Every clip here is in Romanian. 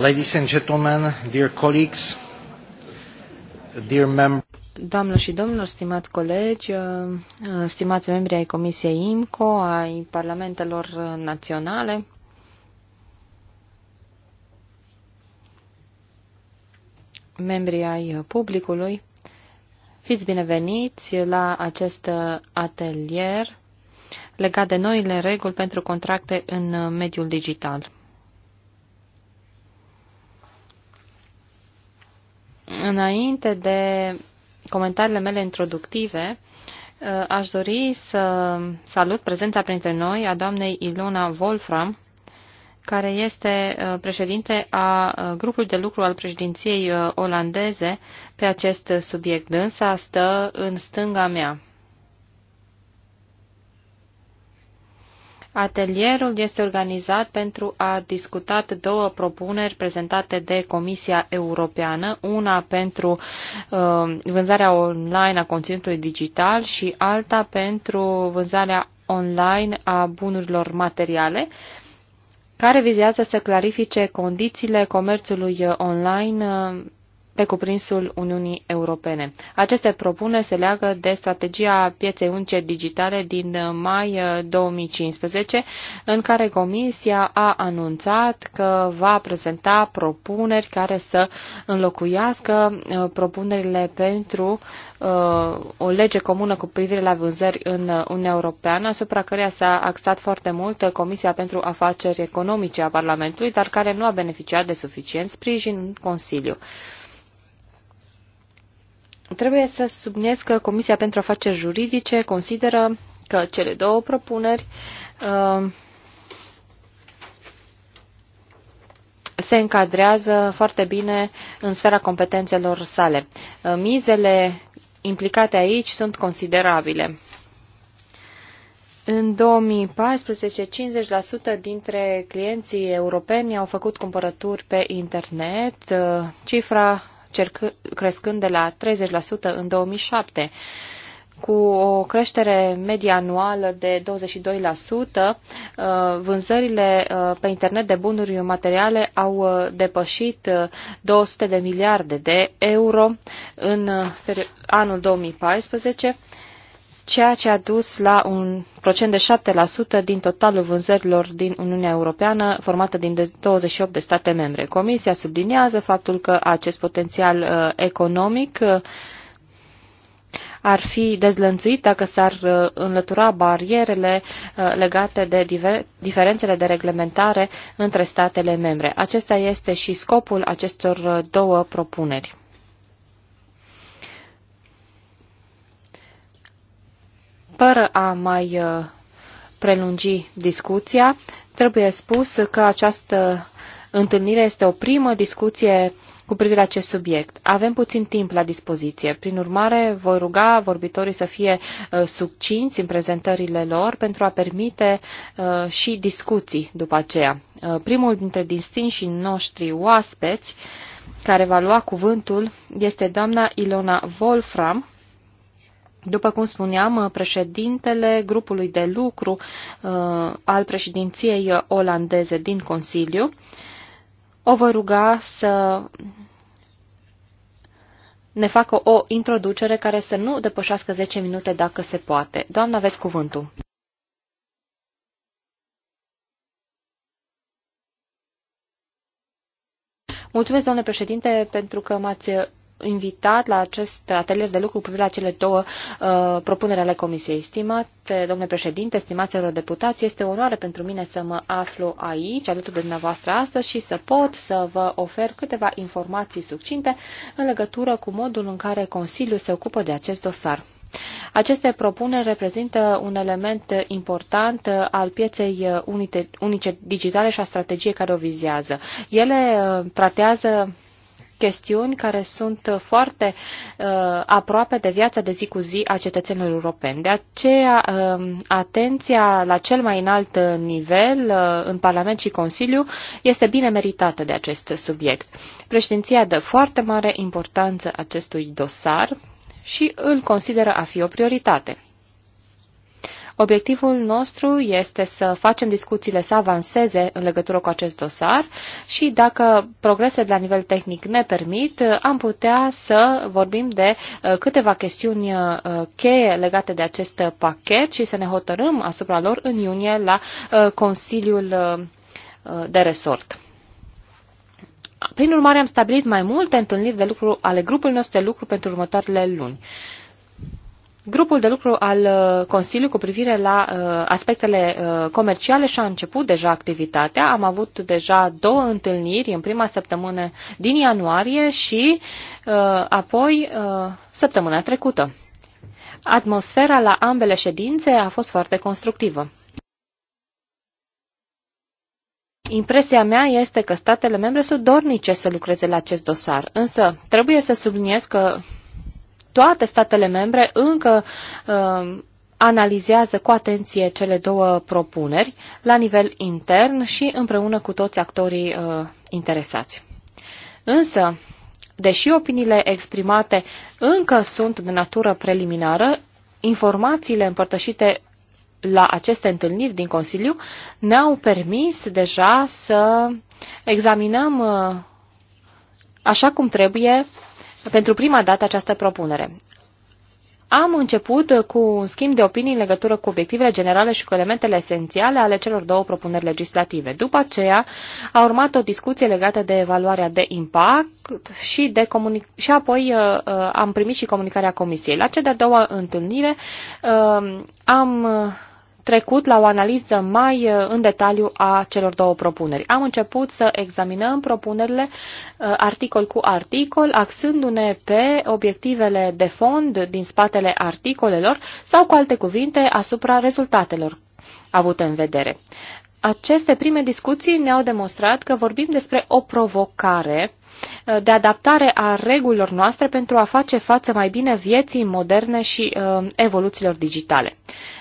Ladies and gentlemen, dear colleagues, dear members. Doamnă și domnilor, stimați colegi, uh, stimați membri ai Comisiei IMCO, ai Parlamentelor Naționale, membri ai publicului, fiți bineveniți la acest atelier legat de noile reguli pentru contracte în mediul digital. Înainte de comentariile mele introductive, uh, aș dori să salut prezența printre noi a doamnei Ilona Wolfram, care este uh, președinte a uh, grupului de lucru al președinției olandeze pe acest subiect. Dânsa stă în stânga mea. Atelierul este organizat pentru a discuta două propuneri prezentate de Comisia Europeană, una pentru uh, vânzarea online a conținutului digital și alta pentru vânzarea online a bunurilor materiale, care vizează să clarifice condițiile comerțului online uh, pe cuprinsul Uniunii Europene. Aceste propuneri se leagă de strategia pieței unice digitale din mai 2015, uh, în care Comisia a anunțat că va prezenta propuneri care să înlocuiască uh, propunerile pentru uh, o lege comună cu privire la vânzări în Uniunea Europeană, asupra căreia s-a axat foarte mult Comisia pentru Afaceri Economice a Parlamentului, dar care nu a beneficiat de suficient sprijin în Consiliu. Trebuie să subliniez că Comisia pentru Afaceri Juridice consideră că cele două propuneri uh, se încadrează foarte bine în sfera competențelor sale. Uh, mizele implicate aici sunt considerabile. În 2014, 50% dintre clienții europeni au făcut cumpărături pe internet, uh, cifra crescând de la 30% în 2007 cu o creștere medie anuală de 22%, uh, vânzările uh, pe internet de bunuri materiale au uh, depășit 200 de miliarde de euro în anul 2014 ceea ce a dus la un procent de 7% din totalul vânzărilor din Uniunea Europeană, formată din 28 de state membre. Comisia subliniază faptul că acest potențial uh, economic uh, ar fi dezlănțuit dacă s-ar uh, înlătura barierele legate de diferențele de reglementare între statele membre. Acesta este și scopul acestor două propuneri. Fără a mai uh, prelungi discuția, trebuie spus că această întâlnire este o primă discuție cu privire la acest subiect. Avem puțin timp la dispoziție. Prin urmare, voi ruga vorbitorii să fie uh, succinți în prezentările lor pentru a permite uh, și discuții după aceea. Uh, primul dintre distinșii noștri oaspeți care va lua cuvântul este doamna Ilona Wolfram, după cum spuneam, președintele grupului de lucru uh, al președinției olandeze din Consiliu o vă ruga să ne facă o introducere care să nu depășească 10 minute dacă se poate. Doamna, aveți cuvântul. Mulțumesc, domnule președinte, pentru că m-ați invitat la acest atelier de lucru privind la cele două uh, propuneri ale Comisiei. Stimate domnule președinte, stimați eurodeputați, este o onoare pentru mine să mă aflu aici, alături de dumneavoastră astăzi și să pot să vă ofer câteva informații succinte în legătură cu modul în care Consiliul se ocupă de acest dosar. Aceste propuneri reprezintă un element important al pieței uh, unice digitale și a strategiei care o vizează. Ele uh, tratează chestiuni care sunt uh, foarte uh, aproape de viața de zi cu zi a cetățenilor europeni. De aceea, uh, atenția la cel mai înalt uh, nivel uh, în Parlament și Consiliu este bine meritată de acest subiect. Președinția dă foarte mare importanță acestui dosar și îl consideră a fi o prioritate. Obiectivul nostru este să facem discuțiile să avanseze în legătură cu acest dosar și dacă progrese de la nivel tehnic ne permit, am putea să vorbim de uh, câteva chestiuni uh, cheie legate de acest pachet și să ne hotărâm asupra lor în iunie la uh, Consiliul de resort. Prin urmare, am stabilit mai multe întâlniri de lucru ale grupului nostru de lucru pentru următoarele luni. Grupul de lucru al uh, Consiliului cu privire la uh, aspectele uh, comerciale și-a început deja activitatea. Am avut deja două întâlniri în prima săptămână din ianuarie și apoi săptămâna trecută. Atmosfera la ambele ședințe a fost foarte constructivă. Impresia mea este că statele membre sunt dornice să lucreze la acest dosar, însă trebuie să subliniez că toate statele membre încă uh, analizează cu atenție cele două propuneri la nivel intern și împreună cu toți actorii uh, interesați. Însă, deși opiniile exprimate încă sunt de natură preliminară, informațiile împărtășite la aceste întâlniri din Consiliu ne-au permis deja să examinăm uh, așa cum trebuie pentru prima dată această propunere. Am început cu un schimb de opinii în legătură cu obiectivele generale și cu elementele esențiale ale celor două propuneri legislative. După aceea a urmat o discuție legată de evaluarea de impact și, de comunic- și apoi uh, uh am primit și comunicarea Comisiei. La cea de-a doua întâlnire uh, am trecut la o analiză mai uh, în detaliu a celor două propuneri. Am început să examinăm propunerile uh, articol cu articol, axându-ne pe obiectivele de fond din spatele articolelor sau, cu alte cuvinte, asupra rezultatelor avute în vedere. Aceste prime discuții ne-au demonstrat că vorbim despre o provocare Eh, de adaptare a regulilor noastre pentru a face față mai bine vieții moderne și eh, evoluțiilor digitale.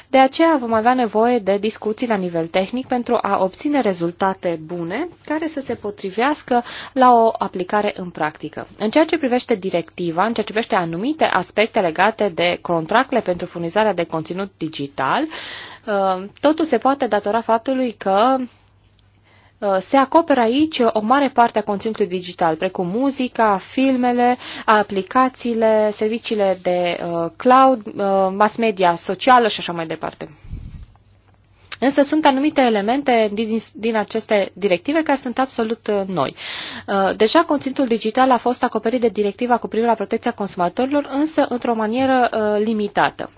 De aceea vom avea nevoie de discuții la nivel tehnic pentru a obține rezultate bune care să se potrivească la o aplicare în practică. În ceea ce privește directiva, în ceea ce privește anumite aspecte legate de contractele pentru furnizarea de conținut digital, eh, totul se poate datora faptului că Uh, se acoperă aici o mare parte a conținutului digital, precum muzica, filmele, aplicațiile, serviciile de uh, cloud, uh, mass media socială și așa mai departe. Însă sunt anumite elemente din, din aceste directive care sunt absolut noi. Deja conținutul digital a fost acoperit de directiva cu privire la protecția consumatorilor, însă într-o manieră limitată.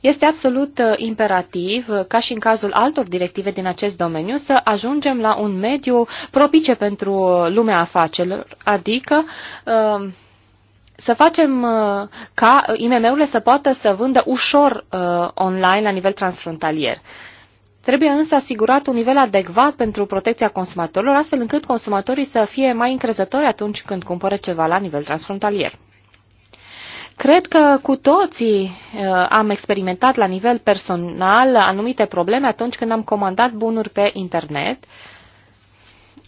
Este absolut uh, imperativ, uh, ca și în cazul altor directive din acest domeniu, să ajungem la un mediu propice pentru uh, lumea afacerilor, adică să facem ca IMM-urile să poată să vândă ușor online la nivel transfrontalier. Trebuie însă asigurat un nivel adecvat pentru protecția consumatorilor, astfel încât consumatorii să fie mai încrezători atunci când cumpără ceva la nivel transfrontalier. Cred că cu toții uh, am experimentat la nivel personal anumite probleme atunci când am comandat bunuri pe internet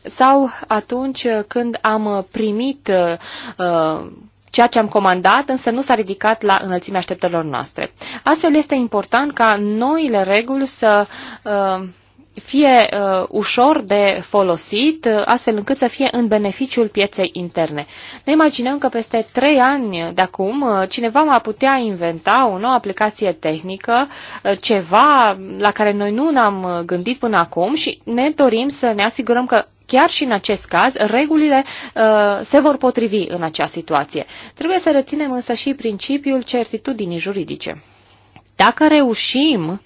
sau atunci când am primit uh, ceea ce am comandat, însă nu s-a ridicat la înălțimea așteptărilor noastre. Astfel este important ca noile reguli să uh, fie uh, ușor de folosit, uh, astfel încât să fie în beneficiul pieței interne. Ne imaginăm că peste trei ani de acum uh, cineva va putea inventa o nouă aplicație tehnică, uh, ceva la care noi nu ne-am gândit până acum și ne dorim să ne asigurăm că chiar și în acest caz, regulile uh, se vor potrivi în acea situație. Trebuie să reținem însă și principiul certitudinii juridice. Dacă reușim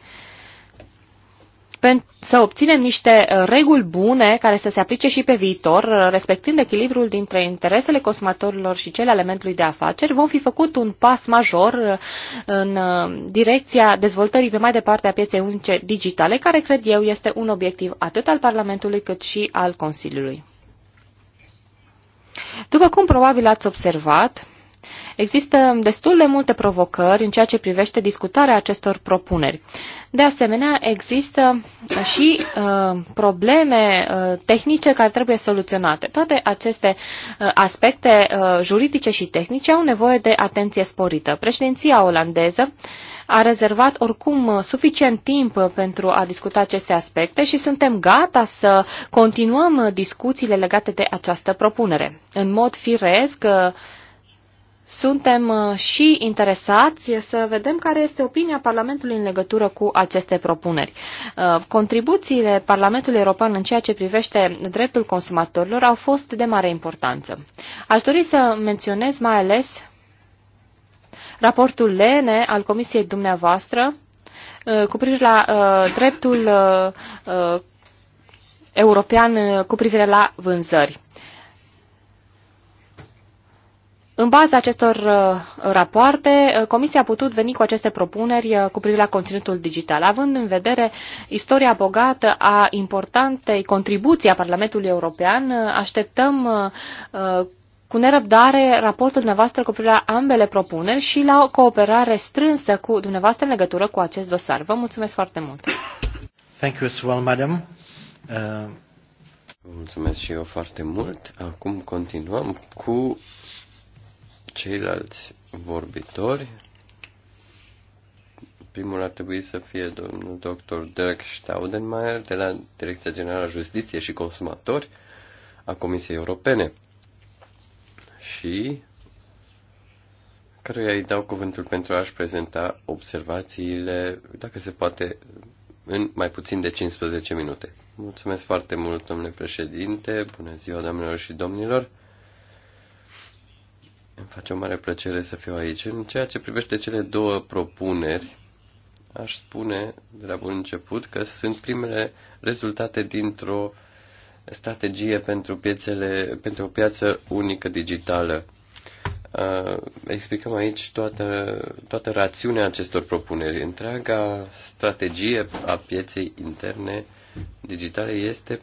să obținem niște uh, reguli bune care să se aplice și pe viitor, uh, respectând echilibrul dintre interesele consumatorilor și cele ale elementului de afaceri, vom fi făcut un pas major uh, în direcția dezvoltării pe mai departe a pieței unice digitale, care cred eu este un obiectiv atât al Parlamentului cât și al Consiliului. După cum probabil ați observat, Există destul de multe provocări în ceea ce privește discutarea acestor propuneri. De asemenea, există uh, și uh, probleme uh, tehnice care trebuie soluționate. Toate aceste uh, aspecte uh, juridice și tehnice au nevoie de atenție sporită. Președinția olandeză a rezervat oricum uh, suficient timp uh, pentru a discuta aceste aspecte și suntem gata să continuăm discuțiile legate de această propunere. În mod firesc, uh, suntem uh, și interesați să vedem care este opinia Parlamentului în legătură cu aceste propuneri. Uh, contribuțiile Parlamentului European în ceea ce privește dreptul consumatorilor au fost de mare importanță. Aș dori să menționez mai ales raportul Lene al Comisiei dumneavoastră uh, cu privire la dreptul european cu privire la vânzări. În baza acestor uh, rapoarte, uh, Comisia a putut veni cu aceste propuneri uh, cu privire la conținutul digital, având în vedere istoria bogată a importantei contribuții a Parlamentului European, așteptăm cu nerăbdare raportul dumneavoastră cu privire la ambele propuneri și la o cooperare strânsă cu dumneavoastră în legătură cu acest dosar. Vă mulțumesc foarte mult! Thank you as well, madam. Uh... Mulțumesc și eu foarte mult. Acum continuăm cu ceilalți vorbitori. Primul ar trebui să fie domnul dr. Dirk Staudenmayer de la Direcția Generală Justiție și Consumatori a Comisiei Europene și căruia îi dau cuvântul pentru a-și prezenta observațiile, dacă se poate, în mai puțin de 15 minute. Mulțumesc foarte mult, domnule președinte, bună ziua, doamnelor și domnilor. Îmi face o mare plăcere să fiu aici. În ceea ce privește cele două propuneri, aș spune de la bun început că sunt primele rezultate dintr-o strategie pentru, piețele, pentru o piață unică digitală. Uh, explicăm aici toată, toată rațiunea acestor propuneri. Întreaga strategie a pieței interne digitale este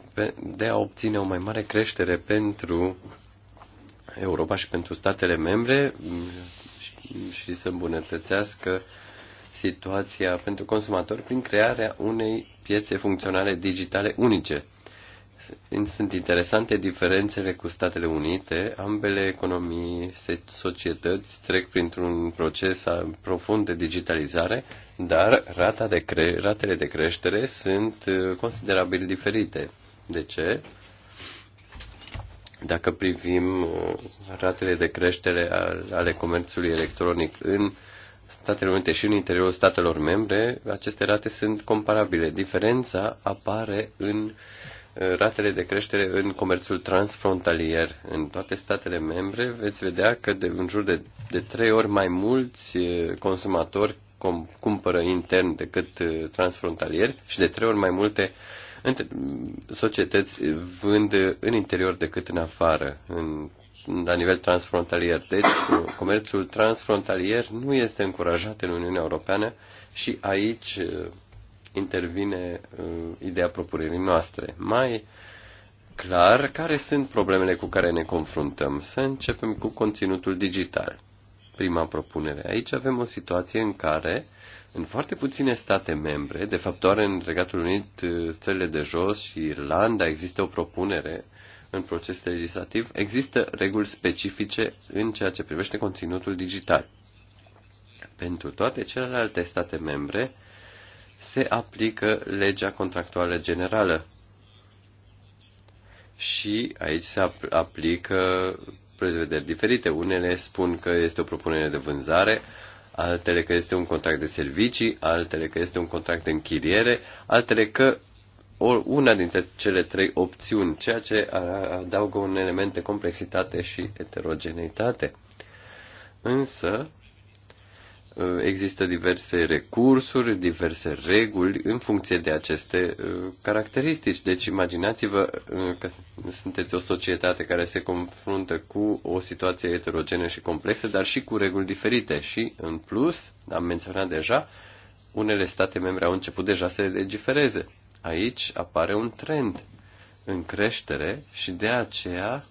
de a obține o mai mare creștere pentru Europa și pentru statele membre și să îmbunătățească situația pentru consumatori prin crearea unei piețe funcționale digitale unice. Sunt interesante diferențele cu Statele Unite. Ambele economii, societăți trec printr-un proces profund de digitalizare, dar rata de cre- ratele de creștere sunt uh, considerabil diferite. De ce? Dacă privim uh, ratele de creștere ale comerțului electronic în Statele Unite și în interiorul statelor membre, aceste rate sunt comparabile. Diferența apare în uh, ratele de creștere în comerțul transfrontalier. În toate statele membre veți vedea că de, în jur de, de trei ori mai mulți uh, consumatori cumpără intern decât transfrontalier și de trei ori mai multe uh, societăți vând în interior decât în afară, în, la nivel transfrontalier. Deci, comerțul transfrontalier nu este încurajat în Uniunea Europeană și aici uh, intervine uh, ideea propunerii noastre. Mai clar, care sunt problemele cu care ne confruntăm? Să începem cu conținutul digital. Prima propunere. Aici avem o situație în care uh, în foarte puține state membre, de fapt doar în Regatul Unit, uh, țările de jos și Irlanda există o propunere în proces legislativ, există reguli specifice în ceea ce privește conținutul digital. Pentru toate celelalte state membre se aplică legea contractuală generală. Și aici se aplică prevederi diferite. Unele spun că este o propunere de vânzare, altele că este un contract de servicii, altele că este un contract de închiriere, altele că una dintre cele trei opțiuni, ceea ce adaugă un element de complexitate și heterogeneitate. Însă, Uh, există diverse recursuri, diverse reguli în funcție de aceste uh, caracteristici. Deci imaginați-vă uh, că sunteți o societate care se confruntă cu o situație heterogenă și complexă, dar și cu reguli diferite. Și, în plus, am menționat deja, unele state membre au început deja să legifereze. Aici apare un trend în creștere și de aceea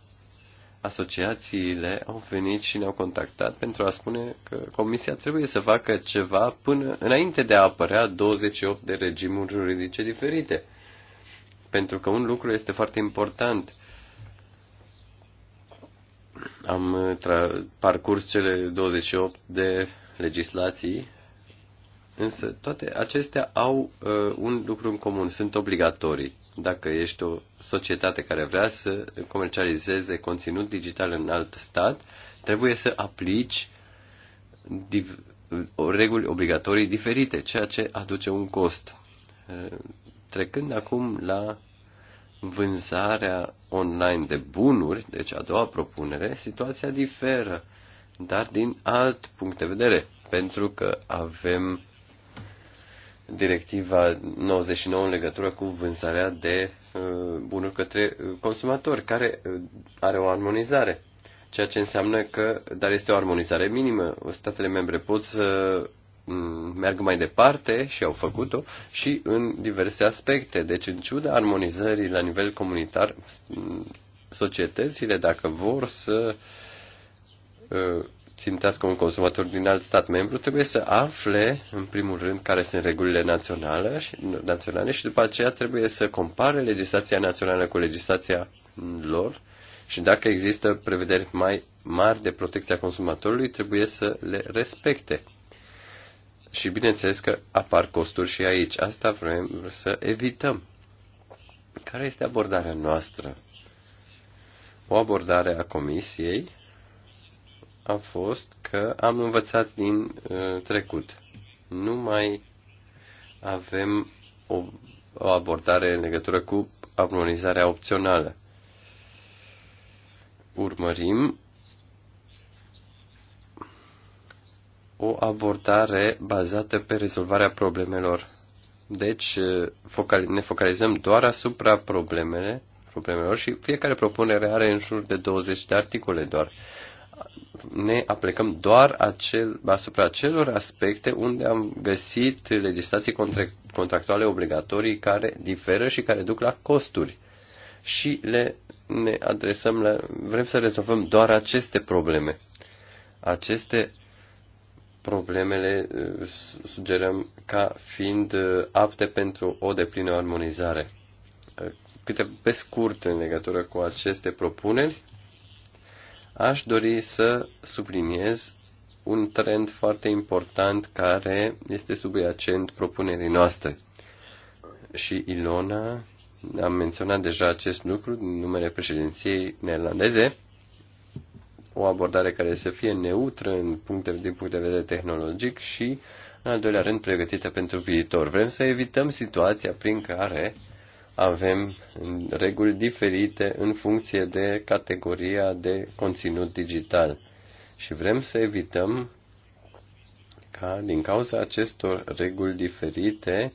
asociațiile au venit și ne-au contactat pentru a spune că Comisia trebuie să facă ceva până înainte de a apărea 28 de regimuri juridice diferite. Pentru că un lucru este foarte important. Am parcurs cele 28 de legislații Însă toate acestea au uh, un lucru în comun, sunt obligatorii. Dacă ești o societate care vrea să comercializeze conținut digital în alt stat, trebuie să aplici div- reguli obligatorii diferite, ceea ce aduce un cost. Uh, trecând acum la vânzarea online de bunuri, deci a doua propunere, situația diferă, dar din alt punct de vedere, pentru că avem directiva 99 în legătură cu vânzarea de uh, bunuri către uh, consumatori, care uh, are o armonizare. Ceea ce înseamnă că, dar este o armonizare minimă. Statele membre pot să mm, meargă mai departe și au făcut-o și în diverse aspecte. Deci, în ciuda armonizării la nivel comunitar, mm, societățile, dacă vor să țintească un consumator din alt stat membru, trebuie să afle, în primul rând, care sunt regulile naționale și, naționale și după aceea trebuie să compare legislația națională cu legislația lor și dacă există prevederi mai mari de protecția consumatorului, trebuie să le respecte. Și bineînțeles că apar costuri și aici. Asta vrem să evităm. Care este abordarea noastră? O abordare a Comisiei a fost că am învățat din uh, trecut. Nu mai avem o, o abordare în legătură cu armonizarea opțională. Urmărim o abordare bazată pe rezolvarea problemelor. Deci uh, ne focalizăm doar asupra problemele, problemelor și fiecare propunere are în jur de 20 de articole doar ne aplicăm doar acel, asupra acelor aspecte unde am găsit legislații contractuale obligatorii care diferă și care duc la costuri. Și le, ne adresăm la, vrem să rezolvăm doar aceste probleme. Aceste problemele uh, sugerăm ca fiind uh, apte pentru o deplină armonizare. Uh, câte pe scurt în legătură cu aceste propuneri, aș dori să subliniez un trend foarte important care este subiacent propunerii noastre. Și Ilona am menționat deja acest lucru din numele președinției neerlandeze, o abordare care să fie neutră în punct de, din punct de vedere tehnologic și, în al doilea rând, pregătită pentru viitor. Vrem să evităm situația prin care avem reguli diferite în funcție de categoria de conținut digital. Și vrem să evităm ca, din cauza acestor reguli diferite,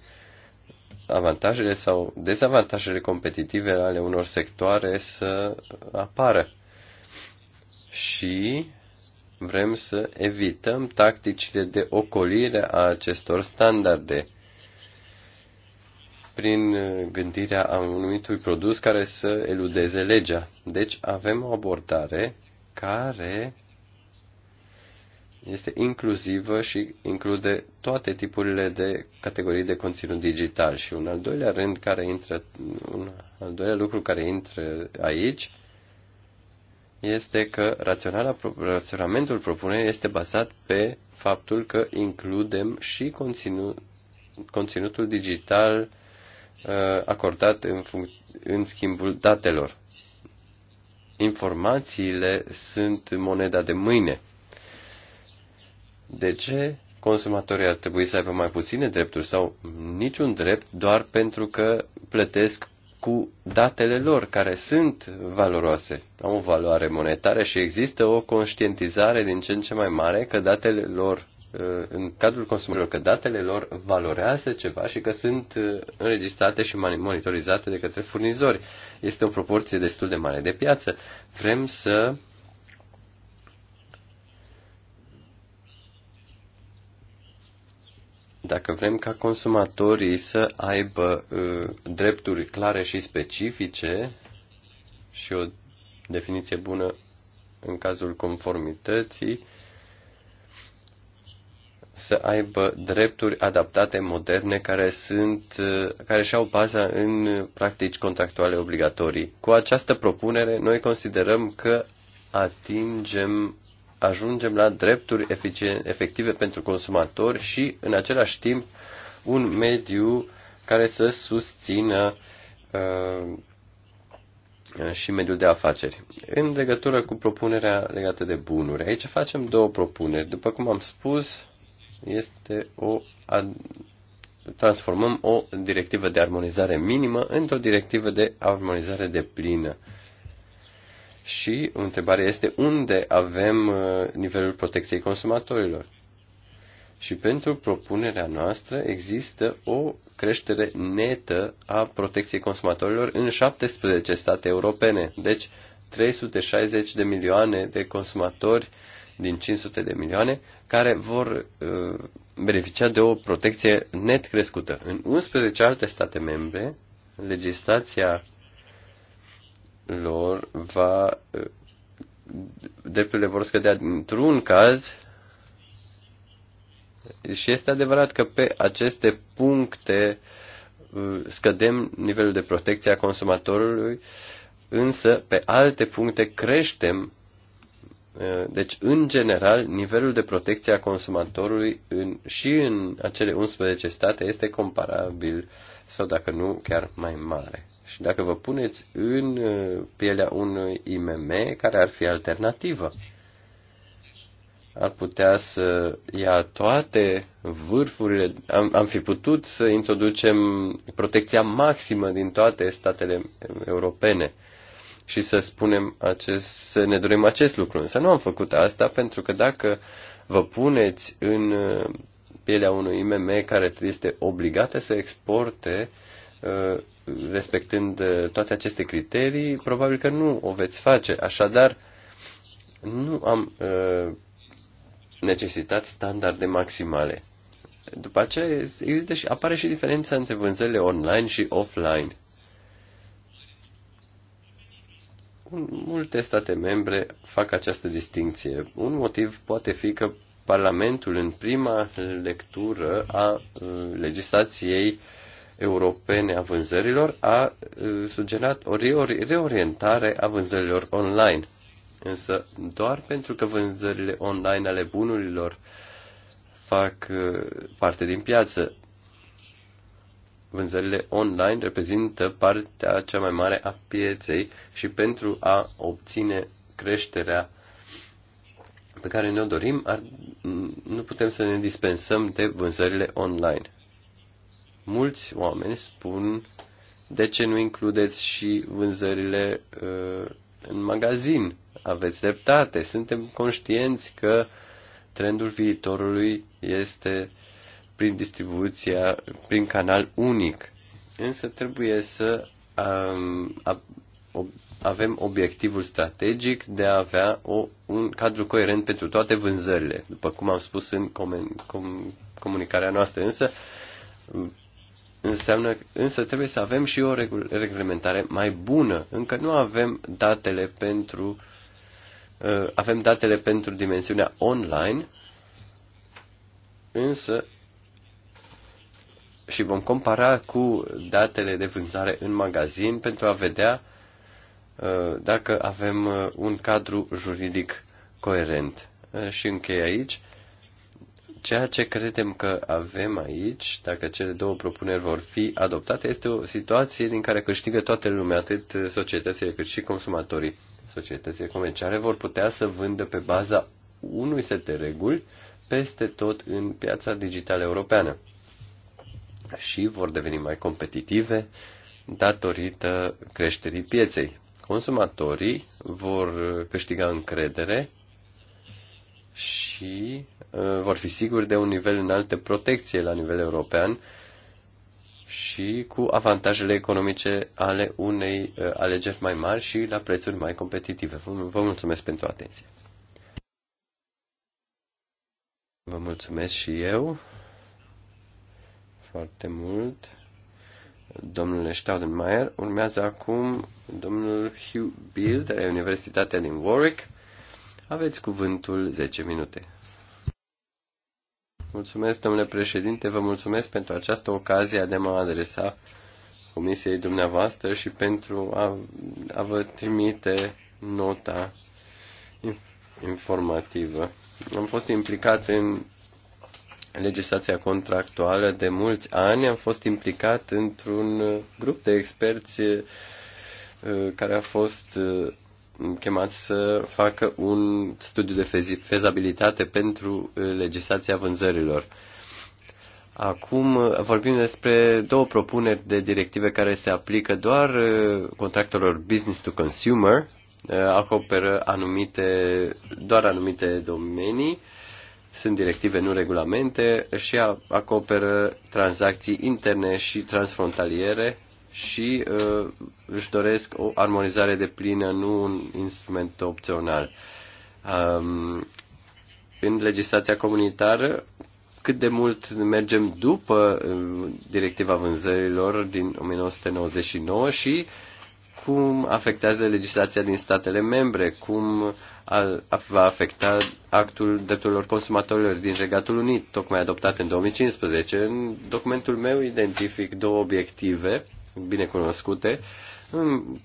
avantajele sau dezavantajele competitive ale unor sectoare să apară. Și vrem să evităm tacticile de ocolire a acestor standarde prin uh, gândirea a unui produs care să eludeze legea. Deci avem o abordare care este inclusivă și include toate tipurile de categorii de conținut digital. Și un al doilea rând care intră, un al doilea lucru care intră aici este că raționamentul propunerii este bazat pe faptul că includem și conținut, conținutul digital uh, Uh, acordat în, în schimbul datelor. Informațiile sunt moneda de mâine. De ce consumatorii ar trebui să aibă mai puține drepturi sau niciun drept doar pentru că plătesc cu datele lor care sunt valoroase, au o valoare monetară și există o conștientizare din ce în ce mai mare că datele lor Uh, în cadrul consumatorilor că datele lor valorează ceva și că sunt uh, înregistrate și monitorizate de către furnizori. Este o proporție destul de mare de piață. Vrem să dacă vrem ca consumatorii să aibă uh, drepturi clare și specifice și o definiție bună în cazul conformității, să aibă drepturi adaptate, moderne, care, sunt, care și-au baza în practici contractuale obligatorii. Cu această propunere, noi considerăm că atingem, ajungem la drepturi efective pentru consumatori și, în același timp, un mediu care să susțină uh, și mediul de afaceri. În legătură cu propunerea legată de bunuri, aici facem două propuneri. După cum am spus, este o transformăm o directivă de armonizare minimă într-o directivă de armonizare de plină. Și o întrebare este unde avem uh, nivelul protecției consumatorilor. Și pentru propunerea noastră există o creștere netă a protecției consumatorilor în 17 state europene. Deci 360 de milioane de consumatori uh, din 500 de milioane care vor uh, beneficia de o protecție net crescută. În 11 alte state membre, legislația lor va uh, drepturile vor scădea într un caz și este adevărat că pe aceste puncte uh, scădem nivelul de protecție a consumatorului, însă pe alte puncte creștem Eh, deci, în general, nivelul de protecție a consumatorului în, și în acele 11 state este comparabil sau, dacă nu, chiar mai mare. Și dacă vă puneți în eh, pielea unui IMM care ar fi alternativă, ar putea să ia toate vârfurile. Am, am fi putut să introducem protecția maximă din toate statele europene și să spunem acest, să ne dorim acest lucru. Însă nu am făcut asta pentru că dacă vă puneți în uh, pielea unui IMM care este obligată să exporte uh, respectând uh, toate aceste criterii, probabil că nu o veți face. Așadar, nu am necesitat standarde maximale. După aceea există și, apare și diferența între vânzările online și offline. Multe state membre fac această distinție. Un motiv poate fi că Parlamentul în prima lectură a uh, legislației europene a vânzărilor a uh, sugerat o reorientare a vânzărilor online. Însă doar pentru că vânzările online ale bunurilor fac uh, parte din piață, vânzările online reprezintă partea cea mai mare a pieței și pentru a obține creșterea pe care ne-o dorim, ar, nu putem să ne dispensăm de vânzările online. Mulți oameni spun de ce nu includeți și vânzările uh, în magazin. Aveți dreptate, suntem conștienți că trendul viitorului este uh, prin distribuția, prin canal unic. Însă trebuie să um, a, ob, avem obiectivul strategic de a avea o, un cadru coerent pentru toate vânzările, după cum am spus în comen, com, comunicarea noastră. Însă, înseamnă, însă trebuie să avem și o reglementare mai bună. Încă nu avem datele pentru uh, avem datele pentru dimensiunea online, însă și vom compara cu datele de vânzare în magazin pentru a vedea uh, dacă avem uh, un cadru juridic coerent. Uh, și închei aici. Ceea ce credem că avem aici, dacă cele două propuneri vor fi adoptate, este o situație din care câștigă toată lumea, atât societățile cât și consumatorii. Societățile comerciale vor putea să vândă pe baza unui set de reguli peste tot în piața digitală europeană și vor deveni mai competitive datorită creșterii pieței. Consumatorii vor câștiga încredere și uh, vor fi siguri de un nivel înalt de protecție la nivel european și cu avantajele economice ale unei uh, alegeri mai mari și la prețuri mai competitive. Vă mulțumesc pentru atenție. Vă mulțumesc și eu foarte mult, domnule Staudenmayer. Urmează acum domnul Hugh Bill de la Universitatea din Warwick. Aveți cuvântul 10 minute. Mulțumesc, domnule președinte, vă mulțumesc pentru această ocazie de a mă adresa comisiei dumneavoastră și pentru a, a vă trimite nota informativă. Am fost implicat în legislația contractuală de mulți ani, am fost implicat într-un uh, grup de experți uh, care a fost uh, chemat să facă un studiu de fezabilitate pentru legislația vânzărilor. Acum vorbim despre două propuneri de directive care se aplică doar contractelor business to consumer, acoperă anumite, doar anumite domenii sunt directive, nu regulamente, și acoperă tranzacții interne și transfrontaliere și uh, își doresc o armonizare de plină, nu un instrument opțional. Um, în legislația comunitară, cât de mult mergem după uh, directiva vânzărilor din 1999 și cum afectează legislația din statele membre, cum va afecta actul drepturilor consumatorilor din Regatul Unit, tocmai adoptat în 2015. În documentul meu identific două obiective bine cunoscute,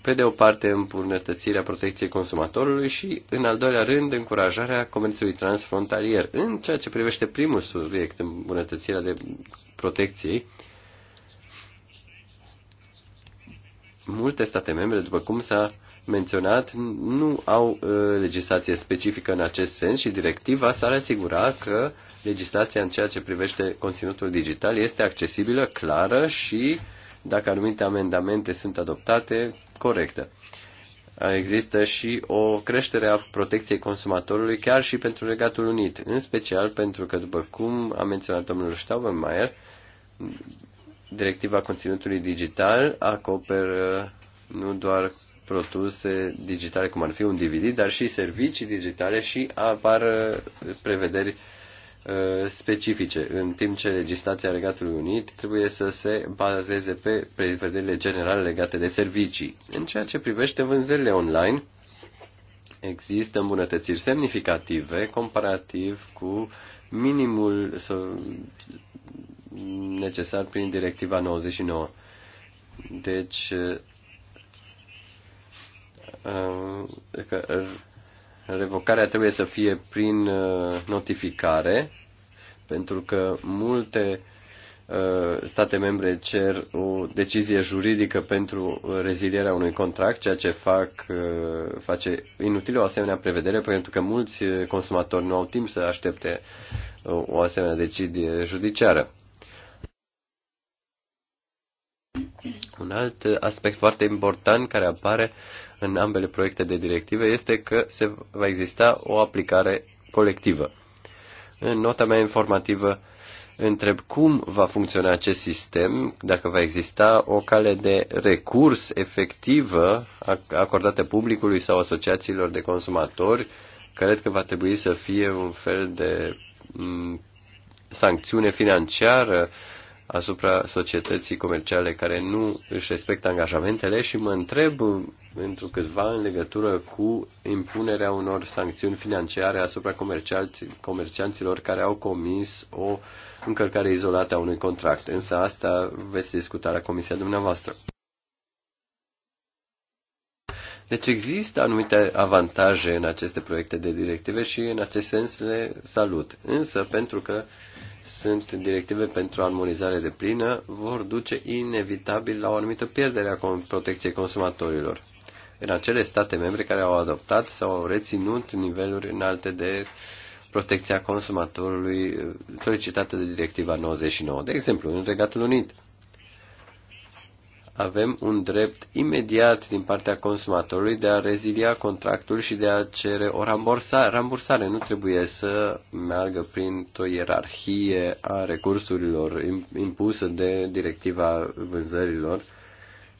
pe de o parte îmbunătățirea protecției consumatorului și, în al doilea rând, încurajarea comerțului transfrontalier. În ceea ce privește primul subiect, îmbunătățirea de protecției, multe state membre, după cum s-a uh, menționat nu au uh, legislație specifică în acest sens și directiva s-ar asigura că legislația în ceea ce privește conținutul digital este accesibilă, clară și, dacă anumite amendamente sunt adoptate, corectă. Există și o creștere a protecției consumatorului chiar și pentru Regatul Unit, în special pentru că, după cum a menționat domnul Staubenmayer, directiva conținutului digital acoperă nu doar produse digitale, cum ar fi un DVD, dar și servicii digitale și apar uh, prevederi uh, specifice, în timp ce legislația Regatului Unit trebuie să se bazeze pe prevederile generale legate de servicii. În ceea ce privește vânzările online, există îmbunătățiri semnificative comparativ cu minimul necesar prin directiva 99. Deci uh, că revocarea trebuie să fie prin uh, notificare, pentru că multe uh, state membre cer o decizie juridică pentru rezilierea unui contract, ceea ce fac, uh, face inutil o asemenea prevedere, pentru că mulți consumatori nu au timp să aștepte o asemenea decizie judiciară. Un alt aspect foarte important care apare în ambele proiecte de directive este că se va exista o aplicare colectivă. În nota mea informativă întreb cum va funcționa acest sistem, dacă va exista o cale de recurs efectivă acordată publicului sau asociațiilor de consumatori. Cred că va trebui să fie un fel de sancțiune financiară asupra societății comerciale care nu își respectă angajamentele și mă întreb pentru câțiva în legătură cu impunerea unor sancțiuni financiare asupra comercianților care au comis o încălcare izolată a unui contract. Însă asta veți discuta la comisia dumneavoastră. Deci există anumite avantaje în aceste proiecte de directive și în acest sens le salut. Însă, pentru că sunt directive pentru armonizare de plină, vor duce inevitabil la o anumită pierdere a protecției consumatorilor în acele state membre care au adoptat sau au reținut niveluri înalte de protecția consumatorului eh, solicitată de directiva 99, de exemplu, în Regatul Unit avem un drept imediat din partea consumatorului de a rezilia contractul și de a cere o rambursare. rambursare. Nu trebuie să meargă printr-o ierarhie a recursurilor impusă de directiva vânzărilor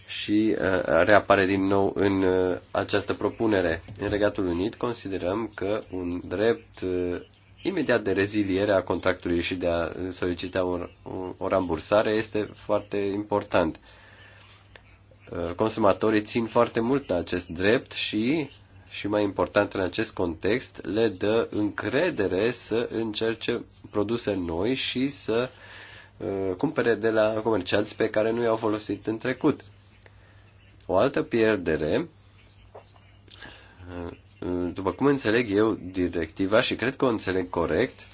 și uh, reapare din nou în uh, această propunere. În Regatul Unit considerăm că un drept uh, imediat de reziliere a contractului și de a solicita o, o rambursare este foarte important Uh, consumatorii țin foarte mult la acest drept și, și mai important în acest context, le dă încredere să încerce produse noi și să uh, cumpere de la comercianți pe care nu i-au folosit în trecut. O altă pierdere, uh, după cum înțeleg eu directiva și cred că o înțeleg corect,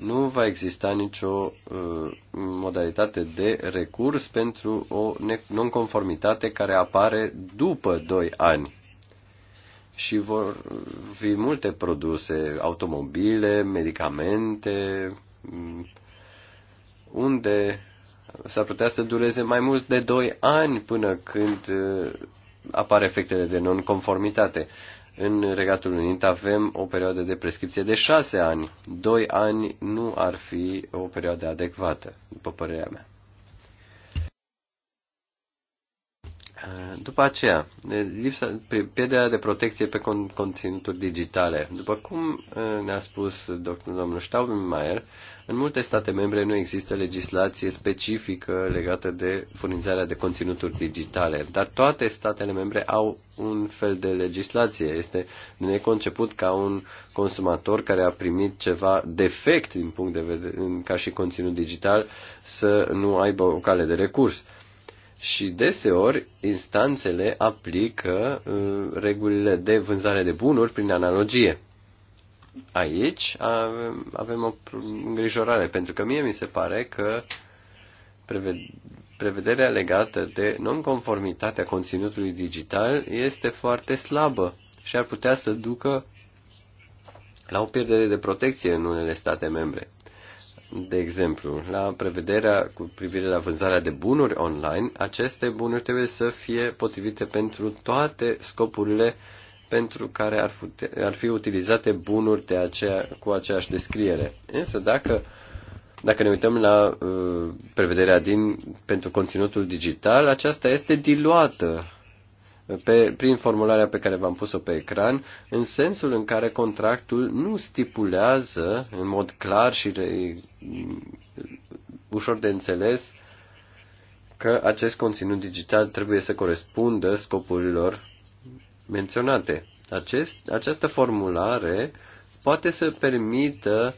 nu va exista nicio uh, modalitate de recurs pentru o nonconformitate care apare după 2 ani. Și vor fi multe produse, automobile, medicamente, mm, unde s-ar putea să dureze mai mult de 2 ani până când uh, apar efectele de nonconformitate. În Regatul Unit avem o perioadă de prescripție de șase ani. Doi ani nu ar fi o perioadă adecvată, după părerea mea. După aceea, lipsa, pierderea de protecție pe conținuturi digitale. După cum ne-a spus doctor, domnul Staubenmaier, în multe state membre nu există legislație specifică legată de furnizarea de conținuturi digitale, dar toate statele membre au un fel de legislație. Este neconceput ca un consumator care a primit ceva defect din punct de vedere, ca și conținut digital, să nu aibă o cale de recurs. Uh, și deseori instanțele aplică uh, regulile de vânzare de bunuri prin analogie. Aici avem, avem o îngrijorare, pentru că mie mi se pare că prevederea legată de nonconformitatea conținutului digital este foarte slabă și ar putea să ducă la o pierdere de protecție în unele state membre. De exemplu, la prevederea cu privire la vânzarea de bunuri online, aceste bunuri trebuie să fie potrivite pentru toate scopurile pentru care ar, fute, ar fi utilizate bunuri de aceea, cu aceeași descriere. Însă dacă, dacă ne uităm la uh, prevederea din pentru conținutul digital, aceasta este diluată pe, prin formularea pe care v-am pus-o pe ecran, în sensul în care contractul nu stipulează în mod clar și re, ușor de înțeles că acest conținut digital trebuie să corespundă scopurilor menționate. Acest, această formulare poate să permită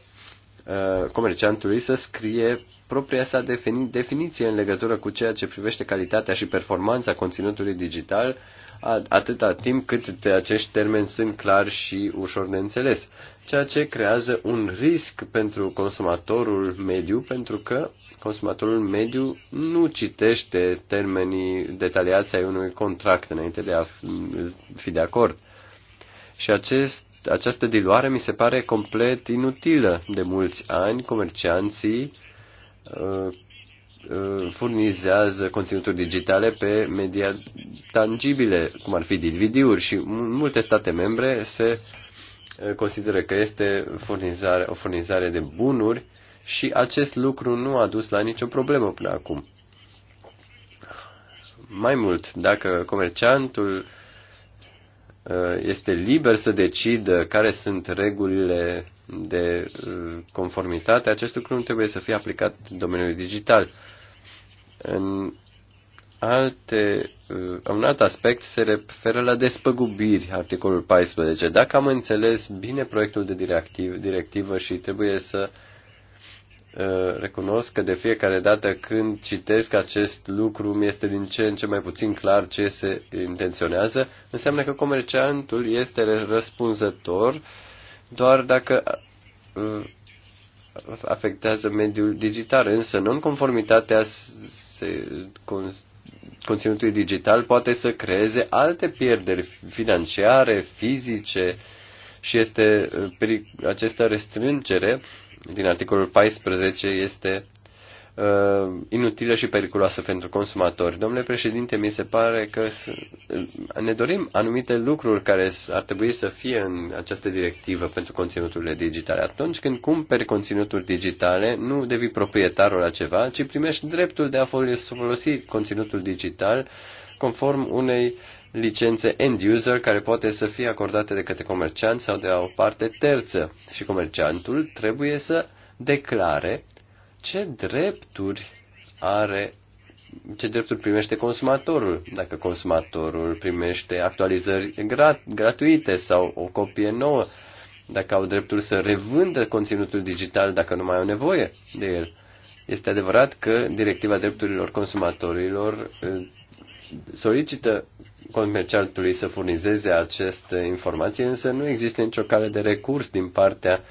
uh, comerciantului să scrie propria sa defini- definiție în legătură cu ceea ce privește calitatea și performanța conținutului digital atâta timp cât acești termeni sunt clari și ușor de înțeles, ceea ce creează un risc pentru consumatorul mediu, pentru că consumatorul mediu nu citește termenii detaliați ai unui contract înainte de a fi de acord. Și acest, această diluare mi se pare complet inutilă. De mulți ani, comercianții uh, Uh, furnizează conținuturi digitale pe media tangibile, cum ar fi DVD-uri și multe state membre se uh, consideră că este furnizare, o furnizare de bunuri și acest lucru nu a dus la nicio problemă până acum. Mai mult, dacă comerciantul uh, este liber să decidă care sunt regulile de conformitate, acest lucru nu trebuie să fie aplicat domeniului digital. În alte, uh, un alt aspect se referă la despăgubiri, articolul 14. Dacă am înțeles bine proiectul de directiv, directivă și trebuie să uh, recunosc că de fiecare dată când citesc acest lucru mi este din ce în ce mai puțin clar ce se intenționează, înseamnă că comerciantul este răspunzător doar dacă uh, afectează mediul digital, însă non-conformitatea conținutului digital poate să creeze alte pierderi financiare, fizice și este uh, această restrângere din articolul 14 este uh, inutilă și periculoasă pentru consumatori. Domnule președinte, mi se pare că ne dorim anumite lucruri care ar trebui să fie în această directivă pentru conținuturile digitale. Atunci când cumperi conținuturi digitale, nu devii proprietarul la ceva, ci primești dreptul de a folosi conținutul digital conform unei licențe end-user care poate să fie acordate de către comerciant sau de o parte terță și comerciantul trebuie să declare ce drepturi are ce drepturi primește consumatorul, dacă consumatorul primește actualizări grat, gratuite sau o copie nouă, dacă au dreptul să revândă conținutul digital dacă nu mai au nevoie de el. Este adevărat că Directiva Drepturilor Consumatorilor uh, solicită comercialului să furnizeze aceste informații, însă nu există nicio cale de recurs din partea uh,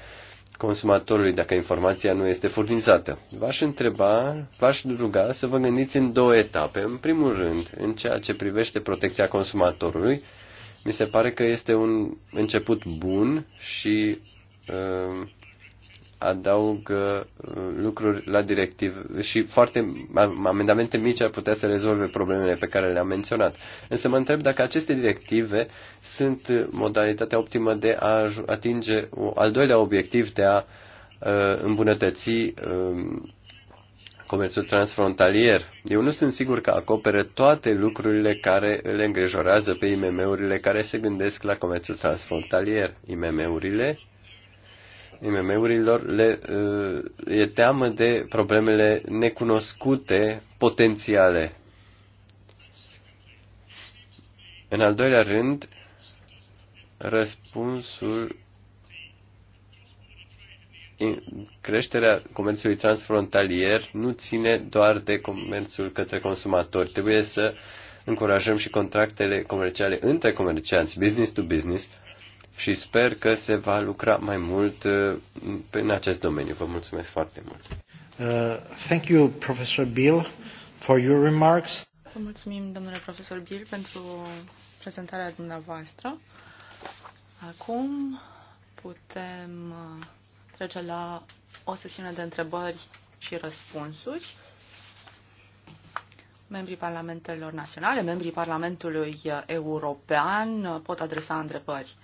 consumatorului dacă informația nu este furnizată. V-aș întreba, v-aș ruga să vă gândiți în două etape. În primul rând, în ceea ce privește protecția consumatorului, mi se pare că este un început bun și uh, adaug uh, lucruri la directiv și foarte amendamente mici ar putea să rezolve problemele pe care le-am menționat. Însă mă întreb dacă aceste directive sunt modalitatea optimă de a atinge al doilea obiectiv de a uh, îmbunătăți um, comerțul transfrontalier. Eu nu sunt sigur că acoperă toate lucrurile care le îngrijorează pe IMM-urile care se gândesc la comerțul transfrontalier. IMM-urile IMM-urilor le uh, e teamă de problemele necunoscute potențiale. În al doilea rând, răspunsul creșterea comerțului transfrontalier nu ține doar de comerțul către consumatori. Trebuie să încurajăm și contractele comerciale între comercianți, business to business, și sper că se va lucra mai mult uh, în acest domeniu. Vă mulțumesc foarte mult. Uh, thank you, Professor Bill, for your remarks. Vă mulțumim, domnule profesor Bill, pentru prezentarea dumneavoastră. Acum putem uh, trece la o sesiune de întrebări și răspunsuri. Membrii parlamentelor naționale, membrii Parlamentului European pot adresa întrebări.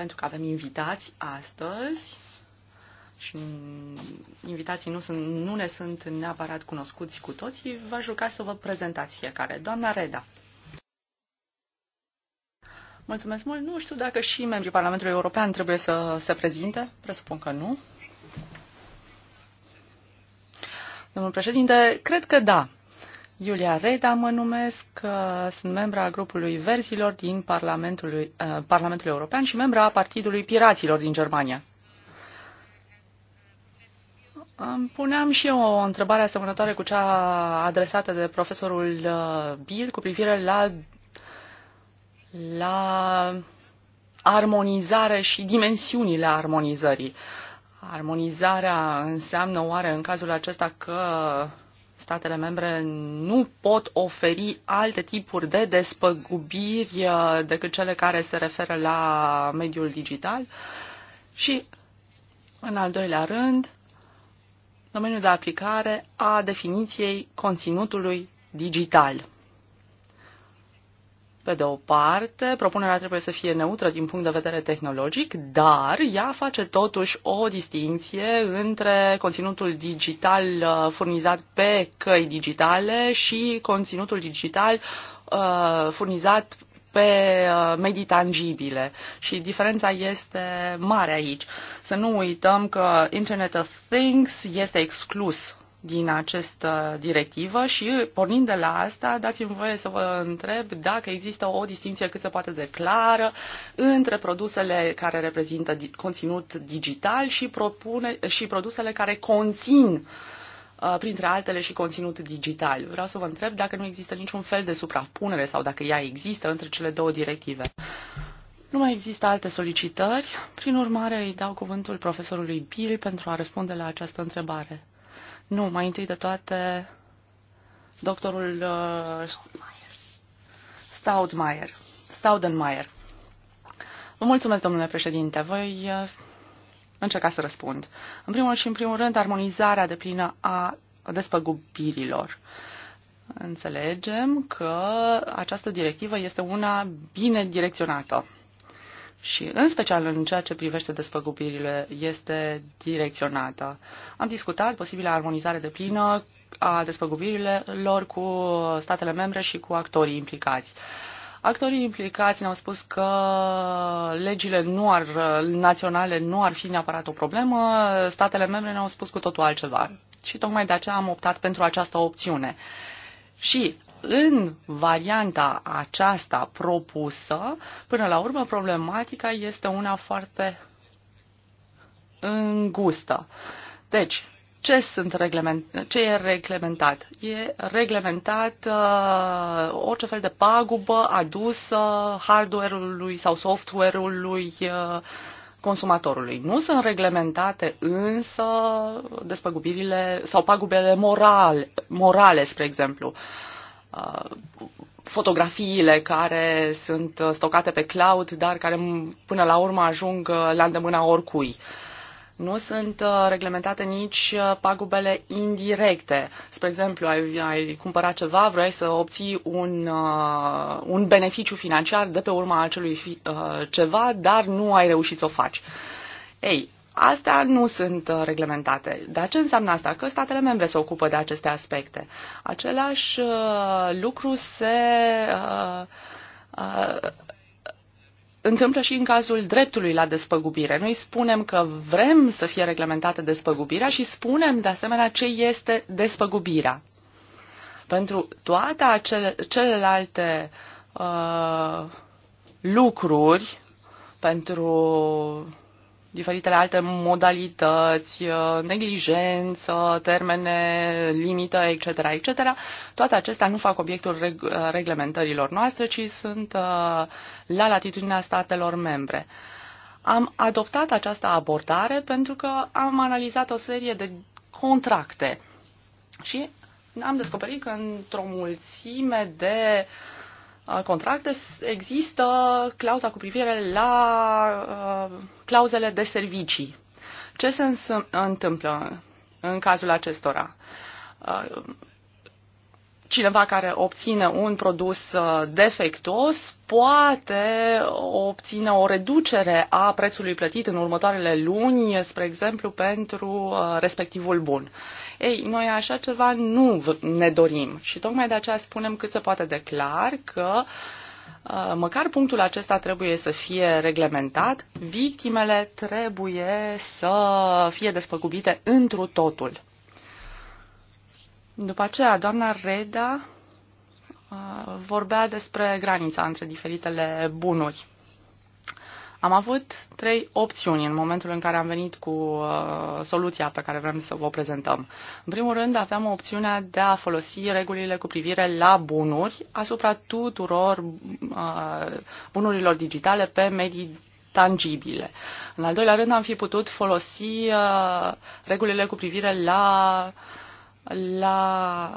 pentru că avem invitați astăzi și invitații nu, sunt, nu ne sunt neapărat cunoscuți cu toții, v-aș ruga să vă prezentați fiecare. Doamna Reda. Mulțumesc mult. Nu știu dacă și membrii Parlamentului European trebuie să se prezinte. Presupun că nu. Domnul președinte, cred că da. Iulia Reda mă numesc, sunt membra a grupului Verzilor din Parlamentul, uh, Parlamentul European și membra a Partidului Piraților din Germania. Îmi puneam și eu o întrebare asemănătoare cu cea adresată de profesorul uh, Bill cu privire la, la armonizare și dimensiunile armonizării. Armonizarea înseamnă oare în cazul acesta că statele membre nu pot oferi alte tipuri de despăgubiri uh, decât cele care se referă la mediul digital. Și, în al doilea rând, domeniul de aplicare a definiției conținutului digital. Pe de o parte, propunerea trebuie să fie neutră din punct de vedere tehnologic, dar ea face totuși o distinție între conținutul digital uh, furnizat pe căi digitale și conținutul digital uh, furnizat pe uh, medii tangibile și diferența este mare aici. Să nu uităm că Internet of Things este exclus din această directivă și, pornind de la asta, dați-mi voie să vă întreb dacă există o distinție cât se poate de clară între produsele care reprezintă conținut digital și, propune, și produsele care conțin, uh, printre altele, și conținut digital. Vreau să vă întreb dacă nu există niciun fel de suprapunere sau dacă ea există între cele două directive. Nu mai există alte solicitări, prin urmare îi dau cuvântul profesorului Bill pentru a răspunde la această întrebare. Nu, mai întâi de toate, doctorul uh, Staudmeier. Staudenmeier. Vă mulțumesc, domnule președinte. Voi uh, încerca să răspund. În primul și în primul rând, armonizarea de plină a despăgubirilor. Înțelegem că această directivă este una bine direcționată și în special în ceea ce privește despăgubirile este direcționată. Am discutat posibilă armonizare de plină a despăgubirilor cu statele membre și cu actorii implicați. Actorii implicați ne-au spus că legile nu ar, naționale nu ar fi neapărat o problemă, statele membre ne-au spus cu totul altceva. Și tocmai de aceea am optat pentru această opțiune. Și în varianta aceasta propusă, până la urmă, problematica este una foarte îngustă. Deci, ce, sunt reglement, ce e reglementat? E reglementat uh, orice fel de pagubă adusă hardware-ului sau software-ului uh, consumatorului. Nu sunt reglementate însă despăgubirile sau pagubele morale, morale, spre exemplu. Uh, Uh, fotografiile care sunt uh, stocate pe cloud, dar care până la urmă ajung uh, la îndemâna oricui. Nu sunt reglementate nici pagubele indirecte. Spre exemplu, ai, ai cumpărat ceva, vrei să obții un, uh, un beneficiu financiar de pe urma acelui fi, uh, ceva, dar nu ai reușit să o faci. Ei, Astea nu sunt uh, reglementate. Dar ce înseamnă asta? Că statele membre se ocupă de aceste aspecte. Același uh, lucru se uh, întâmplă și în cazul dreptului la despăgubire. Noi spunem că vrem să fie reglementată despăgubirea și spunem de asemenea ce este despăgubirea. Pentru toate acele, celelalte uh, lucruri, pentru diferitele alte modalități, uh, neglijență, termene, limită, etc., etc., toate acestea nu fac obiectul reg- reglementărilor noastre, ci sunt uh, la latitudinea statelor membre. Am adoptat această abordare pentru că am analizat o serie de contracte și am descoperit că într-o mulțime de uh, Uh, contracte există clauza cu privire la uh, clauzele de servicii. Ce se întâmplă în cazul acestora? Uh, cineva care obține un produs uh, defectuos poate obține o reducere a prețului plătit în următoarele luni, spre exemplu, pentru uh, respectivul bun. Ei, noi așa ceva nu ne dorim și tocmai de aceea spunem cât se poate declar că uh, măcar punctul acesta trebuie să fie reglementat, victimele trebuie să fie despăgubite întru totul. După aceea, doamna Reda uh, vorbea despre granița între diferitele bunuri. Am avut trei opțiuni în momentul în care am venit cu uh, soluția pe care vrem să vă prezentăm. În primul rând, aveam opțiunea de a folosi regulile cu privire la bunuri asupra tuturor uh, bunurilor digitale pe medii tangibile. În al doilea rând, am fi putut folosi uh, regulile cu privire la uh, la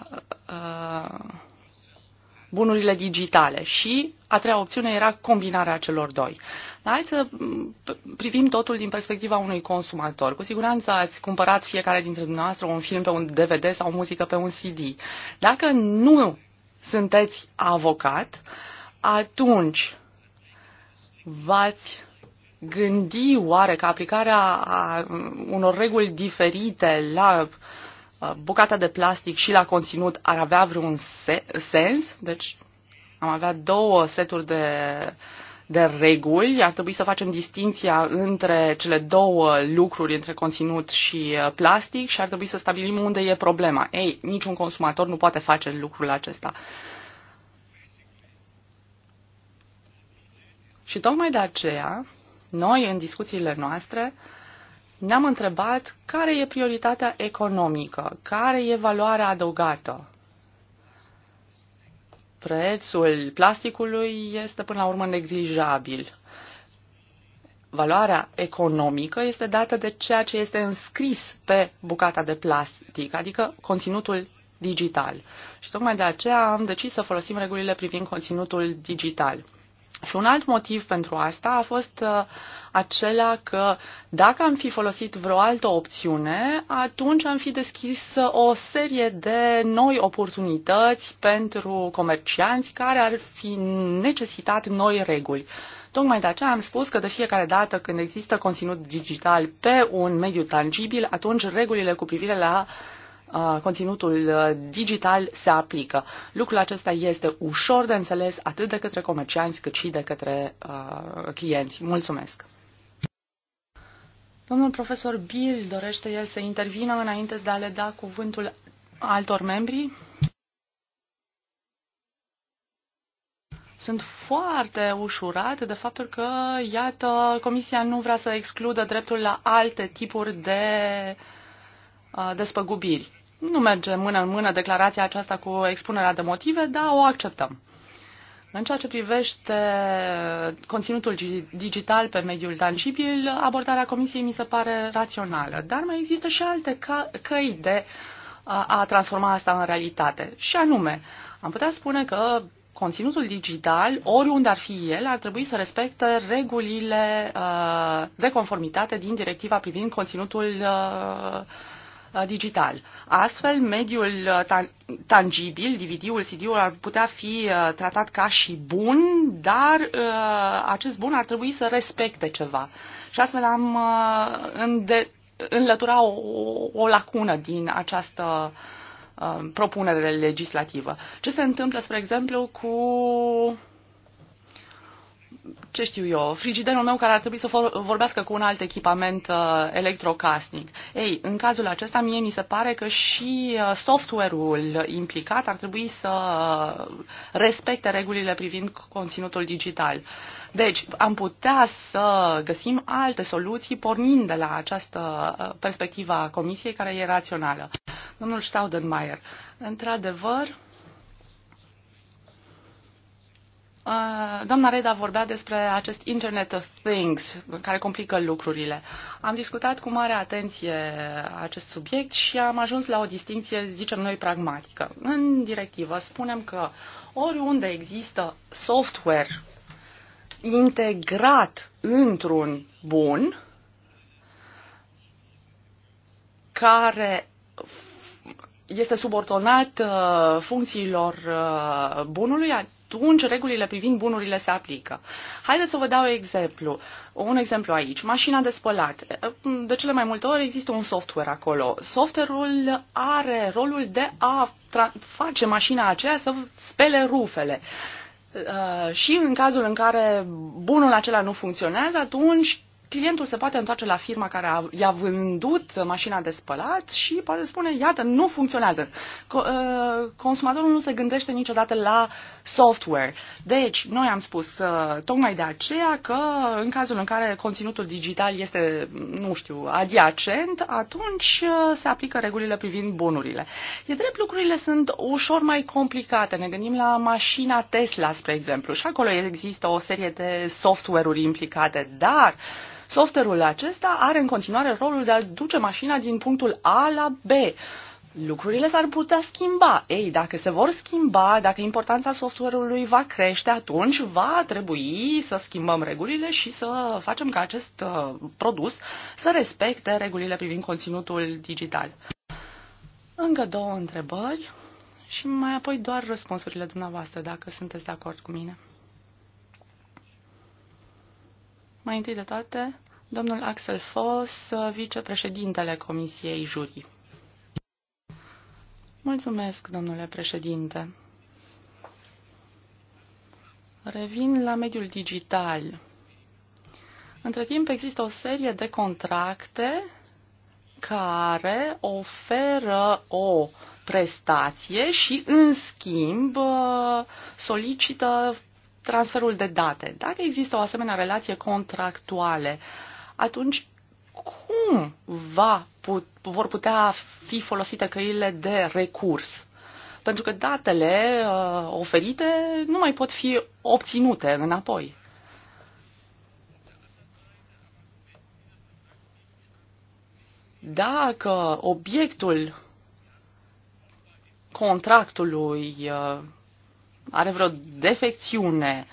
uh, bunurile digitale și a treia opțiune era combinarea celor doi. Dar hai să mm, privim totul din perspectiva unui consumator. Cu siguranță ați cumpărat fiecare dintre dumneavoastră un film pe un DVD sau o muzică pe un CD. Dacă nu sunteți avocat, atunci v-ați gândi oare că aplicarea a unor reguli diferite la uh, Uh, bucata de plastic și la conținut ar avea vreun sens, deci am avea două seturi de, de reguli, ar trebui să facem distinția între cele două lucruri, între conținut și uh, plastic și ar trebui să stabilim unde e problema. Ei, niciun consumator nu poate face lucrul acesta. Și tocmai de aceea, noi în discuțiile noastre uh, ne-am întrebat care e prioritatea economică, care e valoarea adăugată. Prețul plasticului este până la urmă neglijabil. Valoarea economică este dată de ceea ce este înscris pe bucata de plastic, adică conținutul digital. Și tocmai de aceea am decis să folosim regulile privind conținutul digital. Și un alt motiv pentru asta a fost uh, acela că dacă am fi folosit vreo altă opțiune, atunci am fi deschis uh, o serie de noi oportunități pentru comercianți care ar fi necesitat noi reguli. Tocmai de aceea am spus că de fiecare dată când există conținut digital pe un mediu tangibil, atunci regulile cu privire la Uh, conținutul uh, digital se aplică. Lucrul acesta este ușor de înțeles atât de către comercianți cât și de către uh, clienți. Mulțumesc! Domnul profesor Bill dorește el să intervină înainte de a le da cuvântul altor membri. Sunt foarte ușurat de faptul că, iată, Comisia nu vrea să excludă dreptul la alte tipuri de uh, despăgubiri nu merge mână în mână declarația aceasta cu expunerea de motive, dar o acceptăm. În ceea ce privește conținutul digital pe mediul tangibil, abordarea Comisiei mi se pare rațională, dar mai există și alte căi de a transforma asta în realitate. Și anume, am putea spune că conținutul digital, oriunde ar fi el, ar trebui să respecte regulile de conformitate din directiva privind conținutul Uh, digital. Astfel, mediul uh, tangibil, DVD-ul, CD-ul ar putea fi uh, tratat ca și bun, dar acest bun ar trebui să respecte ceva. Și astfel am înlătura o, o lacună din această propunere legislativă. Ce se întâmplă, spre exemplu, cu ce știu eu, frigiderul meu care ar trebui să vorbească cu un alt echipament uh, electrocasnic. Ei, în cazul acesta, mie mi se pare că și uh, software-ul implicat ar trebui să uh, respecte regulile privind conținutul digital. Deci, am putea să găsim alte soluții pornind de la această uh, perspectivă a Comisiei care e rațională. Domnul Staudenmayer, într-adevăr, uh, Uh, doamna Reda vorbea despre acest Internet of Things care complică lucrurile. Am discutat cu mare atenție acest subiect și am ajuns la o distinție, zicem noi, pragmatică. În directivă spunem că oriunde există software integrat într-un bun care este subordonat uh, funcțiilor uh, bunului, atunci regulile privind bunurile se aplică. Haideți să vă dau exemplu. Un exemplu aici, mașina de spălat. De cele mai multe ori există un software acolo. Software-ul are rolul de a face mașina aceea să spele rufele. Uh, și în cazul în care bunul acela nu funcționează, atunci clientul se poate întoarce la firma care i-a vândut mașina de spălat și poate spune, iată, nu funcționează. Co- uh, consumatorul nu se gândește niciodată la software. Deci, noi am spus uh, tocmai de aceea că în cazul în care conținutul digital este, nu știu, adiacent, atunci uh, se aplică regulile privind bunurile. E drept, lucrurile sunt ușor mai complicate. Ne gândim la mașina Tesla, spre exemplu, și acolo există o serie de software-uri implicate, dar Software-ul acesta are în continuare rolul de a duce mașina din punctul A la B. Lucrurile s-ar putea schimba. Ei, dacă se vor schimba, dacă importanța software-ului va crește, atunci va trebui să schimbăm regulile și să facem ca acest uh, produs să respecte regulile privind conținutul digital. Încă două întrebări și mai apoi doar răspunsurile dumneavoastră, dacă sunteți de acord cu mine. Mai întâi de toate, domnul Axel Foss, vicepreședintele Comisiei Jurii. Mulțumesc, domnule președinte. Revin la mediul digital. Între timp există o serie de contracte care oferă o prestație și, în schimb, solicită transferul de date. Dacă există o asemenea relație contractuală, atunci cum va put, vor putea fi folosite căile de recurs? Pentru că datele uh, oferite nu mai pot fi obținute înapoi. Dacă obiectul contractului uh, are vreo defecțiune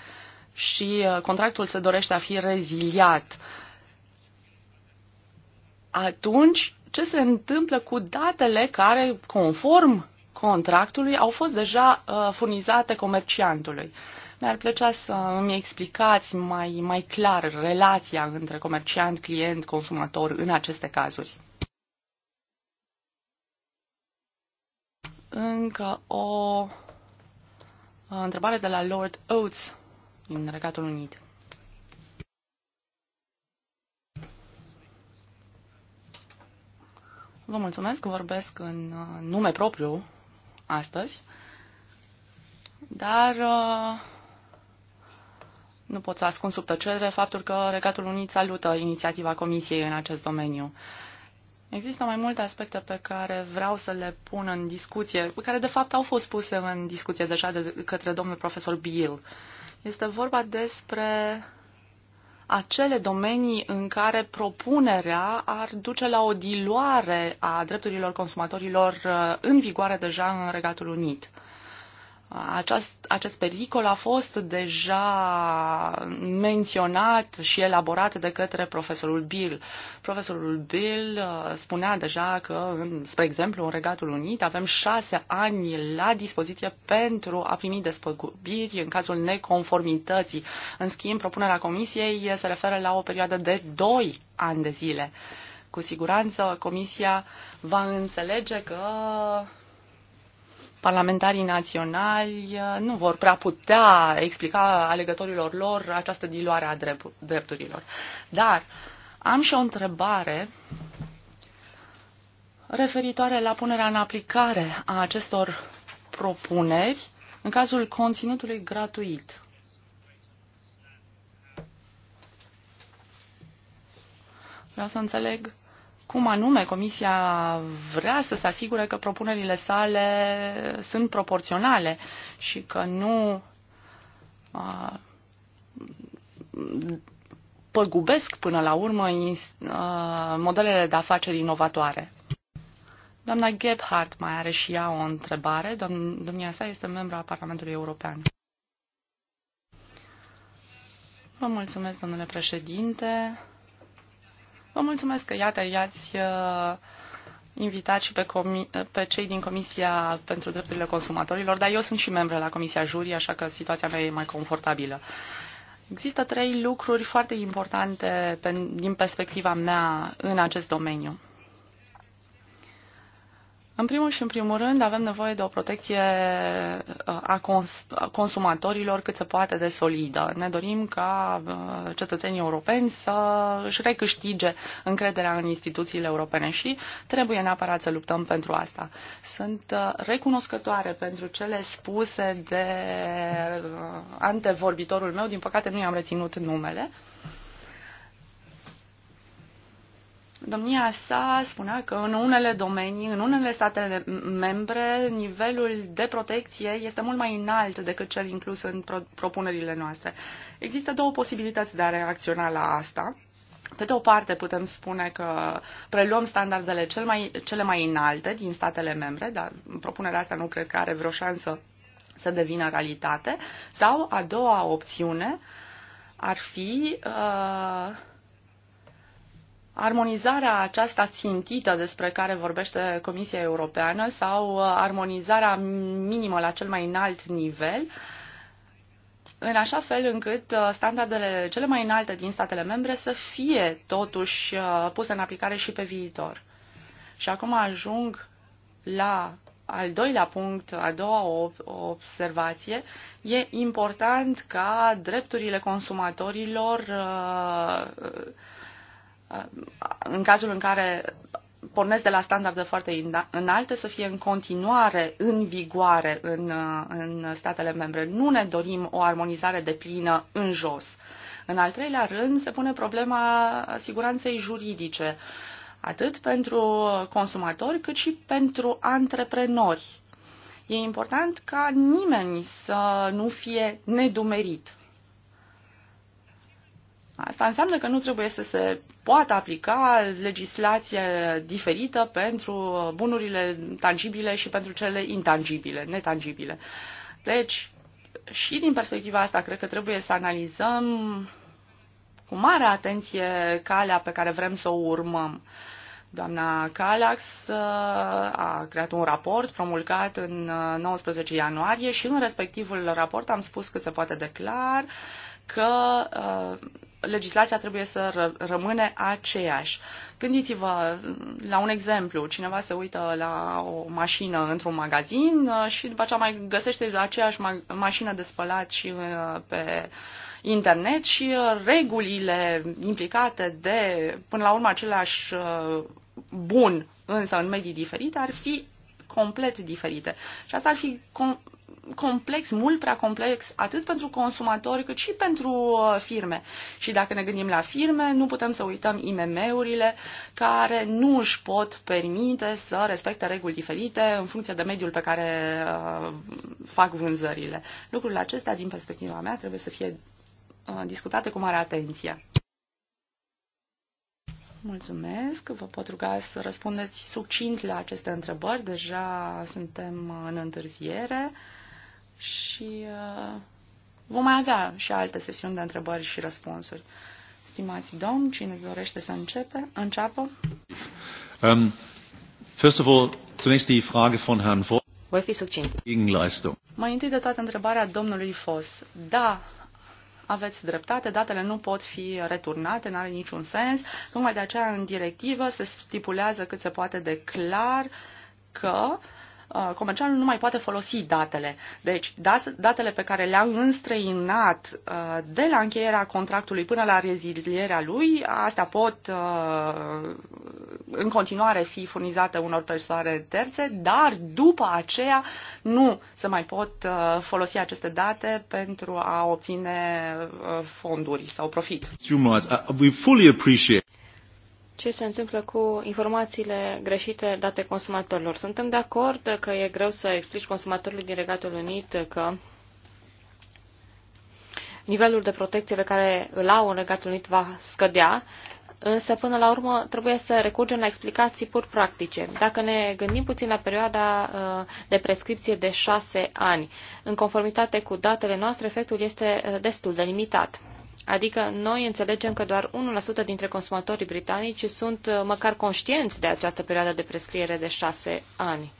și uh, contractul se dorește a fi reziliat, atunci ce se întâmplă cu datele care, conform contractului, au fost deja uh, furnizate comerciantului? Mi-ar plăcea să îmi explicați mai, mai clar relația între comerciant, client, consumator în aceste cazuri. Încă o Uh, întrebare de la Lord Oates din Regatul Unit. Vă mulțumesc, vorbesc în uh, nume propriu astăzi, dar uh, nu pot să ascund sub tăcere faptul că Regatul Unit salută inițiativa Comisiei în acest domeniu. Există mai multe aspecte pe care vreau să le pun în discuție, care de fapt au fost puse în discuție deja de către domnul profesor Biel. Este vorba despre acele domenii în care propunerea ar duce la o diluare a drepturilor consumatorilor uh, în vigoare deja în Regatul Unit. Aceast, acest pericol a fost deja menționat și elaborat de către profesorul Bill. Profesorul Bill uh, spunea deja că, în, spre exemplu, în Regatul Unit avem șase ani la dispoziție pentru a primi despăgubiri în cazul neconformității. În schimb, propunerea comisiei se referă la o perioadă de doi ani de zile. Cu siguranță, comisia va înțelege că parlamentarii naționali uh, nu vor prea putea explica alegătorilor lor această diluare a drepturilor. Dar am și o întrebare referitoare la punerea în aplicare a acestor propuneri în cazul conținutului gratuit. Vreau să înțeleg cum anume Comisia vrea să se asigure că propunerile sale sunt proporționale și că nu a, păgubesc până la urmă in, a, modelele de afaceri inovatoare. Doamna Gebhardt mai are și ea o întrebare. Doamn, domnia sa este membru al Parlamentului European. Vă mulțumesc, domnule președinte. Vă mulțumesc că, iată, i-ați uh, invitat și pe, uh, pe cei din Comisia pentru Drepturile Consumatorilor, dar eu sunt și membră la Comisia Jurii, așa că situația mea e mai confortabilă. Există trei lucruri foarte importante pe, din perspectiva mea în acest domeniu. În primul și în primul rând avem nevoie de o protecție a, consumatorilor cât se poate de solidă. Ne dorim ca uh, cetățenii europeni să își recâștige încrederea în instituțiile europene și trebuie neapărat să luptăm pentru asta. Sunt uh, recunoscătoare pentru cele spuse de uh, antevorbitorul meu, din păcate nu i-am reținut numele, Domnia sa spunea că în unele domenii, în unele state membre, nivelul de protecție este mult mai înalt decât cel inclus în pro- propunerile noastre. Există două posibilități de a reacționa la asta. Pe de o parte putem spune că preluăm standardele cel mai, cele mai înalte din statele membre, dar propunerea asta nu cred că are vreo șansă să devină realitate. Sau a doua opțiune ar fi uh, Armonizarea aceasta țintită despre care vorbește Comisia Europeană sau uh, armonizarea minimă la cel mai înalt nivel în așa fel încât uh, standardele cele mai înalte din statele membre să fie totuși uh, puse în aplicare și pe viitor. Și acum ajung la al doilea punct, a doua observație, e important ca drepturile consumatorilor în cazul în care pornesc de la standarde foarte înalte, să fie în continuare în vigoare în, uh, în statele membre. Nu ne dorim o armonizare de plină în jos. În al treilea rând, se pune problema siguranței juridice, atât pentru consumatori, cât și pentru antreprenori. E important ca nimeni să nu fie nedumerit. Asta înseamnă că nu trebuie să se poată aplica legislație diferită pentru bunurile tangibile și pentru cele intangibile, netangibile. Deci, și din perspectiva asta, cred că trebuie să analizăm cu mare atenție calea pe care vrem să o urmăm. Doamna Calax uh, a creat un raport promulgat în 19 uh, ianuarie și în respectivul raport am spus cât se poate declar că uh, legislația trebuie să rămâne aceeași. Gândiți-vă la un exemplu, cineva se uită la o mașină într-un magazin uh, și după aceea mai găsește aceeași ma- mașină de spălat și uh, pe internet și uh, regulile implicate de, până la urmă, același bun, însă în medii diferite, ar fi complet diferite. Și asta ar fi complex, mult prea complex, atât pentru consumatori cât și pentru uh, firme. Și dacă ne gândim la firme, nu putem să uităm IMM-urile care nu își pot permite să respecte reguli diferite în funcție de mediul pe care uh, fac vânzările. Lucrurile acestea, din perspectiva mea, trebuie să fie uh, discutate cu mare atenție. Mulțumesc. Vă pot ruga să răspundeți succint la aceste întrebări. Deja suntem în întârziere și uh, vom mai avea și alte sesiuni de întrebări și răspunsuri. Stimați domn, cine dorește să începe, înceapă? Um, first of all, zunächst die Frage von Herrn Voss. Voi fi succint. Gegenleistung. Mai întâi de toate întrebarea domnului Fos. Da, aveți dreptate, datele nu pot fi returnate, nu are niciun sens. Tocmai de aceea în directivă se stipulează cât se poate de clar că uh, Uh, comercial nu mai poate folosi datele. Deci, datele pe care le-a înstrăinat uh, de la încheierea contractului până la rezilierea lui, astea pot uh, în continuare fi furnizate unor persoane terțe, dar după aceea nu se mai pot folosi aceste date pentru a obține fonduri sau profit. We fully appreciate ce se întâmplă cu informațiile greșite date consumatorilor. Suntem de acord că e greu să explici consumatorului din Regatul Unit că nivelul de protecție pe care îl au în Regatul Unit va scădea, însă până la urmă trebuie să recurgem la explicații pur practice. Dacă ne gândim puțin la perioada uh, de prescripție de șase ani, în conformitate cu datele noastre, efectul este uh, destul de limitat. Adică noi înțelegem că doar 1% dintre consumatorii britanici sunt uh, măcar conștienți de această perioadă de prescriere de șase ani.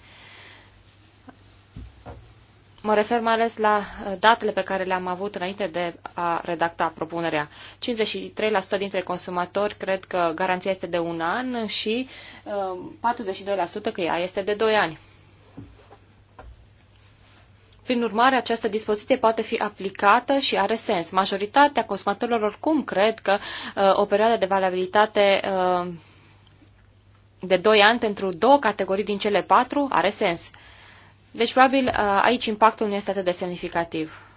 Mă refer mai ales la uh, datele pe care le-am avut înainte de a redacta propunerea. 53% dintre consumatori cred că garanția este de un an și 42% uh, că ea este de 2 ani. Prin urmare, această dispoziție poate fi aplicată și are sens. Majoritatea consumatorilor oricum cred că uh, o perioadă de valabilitate uh, de 2 ani pentru două categorii din cele patru are sens. Deci, probabil, uh, aici impactul nu este atât de semnificativ.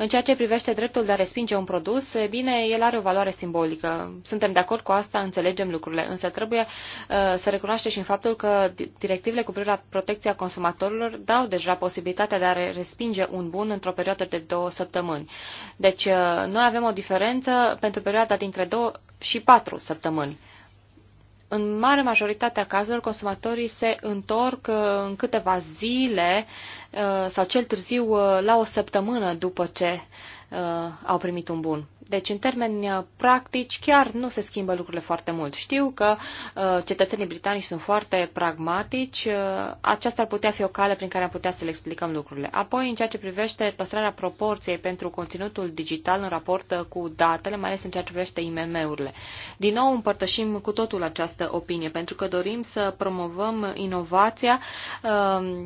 În ceea ce privește dreptul de a respinge un produs, e bine, el are o valoare simbolică. Suntem de acord cu asta, înțelegem lucrurile, însă trebuie uh, să recunoaște și în faptul că directivele cu privire la protecția consumatorilor dau deja posibilitatea de a respinge un bun într-o perioadă de două săptămâni. Deci, uh, noi avem o diferență pentru perioada dintre două și patru săptămâni în mare majoritatea cazurilor, consumatorii se întorc uh, în câteva zile uh, sau cel târziu uh, la o săptămână după ce au primit un bun. Deci, în termeni uh, practici, chiar nu se schimbă lucrurile foarte mult. Știu că uh, cetățenii britanici sunt foarte pragmatici. Uh, aceasta ar putea fi o cale prin care am putea să le explicăm lucrurile. Apoi, în ceea ce privește păstrarea proporției pentru conținutul digital în raport cu datele, mai ales în ceea ce privește IMM-urile. Din nou, împărtășim cu totul această opinie, pentru că dorim să promovăm inovația uh,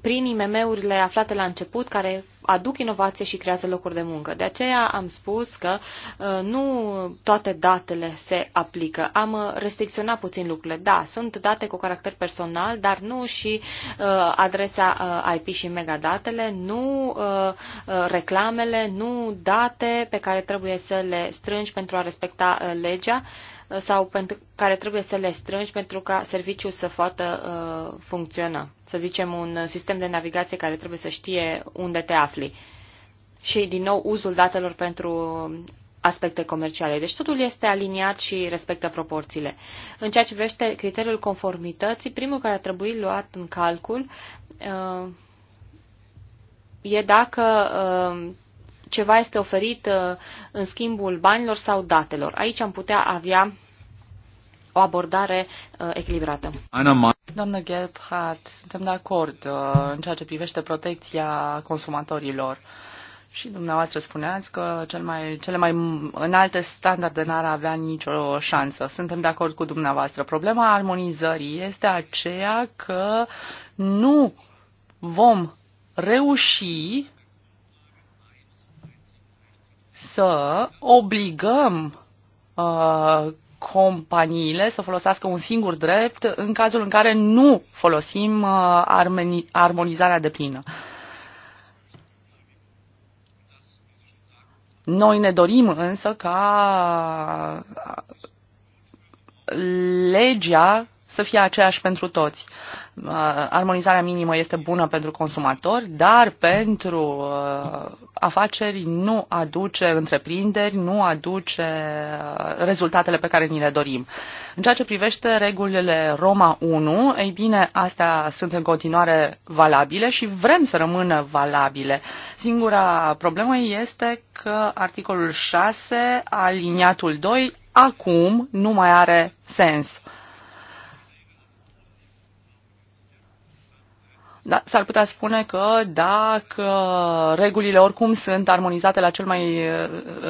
prin IMM-urile aflate la început, care aduc inovație și creează locuri de muncă. De aceea am spus că uh, nu toate datele se aplică. Am uh, restricționat puțin lucrurile. Da, sunt date cu caracter personal, dar nu și uh, adresa IP și megadatele, nu reclamele, nu date pe care trebuie să le strângi pentru a respecta legea sau pentru care trebuie să le strângi pentru ca serviciul să poată uh, funcționa. Să zicem un sistem de navigație care trebuie să știe unde te afli. Și din nou uzul datelor pentru aspecte comerciale. Deci totul este aliniat și respectă proporțiile. În ceea ce privește criteriul conformității, primul care ar trebui luat în calcul uh, e dacă uh, ceva este oferit uh, în schimbul banilor sau datelor. Aici am putea avea o abordare uh, echilibrată. Doamnă Gerbhardt, suntem de acord uh, în ceea ce privește protecția consumatorilor. Și dumneavoastră spuneați că cel mai, cele mai înalte standarde n-ar avea nicio șansă. Suntem de acord cu dumneavoastră. Problema armonizării este aceea că nu vom reuși să obligăm uh, companiile să folosească un singur drept în cazul în care nu folosim uh, armonizarea de plină. Noi ne dorim însă ca legea să fie aceeași pentru toți. Uh, armonizarea minimă este bună pentru consumatori, dar pentru uh, afaceri nu aduce întreprinderi, nu aduce uh, rezultatele pe care ni le dorim. În ceea ce privește regulile Roma 1, ei bine, astea sunt în continuare valabile și vrem să rămână valabile. Singura problemă este că articolul 6, aliniatul 2, acum nu mai are sens. Uh, Da, s-ar putea spune că dacă regulile oricum sunt armonizate la cel mai uh,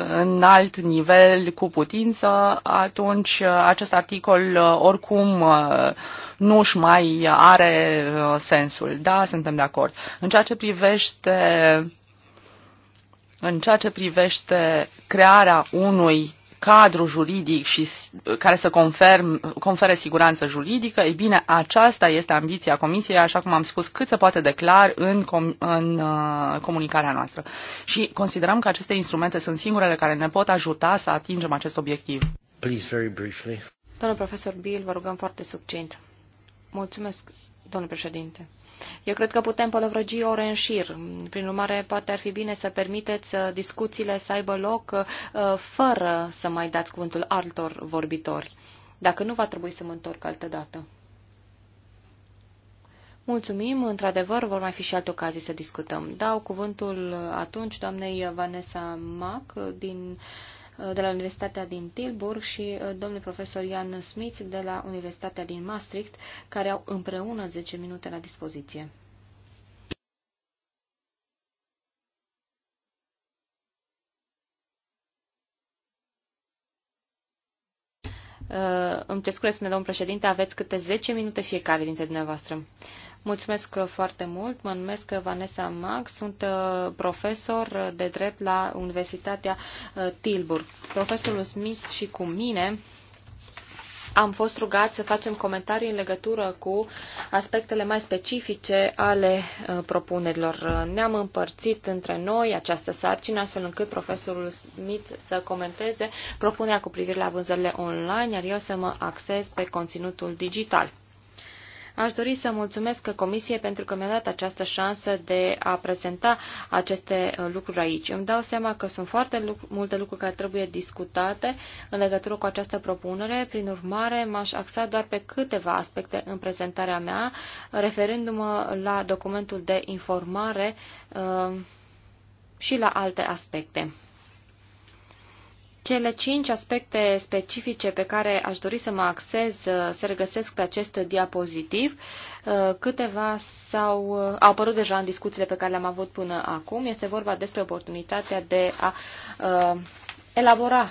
înalt nivel cu putință, atunci uh, acest articol uh, oricum nu își mai are sensul. Da, suntem de acord. În ceea ce privește în ceea ce privește crearea unui cadru juridic și care să confirm, confere siguranță juridică, ei bine, aceasta este ambiția Comisiei, așa cum am spus cât se poate declar în, com- în uh, comunicarea noastră. Și considerăm că aceste instrumente sunt singurele care ne pot ajuta să atingem acest obiectiv. Please, very briefly. Domnul profesor Bill, vă rugăm foarte succint. Mulțumesc, domnule președinte. Eu cred că putem pălăvrăgi ore în șir. Prin urmare, poate ar fi bine să permiteți uh, discuțiile să aibă loc uh, fără să mai dați cuvântul altor vorbitori. Dacă nu, va trebui să mă întorc altă dată. Mulțumim, într-adevăr, vor mai fi și alte ocazii să discutăm. Dau cuvântul uh, atunci doamnei Vanessa Mac din Uh, de la Universitatea din Tilburg și uh, domnul profesor Ian Smith de la Universitatea din Maastricht, care au împreună 10 minute la dispoziție. Uh, îmi cer scuze, domnul președinte, aveți câte 10 minute fiecare dintre dumneavoastră. Uh, Mulțumesc uh, foarte mult. Mă numesc uh, Vanessa Mag, sunt uh, profesor de drept la Universitatea Tilburg. Profesorul Smith și cu mine am fost rugați să facem comentarii în legătură cu aspectele mai specifice ale propunerilor. Ne-am împărțit între noi această sarcină, astfel încât profesorul Smith să comenteze propunerea cu privire la vânzările online, iar eu să mă acces pe conținutul digital. Aș dori să mulțumesc Comisiei pentru că mi-a dat această șansă de a prezenta aceste uh, lucruri aici. Îmi dau seama că sunt foarte multe lucruri care trebuie discutate în legătură cu această propunere. Prin urmare, m-aș axa doar pe câteva aspecte în prezentarea mea, referindu-mă la documentul de informare uh, și la alte aspecte. Cele cinci aspecte specifice pe care aș dori să mă axez uh, se regăsesc pe acest diapozitiv. Uh, câteva s-au, uh, au apărut deja în discuțiile pe care le-am avut până acum. Este vorba despre oportunitatea de a elabora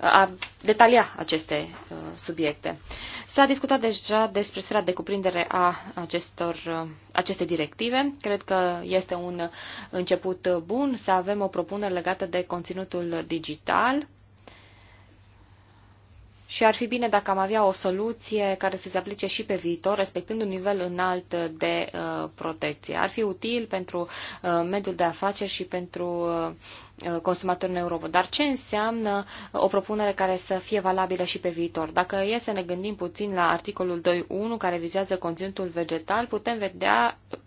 a detalia aceste uh, subiecte. S-a discutat deja despre sfera de cuprindere a acestor, uh, aceste directive. Cred că este un început bun să avem o propunere legată de conținutul digital și ar fi bine dacă am avea o soluție care să se aplice și pe viitor, respectând un nivel înalt de uh, protecție. Ar fi util pentru uh, mediul de afaceri și pentru uh, uh consumatorii în Europa. Dar ce înseamnă uh, o propunere care să fie valabilă și pe viitor? Dacă e să ne gândim puțin la articolul 2.1 care vizează conținutul vegetal, putem vedea uh,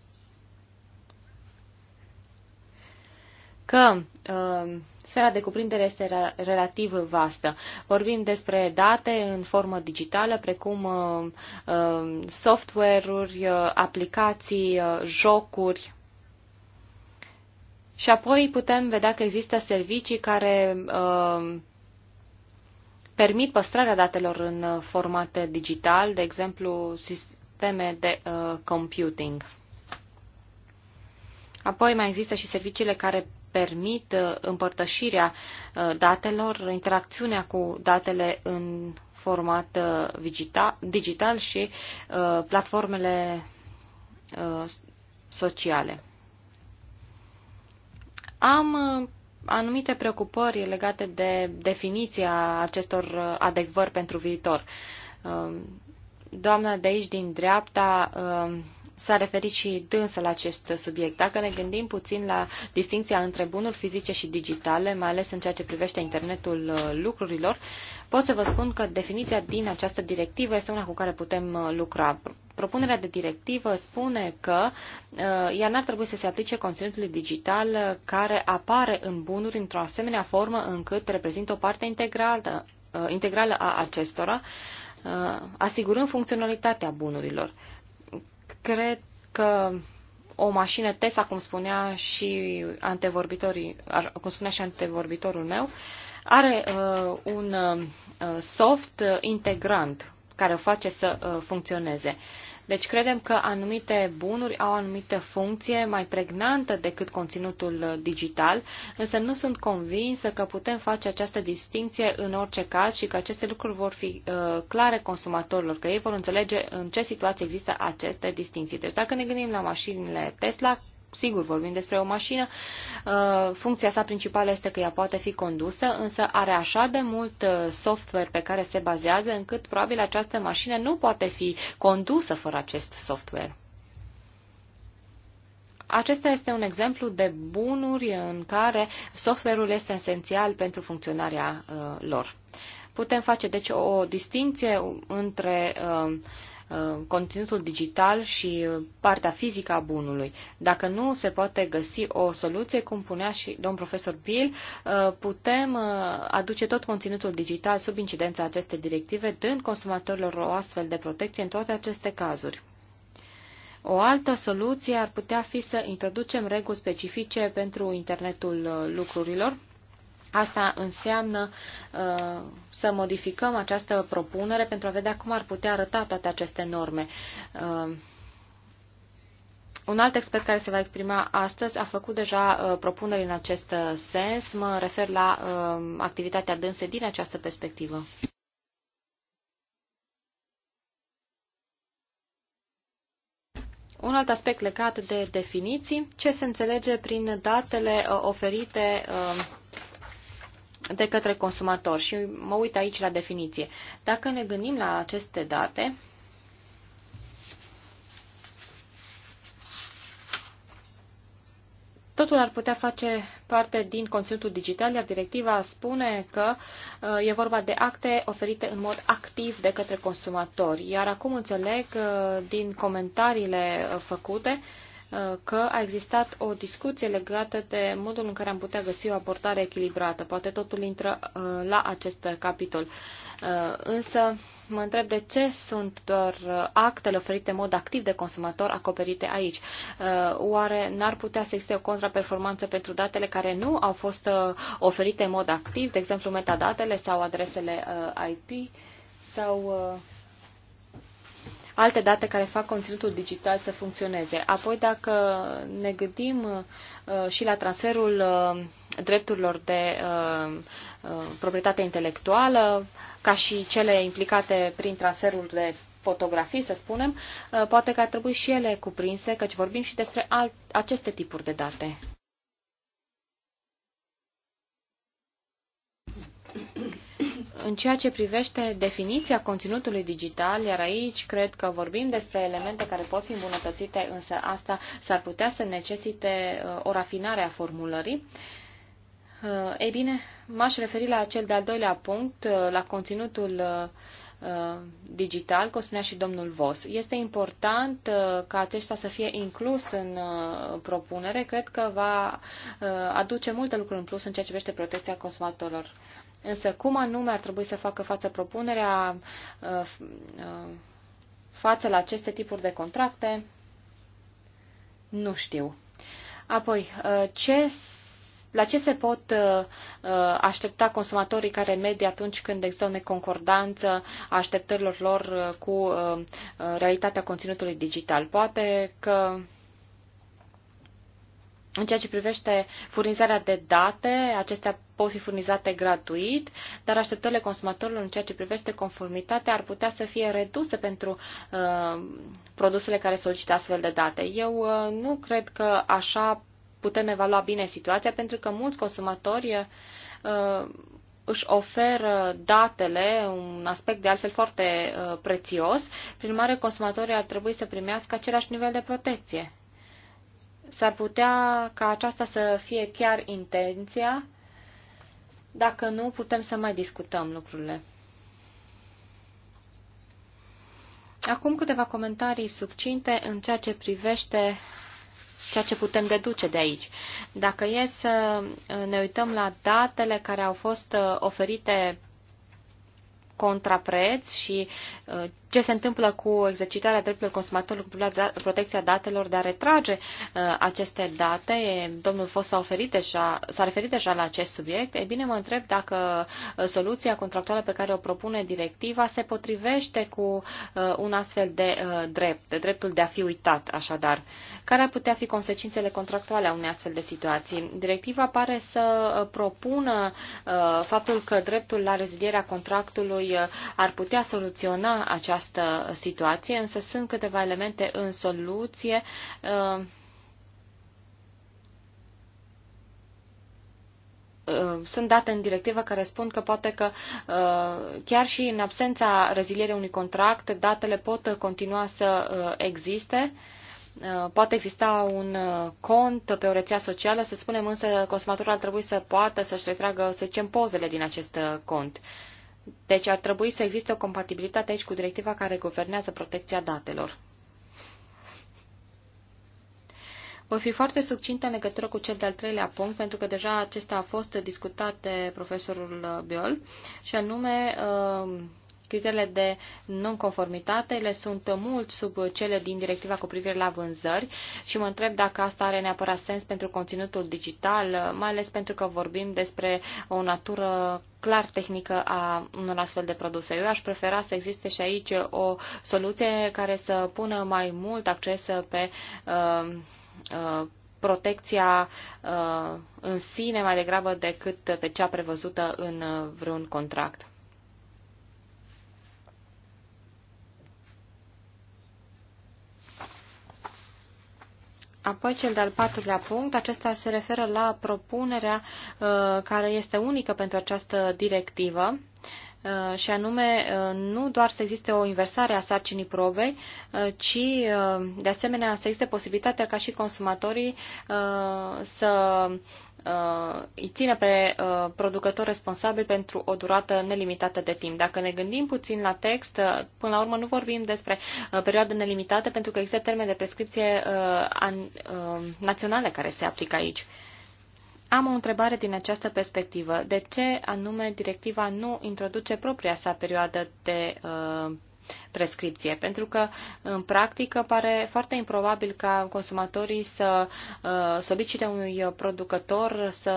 că uh, Sfera de cuprindere este relativ vastă. Vorbim despre date în formă digitală, precum uh, uh, software-uri, uh, aplicații, jocuri. Și apoi putem vedea că există servicii care permit păstrarea datelor în format digital, de exemplu sisteme de computing. Apoi mai există și serviciile care permit uh, împărtășirea uh, datelor, interacțiunea cu datele în format uh, digital și platformele sociale. Am anumite preocupări legate de definiția acestor adecvări pentru viitor. Doamna de aici din dreapta s-a referit și dânsă la acest subiect. Dacă ne gândim puțin la distinția între bunuri fizice și digitale, mai ales în ceea ce privește internetul uh, lucrurilor, pot să vă spun că definiția din această directivă este una cu care putem uh, lucra. Propunerea de directivă spune că uh, ea n-ar trebui să se aplice conținutului digital care apare în bunuri într-o asemenea formă încât reprezintă o parte integrală, uh, integrală a acestora, uh, asigurând funcționalitatea bunurilor. Uh, Cred că o mașină Tesla, cum spunea și antevorbitorii, cum spunea și antevorbitorul meu, are uh, un uh, soft integrant care o face să uh, funcționeze. Deci credem că anumite bunuri au anumite anumită funcție mai pregnantă decât conținutul digital, însă nu sunt convinsă că putem face această distinție în orice caz și că aceste lucruri vor fi uh, clare consumatorilor, că ei vor înțelege în ce situație există aceste distinții. Deci dacă ne gândim la mașinile Tesla, Sigur, vorbim despre o mașină, uh, funcția sa principală este că ea poate fi condusă, însă are așa de mult uh, software pe care se bazează încât probabil această mașină nu poate fi condusă fără acest software. Acesta este un exemplu de bunuri în care software-ul este esențial pentru funcționarea uh, lor. Putem face, deci, o distinție între uh, Uh, conținutul digital și uh, partea fizică a bunului. Dacă nu se poate găsi o soluție, cum punea și domn profesor Bill, uh, putem aduce tot conținutul digital sub incidența acestei directive, dând consumatorilor o astfel de protecție în toate aceste cazuri. O altă soluție ar putea fi să introducem reguli specifice pentru internetul lucrurilor, Asta înseamnă uh, să modificăm această propunere pentru a vedea cum ar putea arăta toate aceste norme. Uh, un alt expert care se va exprima astăzi a făcut deja uh, propuneri în acest uh, sens. Mă refer la uh, activitatea dânse din această perspectivă. Un alt aspect legat de definiții, ce se înțelege prin datele uh, oferite uh, de către consumator. Și mă uit aici la definiție. Dacă ne gândim la aceste date, Totul ar putea face parte din conținutul digital, iar directiva spune că uh, e vorba de acte oferite în mod activ de către consumatori. Iar acum înțeleg uh, din comentariile uh, făcute Uh, că a existat o discuție legată de modul în care am putea găsi o abordare echilibrată. Poate totul intră uh, la acest capitol. Uh, însă mă întreb de ce sunt doar actele oferite în mod activ de consumator acoperite aici. Oare n-ar putea să existe o contraperformanță pentru datele care nu au fost oferite în mod activ, de exemplu metadatele sau adresele IP sau uh, alte date care fac conținutul digital să funcționeze. Apoi, dacă ne gândim uh, și la transferul uh, drepturilor de uh, proprietate intelectuală, ca și cele implicate prin transferul de fotografii, să spunem, poate că ar trebui și ele cuprinse, căci vorbim și despre alt, aceste tipuri de date în ceea ce privește definiția conținutului digital, iar aici cred că vorbim despre elemente care pot fi îmbunătățite, însă asta s-ar putea să necesite uh, o rafinare a formulării. Uh, ei bine, m-aș referi la cel de-al doilea punct, uh, la conținutul digital, cum spunea și domnul Vos. Este important ca acesta să fie inclus în propunere. Cred că va aduce multe lucruri în plus în ceea ce privește protecția consumatorilor. Însă cum anume ar trebui să facă față propunerea uh, uh, față la aceste tipuri de contracte, nu știu. Apoi, uh, ce, la ce se pot aștepta consumatorii care medie atunci când există o neconcordanță a așteptărilor lor cu realitatea conținutului digital? Poate că în ceea ce privește furnizarea de date, acestea pot fi furnizate gratuit, dar așteptările consumatorilor în ceea ce privește conformitatea ar putea să fie reduse pentru uh, produsele care solicită astfel de date. Eu uh, nu cred că așa putem evalua bine situația, pentru că mulți consumatori uh, își oferă datele, un aspect de altfel foarte uh, prețios, prin urmare consumatorii ar trebui să primească același nivel de protecție. S-ar putea ca aceasta să fie chiar intenția. Dacă nu, putem să mai discutăm lucrurile. Acum câteva comentarii subcinte în ceea ce privește ceea ce putem deduce de aici. Dacă e să ne uităm la datele care au fost uh, oferite contrapreț și uh, ce se întâmplă cu exercitarea drepturilor consumatorilor, cu da- protecția datelor, de a retrage uh, aceste date. Domnul Fos s-a, oferit deja, s-a referit deja la acest subiect. E bine, mă întreb dacă uh, soluția contractuală pe care o propune directiva se potrivește cu uh, un astfel de uh, drept, dreptul de a fi uitat, așadar. Care ar putea fi consecințele contractuale a unei astfel de situații? Directiva pare să uh, propună uh, faptul că dreptul la rezilierea contractului uh, ar putea soluționa această această situație, însă sunt câteva elemente în soluție uh, uh, sunt date în directivă care spun că poate că uh, chiar și în absența rezilierei unui contract, datele pot continua să existe. Poate exista un cont pe o rețea socială, să spunem, însă consumatorul ar trebui să poată să-și retragă, să zicem, pozele din acest cont. Uh, deci ar trebui să existe o compatibilitate aici cu directiva care guvernează protecția datelor. Voi fi foarte succintă în legătură cu cel de-al treilea punct, pentru că deja acesta a fost discutat de profesorul Biol, și anume uh, criteriile de nonconformitate ele sunt mult sub cele din directiva cu privire la vânzări și mă întreb dacă asta are neapărat sens pentru conținutul digital, mai ales pentru că vorbim despre o natură clar tehnică a unor astfel de produse. Eu aș prefera să existe și aici o soluție care să pună mai mult acces pe uh, uh, protecția uh, în sine mai degrabă decât pe cea prevăzută în uh, vreun contract. Apoi cel de-al patrulea punct, acesta se referă la propunerea uh, care este unică pentru această directivă Uh, și anume uh, nu doar să existe o inversare a sarcinii probei, uh, ci de asemenea să existe posibilitatea ca și consumatorii să îi țină pe producător responsabil pentru o durată nelimitată de timp. Dacă ne gândim puțin la text, până la urmă nu vorbim despre perioadă nelimitată pentru că există termeni de prescripție naționale care se aplică aici. Am o întrebare din această perspectivă. De ce anume directiva nu introduce propria sa perioadă de uh, prescripție, pentru că în practică pare foarte improbabil ca consumatorii să uh, solicite unui producător să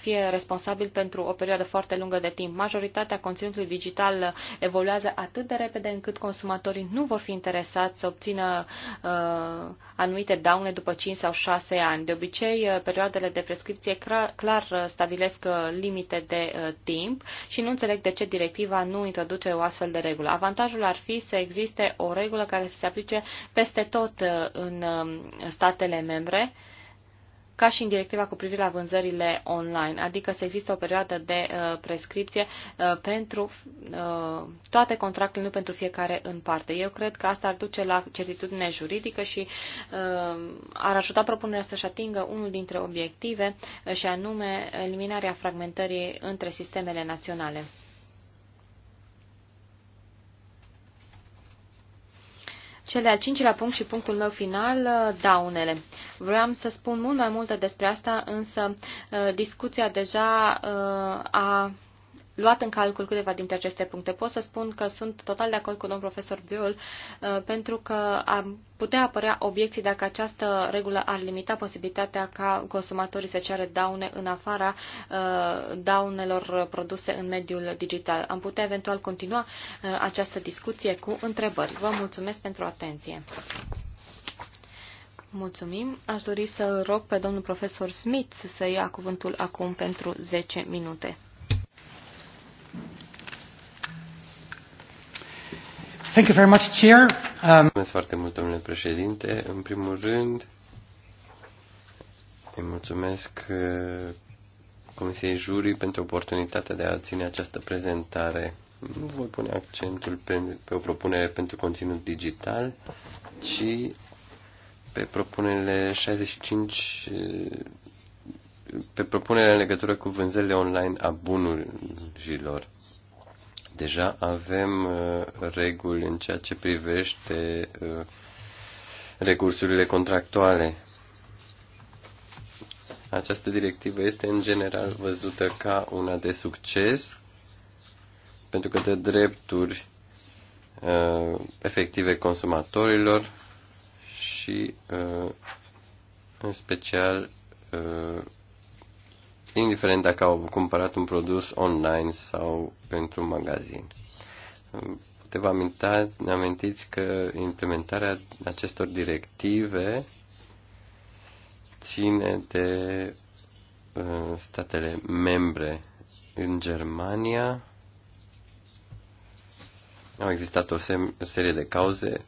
fie responsabil pentru o perioadă foarte lungă de timp. Majoritatea conținutului digital evoluează atât de repede încât consumatorii nu vor fi interesați să obțină uh, anumite daune după 5 sau 6 ani. De obicei, uh, perioadele de prescripție clar stabilesc limite de timp și nu înțeleg de ce directiva nu introduce o astfel de regulă. Avantajul ar fi să existe o regulă care să se aplice peste tot uh, în um, statele membre, ca și în directiva cu privire la vânzările online, adică să există o perioadă de uh, prescripție uh, pentru uh, toate contractele, nu pentru fiecare în parte. Eu cred că asta ar duce la certitudine juridică și uh, ar ajuta propunerea să-și atingă unul dintre obiective, uh, și anume eliminarea fragmentării între sistemele naționale. Cel de-al cincilea punct și punctul meu final, uh, daunele. Vreau să spun mult mai multe despre asta, însă uh, discuția deja uh, a luat în calcul câteva dintre aceste puncte. Pot să spun că sunt total de acord cu domnul profesor Biol, uh, pentru că am putea apărea obiecții dacă această regulă ar limita posibilitatea ca consumatorii să ceară daune în afara uh, daunelor produse în mediul digital. Am putea eventual continua uh, această discuție cu întrebări. Vă mulțumesc pentru atenție. Mulțumim. Aș dori să rog pe domnul profesor Smith să ia cuvântul acum pentru 10 minute. Thank you very much, Chair. Um... Mulțumesc foarte mult, domnule președinte. În primul rând, îi mulțumesc uh, Comisiei Jurii pentru oportunitatea de a ține această prezentare. Nu voi pune accentul pe, pe o propunere pentru conținut digital, ci pe propunerile 65 uh, pe propunerea în legătură cu vânzările online a bunurilor. Deja avem uh, reguli în ceea ce privește uh, recursurile contractuale. Această directivă este în general văzută ca una de succes pentru că dă drepturi uh, efective consumatorilor și uh, în special uh, indiferent dacă au cumpărat un produs online sau într-un magazin. Te vă amintați, ne amintiți că implementarea acestor directive ține de uh, statele membre. În Germania au existat o, sem- o serie de cauze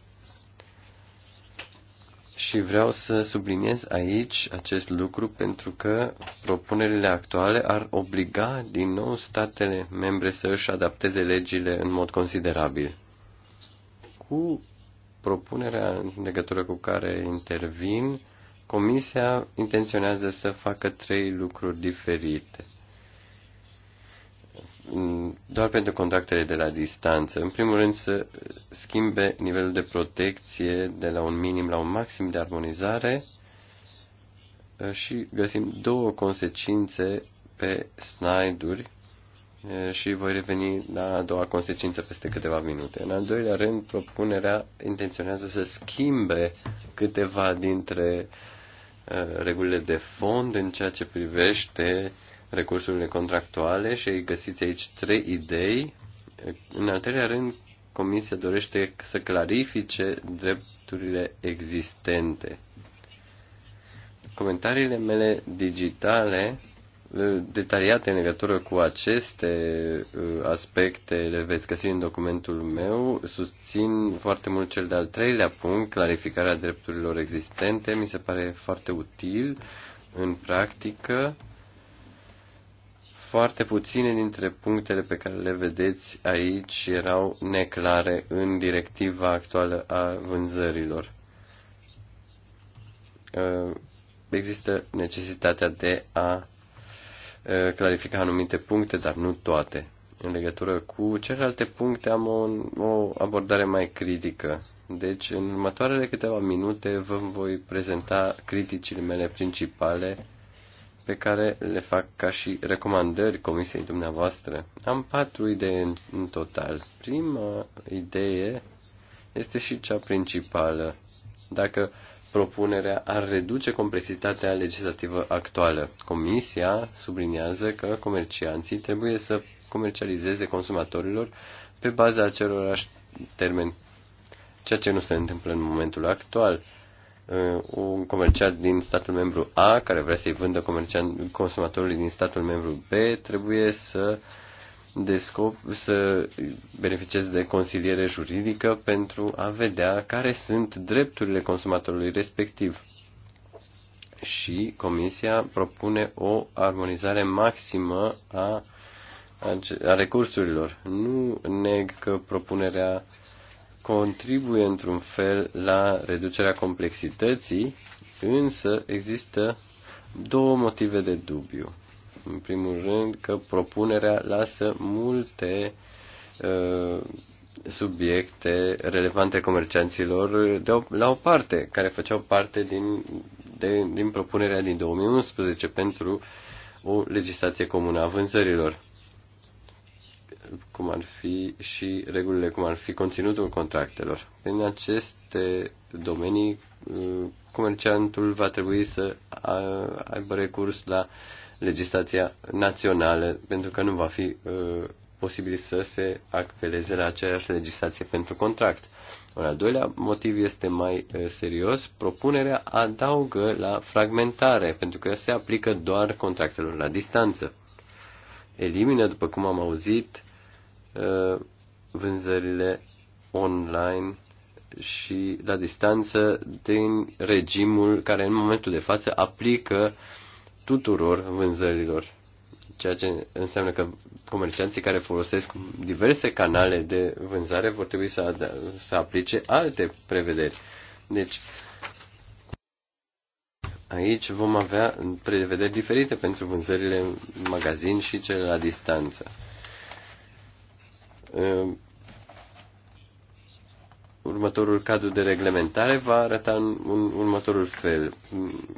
și vreau să subliniez aici acest lucru pentru că propunerile actuale ar obliga din nou statele membre să își adapteze legile în mod considerabil. Cu propunerea în legătură cu care intervin, Comisia intenționează să facă trei lucruri diferite. Mm, doar pentru contactele de la distanță. În primul rând să schimbe nivelul de protecție de la un minim la un maxim de armonizare uh, și găsim două consecințe pe snide uri uh, și voi reveni la a doua consecință peste câteva minute. În al doilea rând, propunerea intenționează să schimbe câteva dintre uh, regulile de fond în ceea ce privește uh, recursurile contractuale și găsiți aici trei idei. În al treilea rând, Comisia dorește să clarifice drepturile existente. Comentariile mele digitale detaliate în legătură cu aceste uh, aspecte le veți găsi în documentul meu. Susțin foarte mult cel de-al treilea punct, clarificarea drepturilor existente. Mi se pare foarte util în practică foarte puține dintre punctele pe care le vedeți aici erau neclare în directiva actuală a vânzărilor. Uh, există necesitatea de a uh, clarifica anumite puncte, dar nu toate. În legătură cu celelalte puncte am o, o abordare mai critică. Deci, în următoarele câteva minute vă voi prezenta criticile mele principale pe care le fac ca și recomandări comisiei dumneavoastră. Am patru idei în, în total. Prima idee este și cea principală. Dacă propunerea ar reduce complexitatea legislativă actuală. Comisia subliniază că comercianții trebuie să comercializeze consumatorilor pe baza acelorași termeni, ceea ce nu se întâmplă în momentul actual. Uh, un comerciant din statul membru A care vrea să-i vândă comerciant, consumatorului din statul membru B trebuie să descop, să beneficieze de consiliere juridică pentru a vedea care sunt drepturile consumatorului respectiv. Și Comisia propune o armonizare maximă a, a recursurilor. Nu neg că propunerea uh, contribuie într-un fel la reducerea complexității, însă există două motive de dubiu. În primul rând că propunerea lasă multe uh, subiecte relevante comercianților de o, la o parte, care făceau parte din, de, din propunerea din 2011 pentru o legislație comună a vânzărilor cum ar fi și regulile, cum ar fi conținutul contractelor. În aceste domenii, uh, comerciantul va trebui să aibă recurs la legislația națională, pentru că nu va fi uh, posibil să se apeleze la aceeași legislație pentru contract. Un al doilea motiv este mai uh, serios. Propunerea adaugă la fragmentare, pentru că se aplică doar contractelor la distanță. Elimină, după cum am auzit, Uh, vânzările online și la distanță din regimul care în momentul de față aplică tuturor vânzărilor. Ceea ce înseamnă că comercianții care folosesc diverse canale de vânzare vor trebui să, să aplice alte prevederi. Deci, aici vom avea prevederi diferite pentru vânzările în magazin și cele la distanță. Ehm, următorul cadru de reglementare va arăta în, următorul fel. Mm,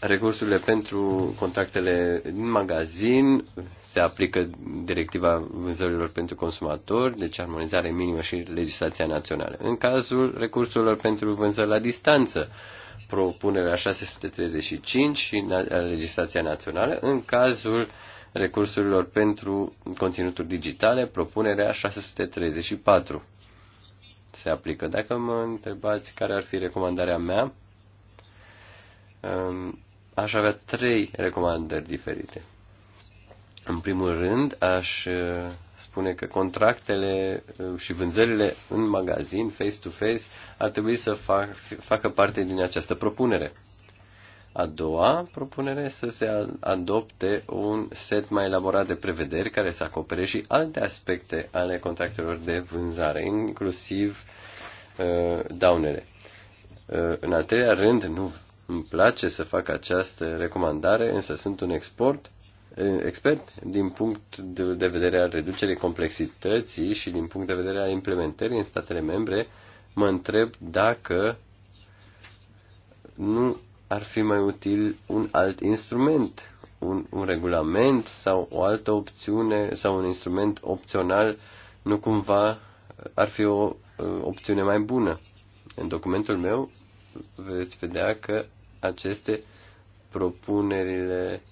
recursurile pentru contactele în magazin se aplică directiva vânzărilor pentru consumatori, deci armonizare minimă și legislația națională. În cazul recursurilor pentru vânzări la distanță, propunerea 635 și legislația națională. În cazul uh, recursurilor pentru conținuturi digitale, propunerea 634 se aplică. Dacă mă întrebați care ar fi recomandarea mea, um, aș avea trei recomandări diferite. În primul rând, aș uh, spune că contractele uh, și vânzările în magazin, face-to-face, -face, ar trebui să fac, facă parte din această propunere. A doua propunere să se adopte un set mai elaborat de prevederi care să acopere și alte aspecte ale contractelor de vânzare, inclusiv uh, daunele. Uh, în al treilea rând, nu îmi place să fac această recomandare, însă sunt un export, uh, expert din punct de vedere al reducerii complexității și din punct de vedere al implementării în statele membre, mă întreb dacă nu ar fi mai util un alt instrument, un, un regulament sau o altă opțiune sau un instrument opțional, nu cumva ar fi o uh, opțiune mai bună. În documentul meu veți vedea că aceste propunerile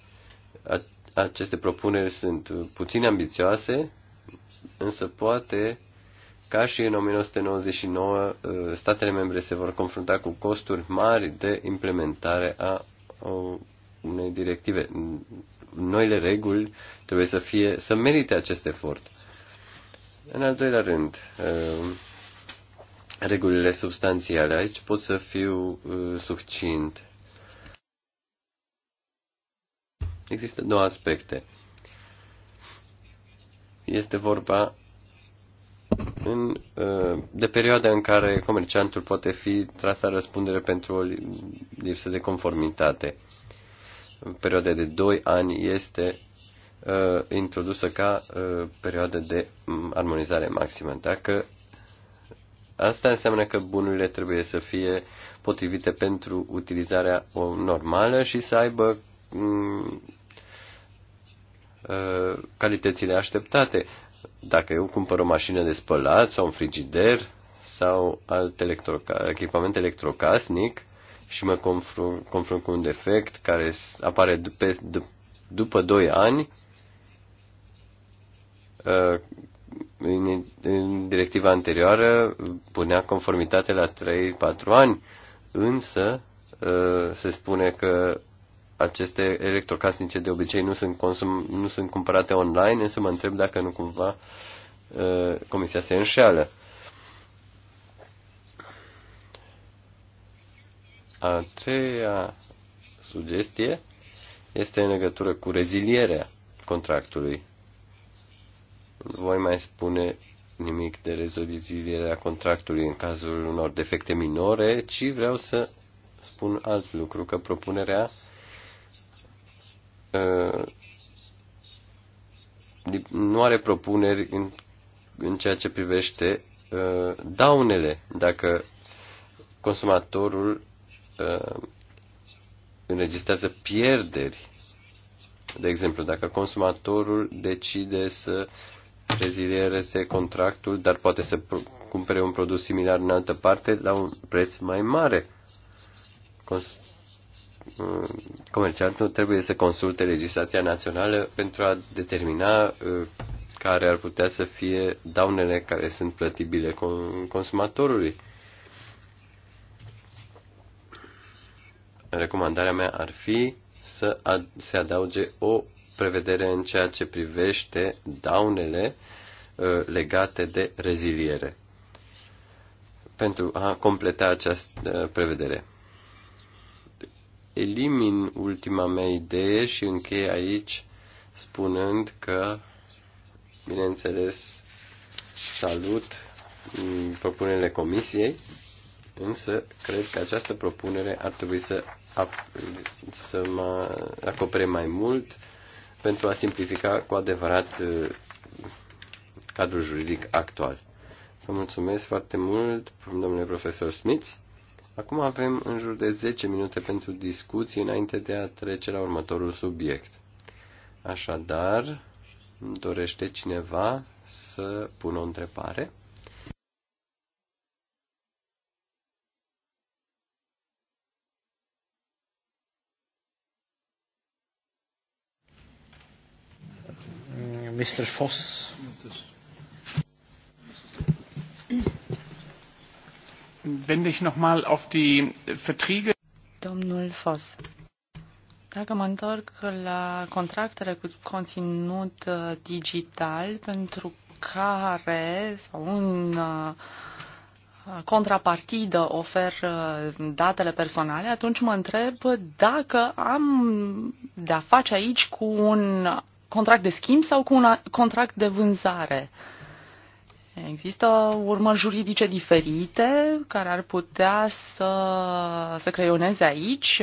aceste propuneri sunt puțin ambițioase, însă poate ca și în 1999, uh, statele membre se vor confrunta cu costuri mari de implementare a unei directive. Noile reguli trebuie să, fie, să merite acest efort. În al doilea rând, uh, regulile substanțiale. Aici pot să fiu uh, suficient. Există două aspecte. Este vorba în, uh, de perioada în care comerciantul poate fi tras la răspundere pentru o lipsă de conformitate. Perioada de 2 ani este uh, introdusă ca uh, perioadă de mm, armonizare maximă. Dacă asta înseamnă că bunurile trebuie să fie potrivite pentru utilizarea normală și să aibă um, calitățile așteptate. Dacă eu cumpăr o mașină de spălat sau un frigider sau alt electroca- echipament electrocasnic și mă confrunt, confrunt cu un defect care apare după, după 2 ani, uh, în directiva anterioară punea conformitate la 3-4 ani, însă uh, se spune că aceste electrocasnice de obicei nu sunt, consum, nu sunt cumpărate online, însă mă întreb dacă nu cumva uh, comisia se înșeală. A treia sugestie este în legătură cu rezilierea contractului. Nu voi mai spune nimic de rezilierea contractului în cazul unor defecte minore, ci vreau să spun alt lucru, că propunerea Uh, nu are propuneri în, în ceea ce privește uh, daunele. Dacă consumatorul uh, înregistrează pierderi, de exemplu, dacă consumatorul decide să rezilieze contractul, dar poate să cumpere un produs similar în altă parte la un preț mai mare. Uh, comerciantul trebuie să consulte legislația națională pentru a determina uh, care ar putea să fie daunele care sunt plătibile consumatorului. Recomandarea mea ar fi să ad- se adauge o prevedere în ceea ce privește daunele uh, legate de reziliere pentru a completa această prevedere elimin ultima mea idee și închei aici spunând că, bineînțeles, salut mm, propunerile comisiei, însă cred că această propunere ar trebui să, să mă acopere mai mult pentru a simplifica cu adevărat uh, cadrul juridic actual. Vă mulțumesc foarte mult, domnule profesor Smith. Acum avem în jur de 10 minute pentru discuții înainte de a trece la următorul subiect. Așadar, dorește cineva să pună o întrebare? Mr. Foss. wende ich nochmal auf die Verträge. Domnul Foss. Dacă mă întorc la contractele cu conținut uh, digital pentru care sau în uh, contrapartidă ofer uh, datele personale, atunci mă întreb dacă am de-a face aici cu un contract de schimb sau cu un contract de vânzare. Uh, Există urmări juridice diferite care ar putea să, să creioneze aici,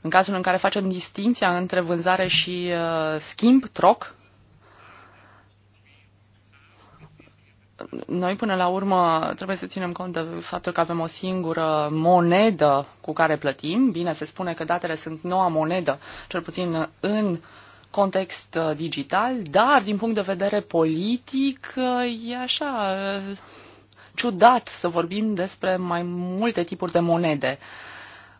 în cazul în care facem distinția între vânzare și uh, schimb, troc. Noi, până la urmă, trebuie să ținem cont de faptul că avem o singură monedă cu care plătim. Bine, se spune că datele sunt noua monedă, cel puțin în uh, context uh, digital, dar din punct de vedere politic uh, e așa uh, ciudat să vorbim despre mai multe tipuri de monede.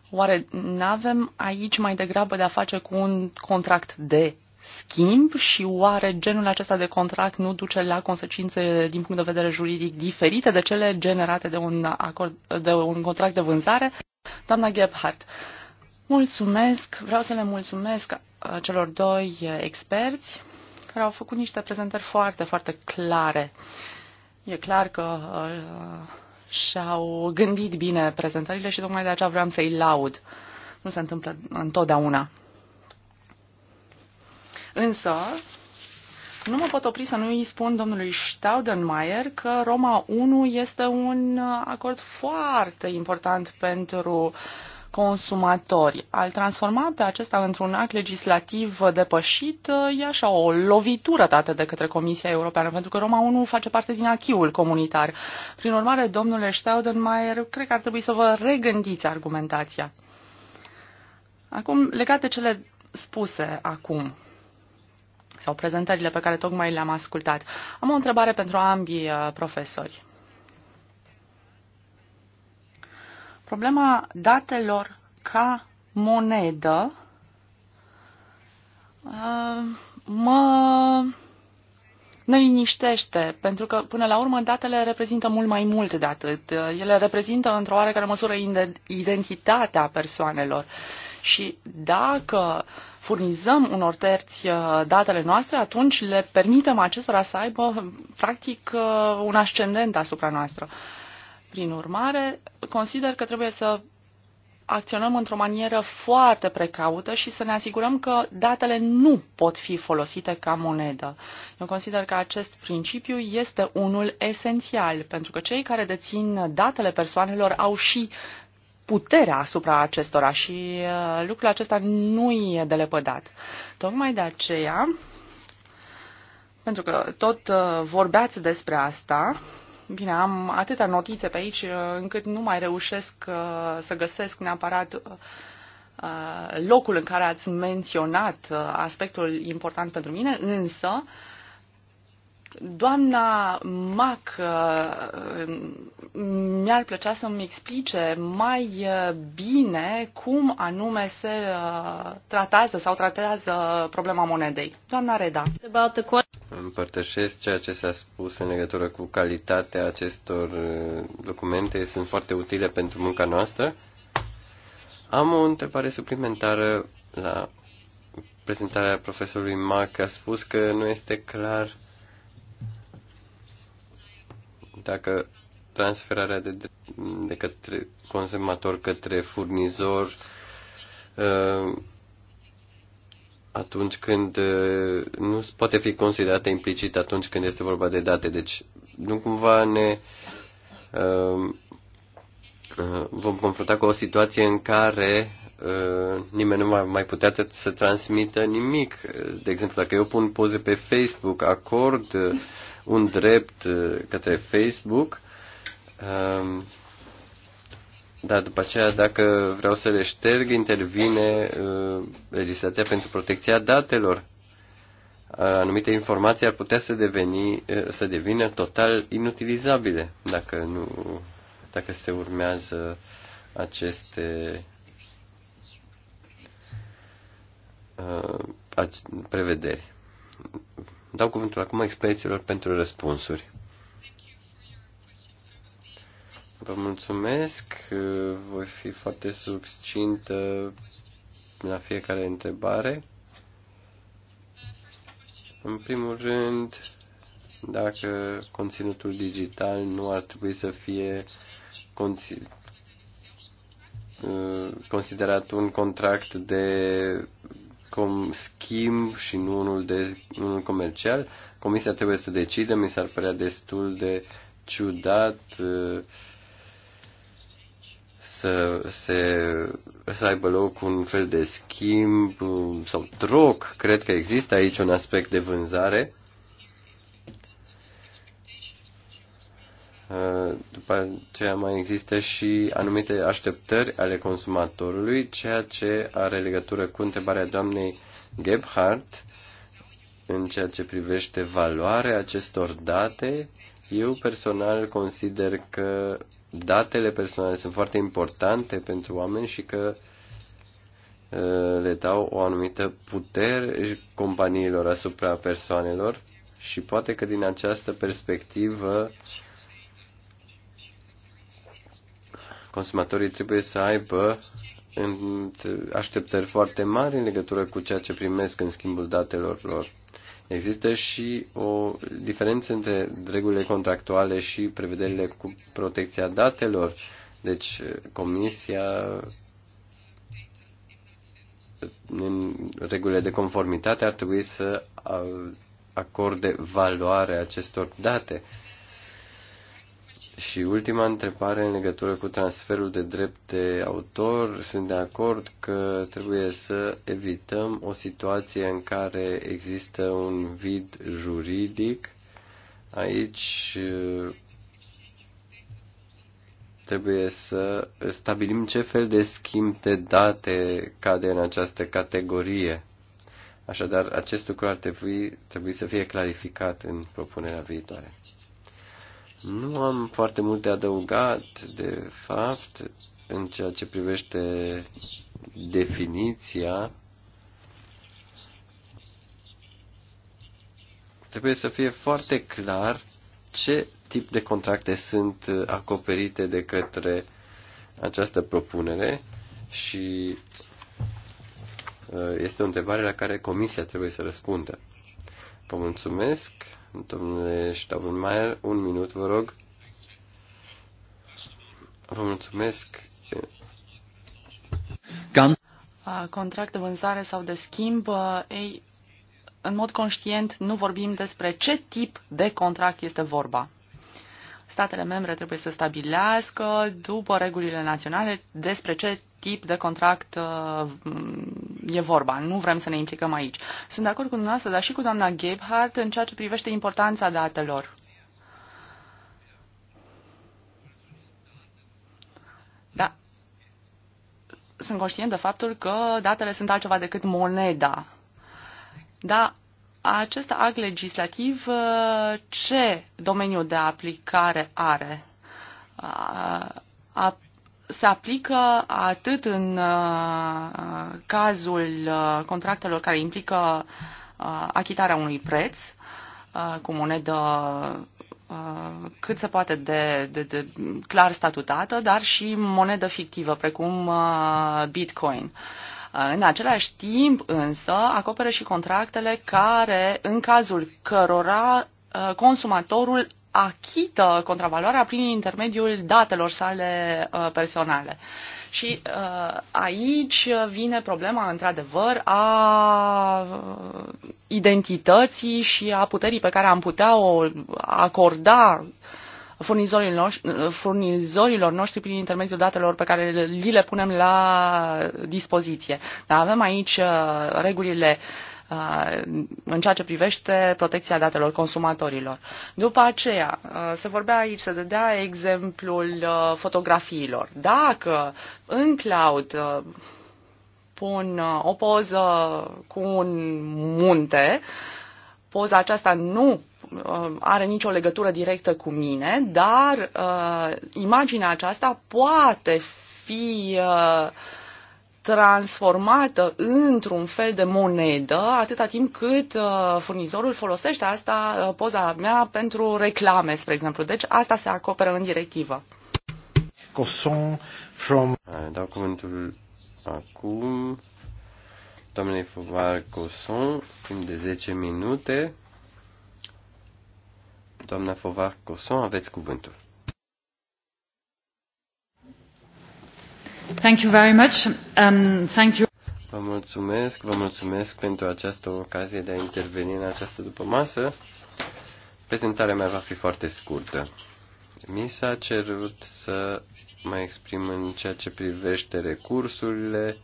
Oare nu avem aici mai degrabă de a face cu un contract de schimb și oare genul acesta de contract nu duce la consecințe din punct de vedere juridic diferite de cele generate de un, acord, de un contract de vânzare? Doamna Gebhardt, mulțumesc, vreau să le mulțumesc Uh, celor doi uh, experți care au făcut niște prezentări foarte, foarte clare. E clar că uh, și-au gândit bine prezentările și tocmai de aceea vreau să-i laud. Nu se întâmplă întotdeauna. Însă, nu mă pot opri să nu îi spun domnului Staudenmayer că Roma 1 este un uh, acord foarte important pentru uh, consumatori. Al transforma pe acesta într-un act legislativ depășit e așa o lovitură dată de către Comisia Europeană, pentru că Roma 1 face parte din achiul comunitar. Prin urmare, domnule Staudenmayer, cred că ar trebui să vă regândiți argumentația. Acum, legate cele spuse acum, sau prezentările pe care tocmai le-am ascultat, am o întrebare pentru ambii uh, profesori. Problema datelor ca monedă uh, mă neliniștește, pentru că, până la urmă, datele reprezintă mult mai mult de atât. Ele reprezintă, într-o oarecare măsură, identitatea persoanelor. Și dacă furnizăm unor terți uh, datele noastre, atunci le permitem acestora să aibă, practic, uh, un ascendent asupra noastră. Prin urmare, consider că trebuie să acționăm într-o manieră foarte precaută și să ne asigurăm că datele nu pot fi folosite ca monedă. Eu consider că acest principiu este unul esențial, pentru că cei care dețin datele persoanelor au și puterea asupra acestora și uh, lucrul acesta nu e de lepădat. Tocmai de aceea, pentru că tot uh, vorbeați despre asta, Bine, am atâtea notițe pe aici uh, încât nu mai reușesc uh, să găsesc neapărat uh, locul în care ați menționat aspectul important pentru mine, însă Doamna Mac, uh, mi-ar plăcea să-mi explice mai uh, bine cum anume se uh, tratează sau tratează problema monedei. Doamna Reda. Împărtășesc ceea ce s-a spus în legătură cu calitatea acestor documente. Sunt foarte utile pentru munca noastră. Am o întrebare suplimentară la prezentarea profesorului Mac. A spus că nu este clar dacă transferarea de, de către consumator către furnizor uh, atunci când uh, nu poate fi considerată implicit atunci când este vorba de date. Deci nu cumva ne uh, vom confrunta cu o situație în care nimeni nu mai putea să transmită nimic. De exemplu, dacă eu pun poze pe Facebook, acord un drept uh, către Facebook, um, dar după aceea, dacă vreau să le șterg, intervine uh, legislația pentru protecția datelor. Uh, anumite informații ar putea să, deveni, să devină total inutilizabile dacă, nu, dacă se urmează aceste prevederi. Dau cuvântul acum experților pentru răspunsuri. Vă mulțumesc, voi fi foarte succintă la fiecare întrebare. În primul rând, dacă conținutul digital nu ar trebui să fie considerat un contract de com, schimb și nu unul, de, unul comercial. Comisia trebuie să decide, mi s-ar părea destul de ciudat uh, să, se, să aibă loc un fel de schimb um, sau troc. Cred că există aici un aspect de vânzare După aceea mai există și anumite așteptări ale consumatorului, ceea ce are legătură cu întrebarea doamnei Gebhardt în ceea ce privește valoarea acestor date. Eu personal consider că datele personale sunt foarte importante pentru oameni și că uh, le dau o anumită putere companiilor asupra persoanelor și poate că din această perspectivă uh, consumatorii trebuie să aibă așteptări foarte mari în legătură cu ceea ce primesc în schimbul datelor lor. Există și o diferență între regulile contractuale și prevederile cu protecția datelor. Deci, Comisia, în regulile de conformitate, ar trebui să acorde valoare acestor date. Și ultima întrebare în legătură cu transferul de drept de autor. Sunt de acord că trebuie să evităm o situație în care există un vid juridic. Aici uh, trebuie să stabilim ce fel de schimb de date cade în această categorie. Așadar, acest lucru ar trebui, trebui să fie clarificat în propunerea viitoare. Nu am foarte mult de adăugat, de fapt, în ceea ce privește definiția. Trebuie să fie foarte clar ce tip de contracte sunt acoperite de către această propunere și uh, este o întrebare la care Comisia trebuie să răspundă. Vă mulțumesc, domnule Staubenmaier. Un minut, vă rog. Vă mulțumesc. Contract de vânzare sau de schimb, ei, în mod conștient nu vorbim despre ce tip de contract este vorba. Statele membre trebuie să stabilească, după regulile naționale, despre ce tip de contract uh, e vorba. Nu vrem să ne implicăm aici. Sunt de acord cu dumneavoastră, dar și cu doamna Gebhardt în ceea ce privește importanța datelor. Da. Sunt conștient de faptul că datele sunt altceva decât moneda. Da, acest act legislativ uh, ce domeniu de aplicare are? Uh, se aplică atât în uh, cazul uh, contractelor care implică uh, achitarea unui preț cu monedă cât se poate de, de, de clar statutată, dar și monedă fictivă, precum Bitcoin. În același timp, însă, acoperă și contractele care, în cazul cărora consumatorul achită contravaloarea prin intermediul datelor sale uh, personale. Și uh, aici vine problema, într-adevăr, a uh, identității și a puterii pe care am putea o acorda furnizorilor noștri, uh, furnizorilor noștri prin intermediul datelor pe care li le punem la dispoziție. Dar avem aici regulile uh, Uh, în ceea ce privește protecția datelor consumatorilor. După aceea, uh, se vorbea aici, se dădea exemplul uh, fotografiilor. Dacă în cloud pun o poză cu un munte, poza aceasta nu are nicio legătură directă cu mine, dar uh, imaginea aceasta poate fi uh, transformată într-un fel de monedă atâta timp cât uh, furnizorul folosește asta, uh, poza mea, pentru reclame, spre exemplu. Deci asta se acoperă în directivă. Cosson from... Dau cuvântul acum Domnule Fovar Coson, timp de 10 minute. Doamna Fovar Coson, aveți cuvântul. Thank you very much. Um, thank you. Vă mulțumesc, vă mulțumesc pentru această ocazie de a interveni în această masă. Prezentarea mea va fi foarte scurtă. Mi s-a cerut să mă exprim în ceea ce privește recursurile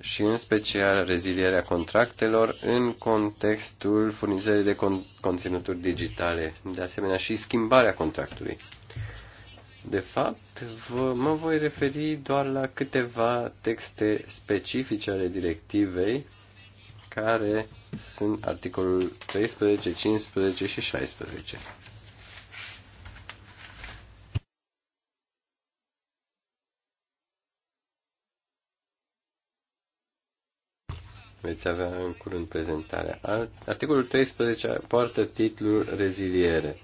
și în special rezilierea contractelor în contextul furnizării de con- conținuturi digitale, de asemenea și schimbarea contractului. De fapt, vă, mă voi referi doar la câteva texte specifice ale directivei, care sunt articolul 13, 15 și 16. veți avea în curând prezentarea. Articolul 13 poartă titlul reziliere.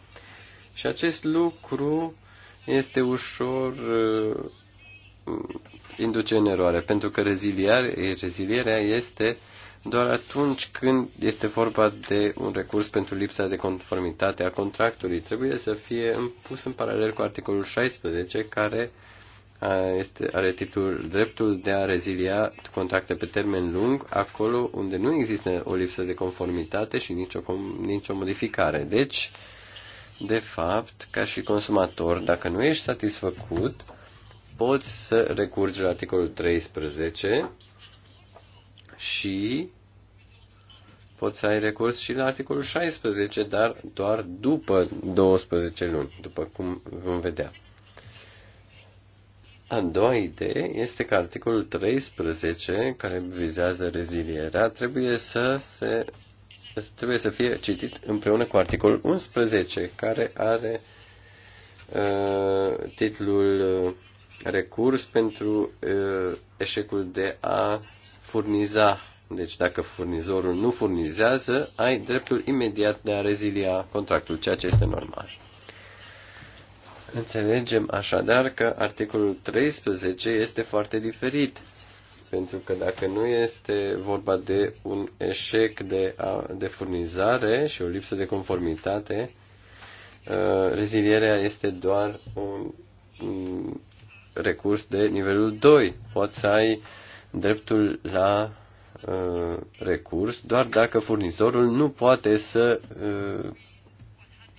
Și acest lucru este ușor uh, induce în eroare, pentru că rezilierea este doar atunci când este vorba de un recurs pentru lipsa de conformitate a contractului. Trebuie să fie pus în paralel cu articolul 16, care este, are titlul dreptul de a rezilia contracte pe termen lung acolo unde nu există o lipsă de conformitate și nicio, nicio modificare. Deci, uh, de fapt, ca și consumator, dacă nu ești satisfăcut, poți să recurgi la articolul 13 și poți să ai recurs și la articolul 16, dar doar după 12 luni, după cum vom vedea. A doua idee este că articolul 13, care vizează rezilierea, trebuie să se trebuie să fie citit împreună cu articolul 11, care are uh, titlul uh, Recurs pentru uh, eșecul de a furniza. Deci dacă furnizorul nu furnizează, ai dreptul imediat de a rezilia contractul, ceea ce este normal. Înțelegem așadar că articolul 13 este foarte diferit pentru că dacă nu este vorba de un eșec de, a, de furnizare și o lipsă de conformitate, uh, rezilierea este doar un, un recurs de nivelul 2. Poți să ai dreptul la uh, recurs doar dacă furnizorul nu poate să uh,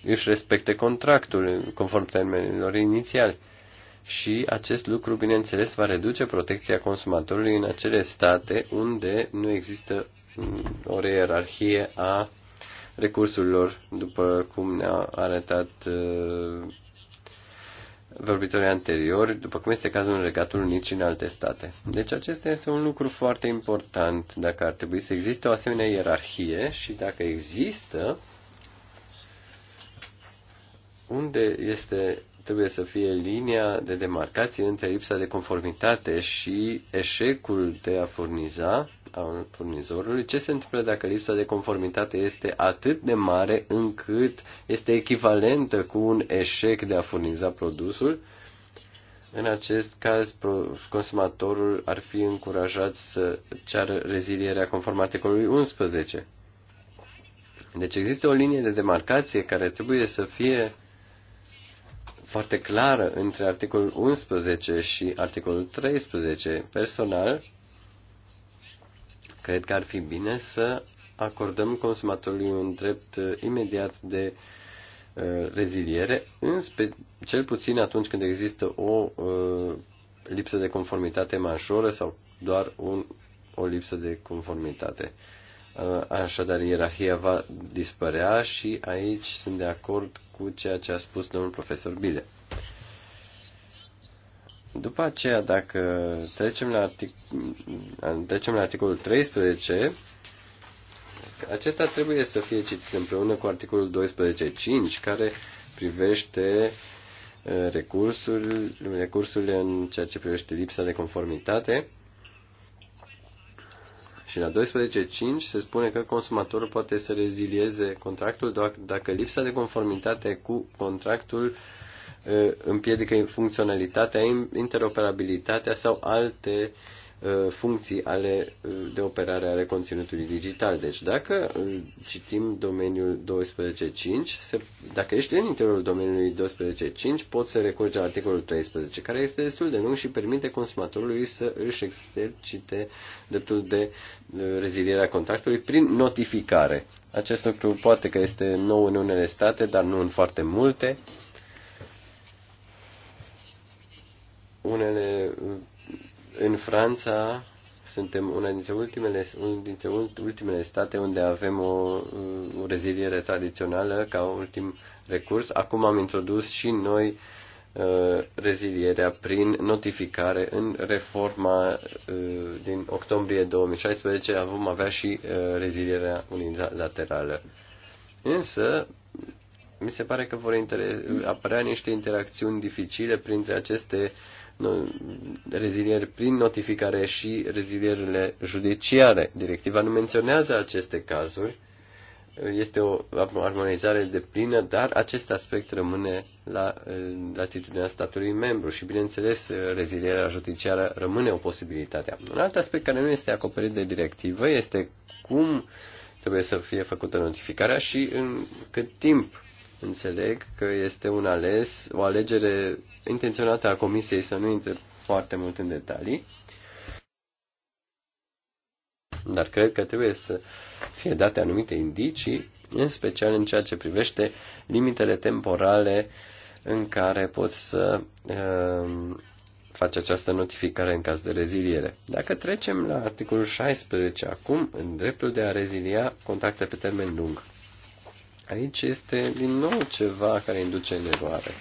își respecte contractul conform termenilor inițiali și acest lucru, bineînțeles, va reduce protecția consumatorului în acele state unde nu există mm, o reierarhie a recursurilor, după cum ne-a arătat uh, vorbitorii anteriori, după cum este cazul în Regatul Unit și în alte state. Deci acesta este un lucru foarte important dacă ar trebui să existe o asemenea ierarhie și dacă există, unde este trebuie să fie linia de demarcație între lipsa de conformitate și eșecul de a furniza a furnizorului. Ce se întâmplă dacă lipsa de conformitate este atât de mare încât este echivalentă cu un eșec de a furniza produsul? În acest caz, consumatorul ar fi încurajat să ceară rezilierea conform articolului 11. Deci există o linie de demarcație care trebuie să fie foarte clară între articolul 11 și articolul 13. Personal, cred că ar fi bine să acordăm consumatorului un drept uh, imediat de uh, reziliere, în spe, cel puțin atunci când există o uh, lipsă de conformitate majoră sau doar un, o lipsă de conformitate. așadar, ierarhia va dispărea și aici sunt de acord cu ceea ce a spus domnul profesor Bile. După aceea, dacă trecem la, artic- trecem la articolul 13, acesta trebuie să fie citit împreună cu articolul 12.5, care privește uh, recursul, recursurile în ceea ce privește lipsa de conformitate și la 12.5 se spune că consumatorul poate să rezilieze contractul dacă lipsa de conformitate cu contractul uh, împiedică funcționalitatea, interoperabilitatea sau alte uh, Uh, funcții ale, uh, de operare ale conținutului digital. Deci dacă uh, citim domeniul 12.5, dacă ești în interiorul domeniului 12.5, poți să recurgi la articolul 13, care este destul de lung și permite consumatorului să își exercite dreptul de reziliere a contractului prin notificare. Acest lucru poate că este nou în unele state, dar nu în foarte multe. Unele în Franța suntem una dintre ultimele, unul dintre ultimele state unde avem o, uh, o reziliere tradițională ca ultim recurs. Acum am introdus și noi uh, rezilierea prin notificare în reforma uh, din octombrie 2016 vom avea și uh, rezilierea unilaterală. Însă, mi se pare că vor apărea niște interacțiuni dificile printre aceste uh, rezilieri prin notificare și rezilierile judiciare. Directiva nu menționează aceste cazuri, este o armonizare de plină, dar acest aspect rămâne la latitudinea statului membru și, bineînțeles, rezilierea judiciară rămâne o posibilitate. Un alt aspect care nu este acoperit de directivă este cum trebuie să fie făcută notificarea și în cât timp Înțeleg că este un ales, o alegere intenționată a Comisiei să nu intre foarte mult în detalii, dar cred că trebuie să fie date anumite indicii, în special în ceea ce privește limitele temporale în care poți să uh, faci această notificare în caz de reziliere. Dacă trecem la articolul 16 acum, în dreptul de a rezilia contacte pe termen lung. Aici este din nou ceva care induce în eroare.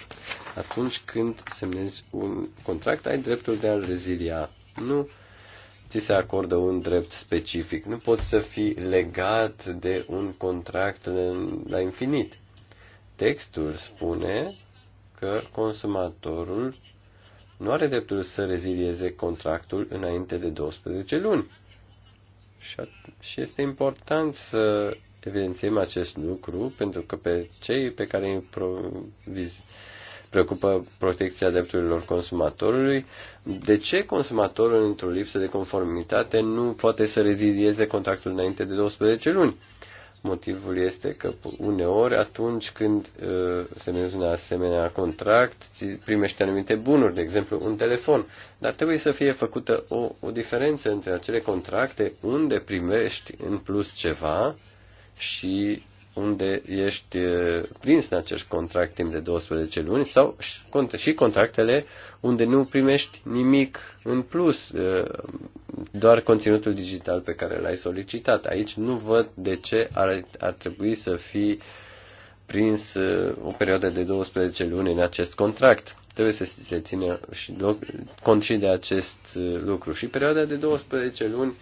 Atunci când semnezi un contract, ai dreptul de a-l rezilia. Nu ți se acordă un drept specific. Nu poți să fii legat de un contract la infinit. Textul spune că consumatorul nu are dreptul să rezilieze contractul înainte de 12 luni. Și este important să evidențiem acest lucru pentru că pe cei pe care îi preocupă protecția drepturilor consumatorului, de ce consumatorul într-o lipsă de conformitate nu poate să rezilieze contractul înainte de 12 luni? Motivul este că uneori atunci când uh, semnezi un asemenea contract, primește anumite bunuri, de exemplu un telefon, dar trebuie să fie făcută o, o diferență între acele contracte unde primești în plus ceva și unde ești prins în acest contract timp de 12 luni sau și contractele unde nu primești nimic în plus, doar conținutul digital pe care l-ai solicitat. Aici nu văd de ce ar, ar trebui să fii prins o perioadă de 12 luni în acest contract. Trebuie să se țină și cont și de acest lucru. Și perioada de 12 luni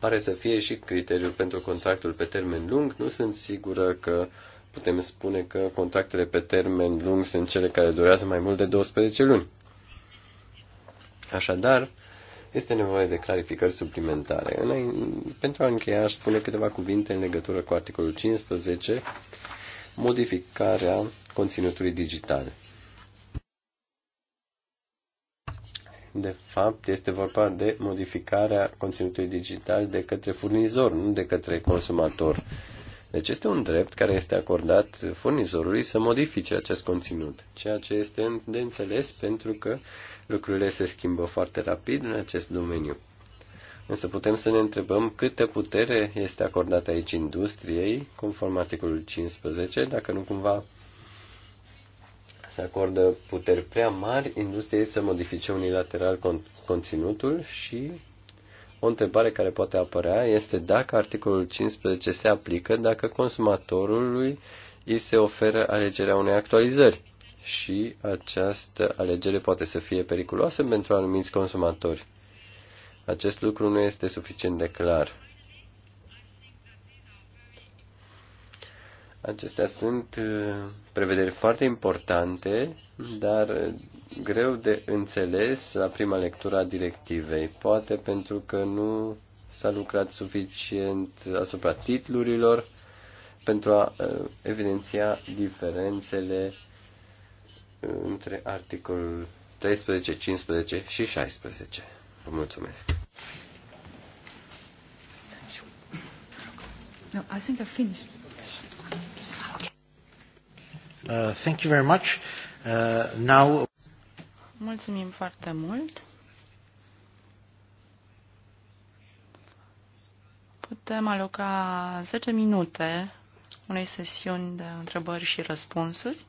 pare să fie și criteriul pentru contractul pe termen lung. Nu sunt sigură că putem spune că contractele pe termen lung sunt cele care durează mai mult de 12 luni. Așadar, este nevoie de clarificări suplimentare. Pentru a încheia, aș spune câteva cuvinte în legătură cu articolul 15, modificarea conținutului digital. De fapt, este vorba de modificarea conținutului digital de către furnizor, nu de către consumator. Deci este un drept care este acordat furnizorului să modifice acest conținut, ceea ce este de înțeles pentru că lucrurile se schimbă foarte rapid în acest domeniu. Însă putem să ne întrebăm câtă putere este acordată aici industriei, conform articolul 15, dacă nu cumva se acordă puteri prea mari industriei să modifice unilateral con- conținutul și o întrebare care poate apărea este dacă articolul 15 se aplică dacă consumatorului îi se oferă alegerea unei actualizări și această alegere poate să fie periculoasă pentru anumiți consumatori. Acest lucru nu este suficient de clar. Acestea sunt uh, prevederi foarte importante, dar uh, greu de înțeles la prima lectură a directivei. Poate pentru că nu s-a lucrat suficient asupra titlurilor pentru a uh, evidenția diferențele între articolul 13, 15 și 16. Vă mulțumesc. No, I think I finished. Yes. Uh, thank you very much. Uh, now... Mulțumim foarte mult. Putem aloca 10 minute unei sesiuni de întrebări și răspunsuri.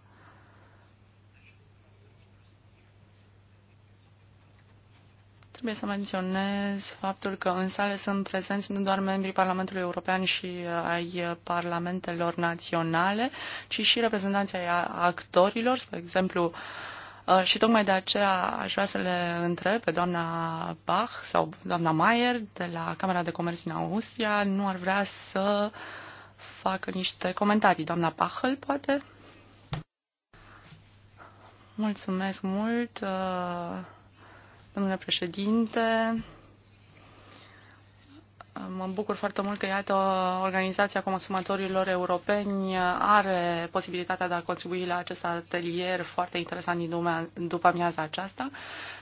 Trebuie să menționez faptul că în sale sunt prezenți nu doar membrii Parlamentului European și uh, ai uh, parlamentelor naționale, ci și reprezentanții ai actorilor, spre exemplu, uh, și tocmai de aceea aș vrea să le întreb pe doamna Bach sau doamna Mayer de la Camera de Comerț din Austria, nu ar vrea să facă niște comentarii. Doamna Bachel, poate? Mulțumesc mult. Uh... Domnule președinte, mă bucur foarte mult că, iată, Organizația Consumatorilor Europeni are posibilitatea de a contribui la acest atelier foarte interesant din lumea, după amiaza aceasta.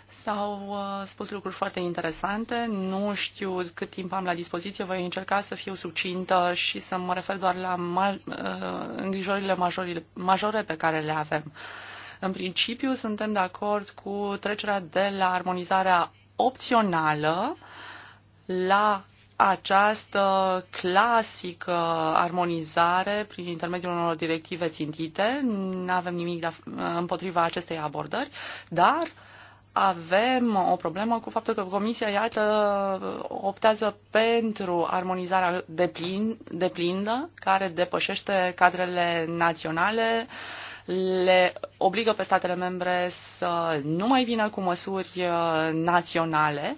S-au uh, spus lucruri foarte interesante. Nu știu cât timp am la dispoziție. Voi încerca să fiu sucintă și să mă refer doar la ma- uh, îngrijorările majore pe care le avem. Uh, în principiu, suntem de acord cu trecerea de la armonizarea opțională la această clasică armonizare prin intermediul unor directive țintite. Nu avem nimic de împotriva acestei abordări, dar avem o problemă cu faptul că Comisia, iată, optează pentru armonizarea deplin, deplină, care depășește cadrele naționale uh, le obligă pe statele membre să nu mai vină cu măsuri uh, naționale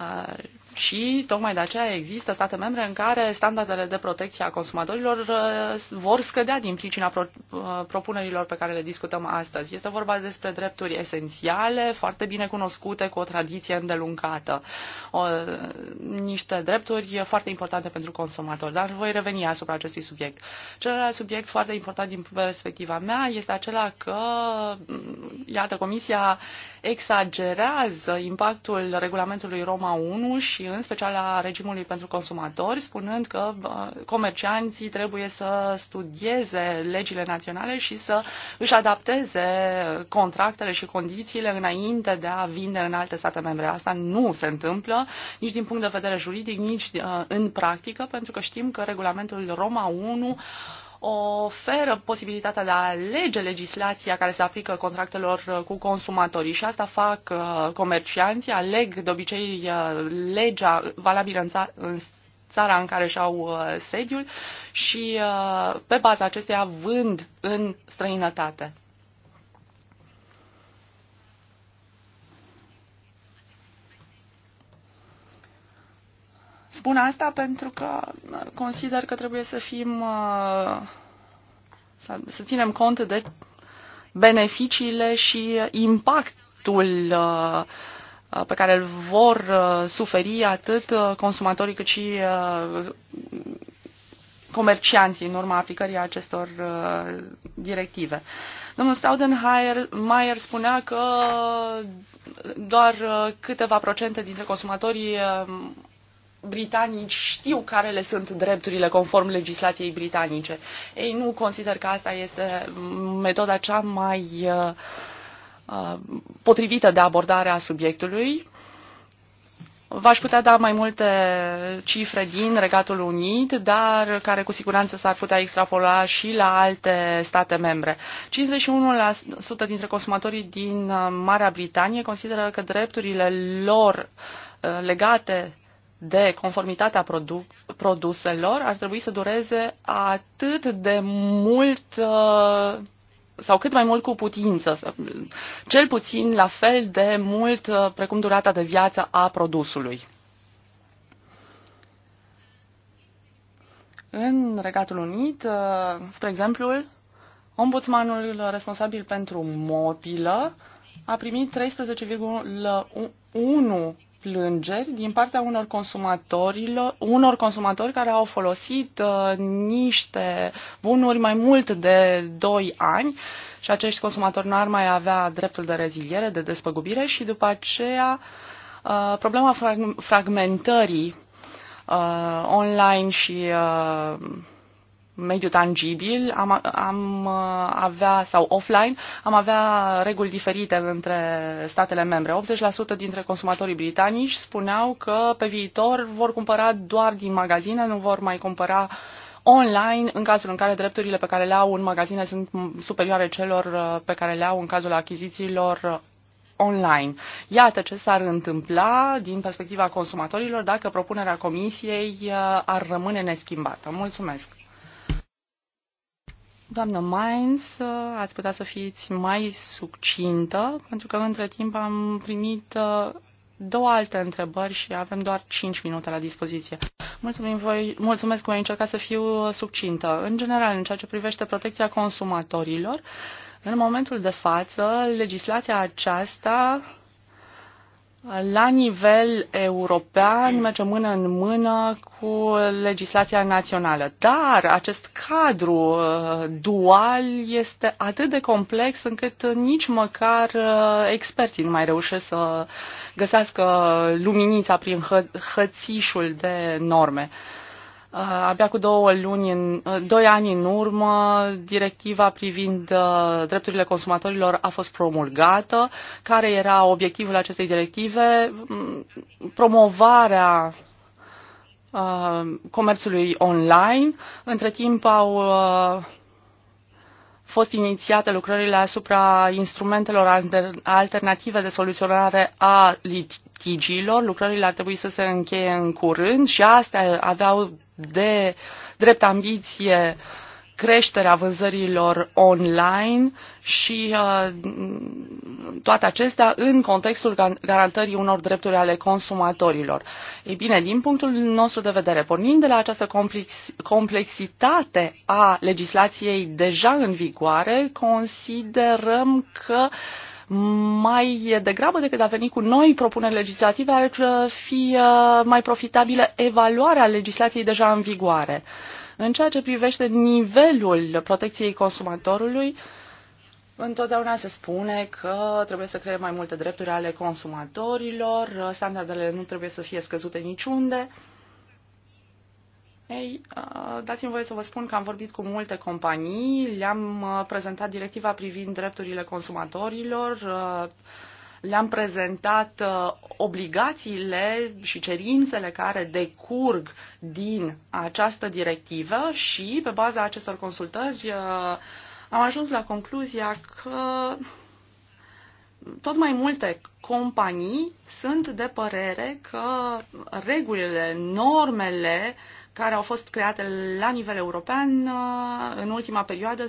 uh, și tocmai de aceea există state membre în care standardele de protecție a consumatorilor uh, vor scădea din pricina pro, uh, propunerilor pe care le discutăm astăzi. Este vorba despre drepturi esențiale, foarte bine cunoscute, cu o tradiție îndelungată. O, niște drepturi foarte importante pentru consumator. Dar voi reveni asupra acestui subiect. Celălalt subiect foarte important din perspectiva mea este acela că, mm, iată, Comisia exagerează impactul regulamentului Roma 1 și în special a regimului pentru consumatori, spunând că comercianții trebuie să studieze legile naționale și să își adapteze contractele și condițiile înainte de a vinde în alte state membre. Asta nu se întâmplă nici din punct de vedere juridic, nici uh, în practică, pentru că știm că regulamentul Roma 1 oferă posibilitatea de a alege legislația care se aplică contractelor uh, cu consumatorii și asta fac uh, comercianții, aleg de obicei uh, legea valabilă în, ța- în țara în care și-au sediul și pe baza acesteia vând în străinătate. Spun asta pentru că uh, consider că trebuie să fim, uh, să ținem cont de beneficiile și impactul uh, pe care îl vor suferi atât consumatorii cât și comercianții în urma aplicării acestor directive. Domnul Staudenmayer spunea că doar câteva procente dintre consumatorii britanici știu care le sunt drepturile conform legislației britanice. Ei nu consider că asta este metoda cea mai uh, potrivită de abordare a subiectului. V-aș putea da mai multe cifre din Regatul Unit, dar care cu siguranță s-ar putea extrapola și la alte state membre. 51% dintre consumatorii din uh, Marea Britanie consideră că drepturile lor uh, legate de conformitatea produ- produselor ar trebui să dureze atât de mult uh, sau cât mai mult cu putință, cel puțin la fel de mult uh, precum durata de viață a produsului. În Regatul Unit, uh, spre exemplu, ombudsmanul responsabil pentru mobilă a primit 13,1 plângeri din partea unor consumatorilor, unor consumatori care au folosit uh, niște bunuri mai mult de 2 ani și acești consumatori nu ar mai avea dreptul de reziliere, de despăgubire și după aceea uh, problema frag- fragmentării uh, online și uh, mediu tangibil, am, am uh, avea, sau offline, am avea reguli diferite între statele membre. 80% dintre consumatorii britanici spuneau că pe viitor vor cumpăra doar din magazine, nu vor mai cumpăra online în cazul în care drepturile pe care le au în magazine sunt superioare celor uh, pe care le au în cazul achizițiilor uh, online. Iată ce s-ar întâmpla din perspectiva consumatorilor dacă propunerea comisiei ar rămâne neschimbată. Mulțumesc! Doamnă Mainz, ați putea să fiți mai succintă, pentru că între timp am primit uh, două alte întrebări și avem doar 5 minute la dispoziție. Mulțumim voi, mulțumesc, voi încerca să fiu succintă. În general, în ceea ce privește protecția consumatorilor, în momentul de față, legislația aceasta la nivel european merge mână în mână cu legislația națională, dar acest cadru uh, dual este atât de complex încât nici măcar uh, experții nu mai reușesc să găsească luminița prin hățișul de norme. Uh, abia cu două luni, în, uh, doi ani în urmă, directiva privind uh, drepturile consumatorilor a fost promulgată. Care era obiectivul acestei directive? Mm, promovarea comerțului online. Între timp au fost inițiate lucrările asupra instrumentelor alternative de soluționare a litigiilor. Lucrările ar trebui să se încheie în curând și astea aveau de drept ambiție creșterea vânzărilor online și uh, toate acestea în contextul garantării unor drepturi ale consumatorilor. Ei bine, din punctul nostru de vedere, pornind de la această complexitate a legislației deja în vigoare, considerăm că uh, mai degrabă decât a veni cu noi propuneri legislative, ar uh, fi uh, mai profitabilă evaluarea legislației deja în vigoare. În ceea ce privește nivelul protecției consumatorului, Întotdeauna se spune că trebuie să creăm mai multe drepturi ale consumatorilor, standardele nu trebuie să fie scăzute niciunde. Ei, uh, dați-mi voie să vă spun că am vorbit cu multe companii, le-am uh, prezentat directiva privind drepturile consumatorilor, uh, le-am prezentat obligațiile și cerințele care decurg din această directivă și, pe baza acestor consultări, am ajuns la concluzia că tot mai multe companii sunt de părere că regulile, normele care au fost create la nivel european uh, în ultima perioadă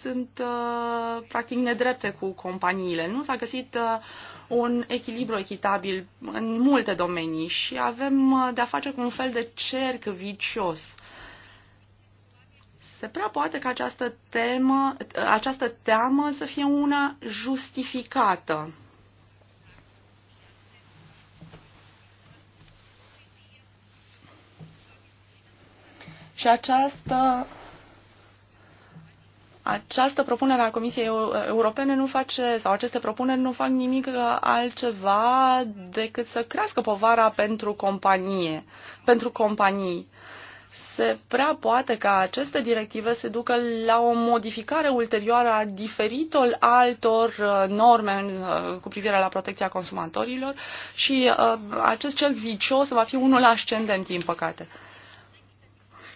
sunt uh, practic nedrepte cu companiile. Nu s-a găsit uh, un echilibru echitabil în multe domenii și avem de-a face cu un fel de cerc vicios. Se prea poate că această, temă, această teamă să fie una justificată. Și această, această propunere a Comisiei Europene nu face, sau aceste propuneri nu fac nimic altceva decât să crească povara pentru companie, pentru companii se prea poate ca aceste directive se ducă la o modificare ulterioară a diferitor altor uh, norme uh, cu privire la protecția consumatorilor și uh, acest cerc vicios va fi unul ascendent, din păcate.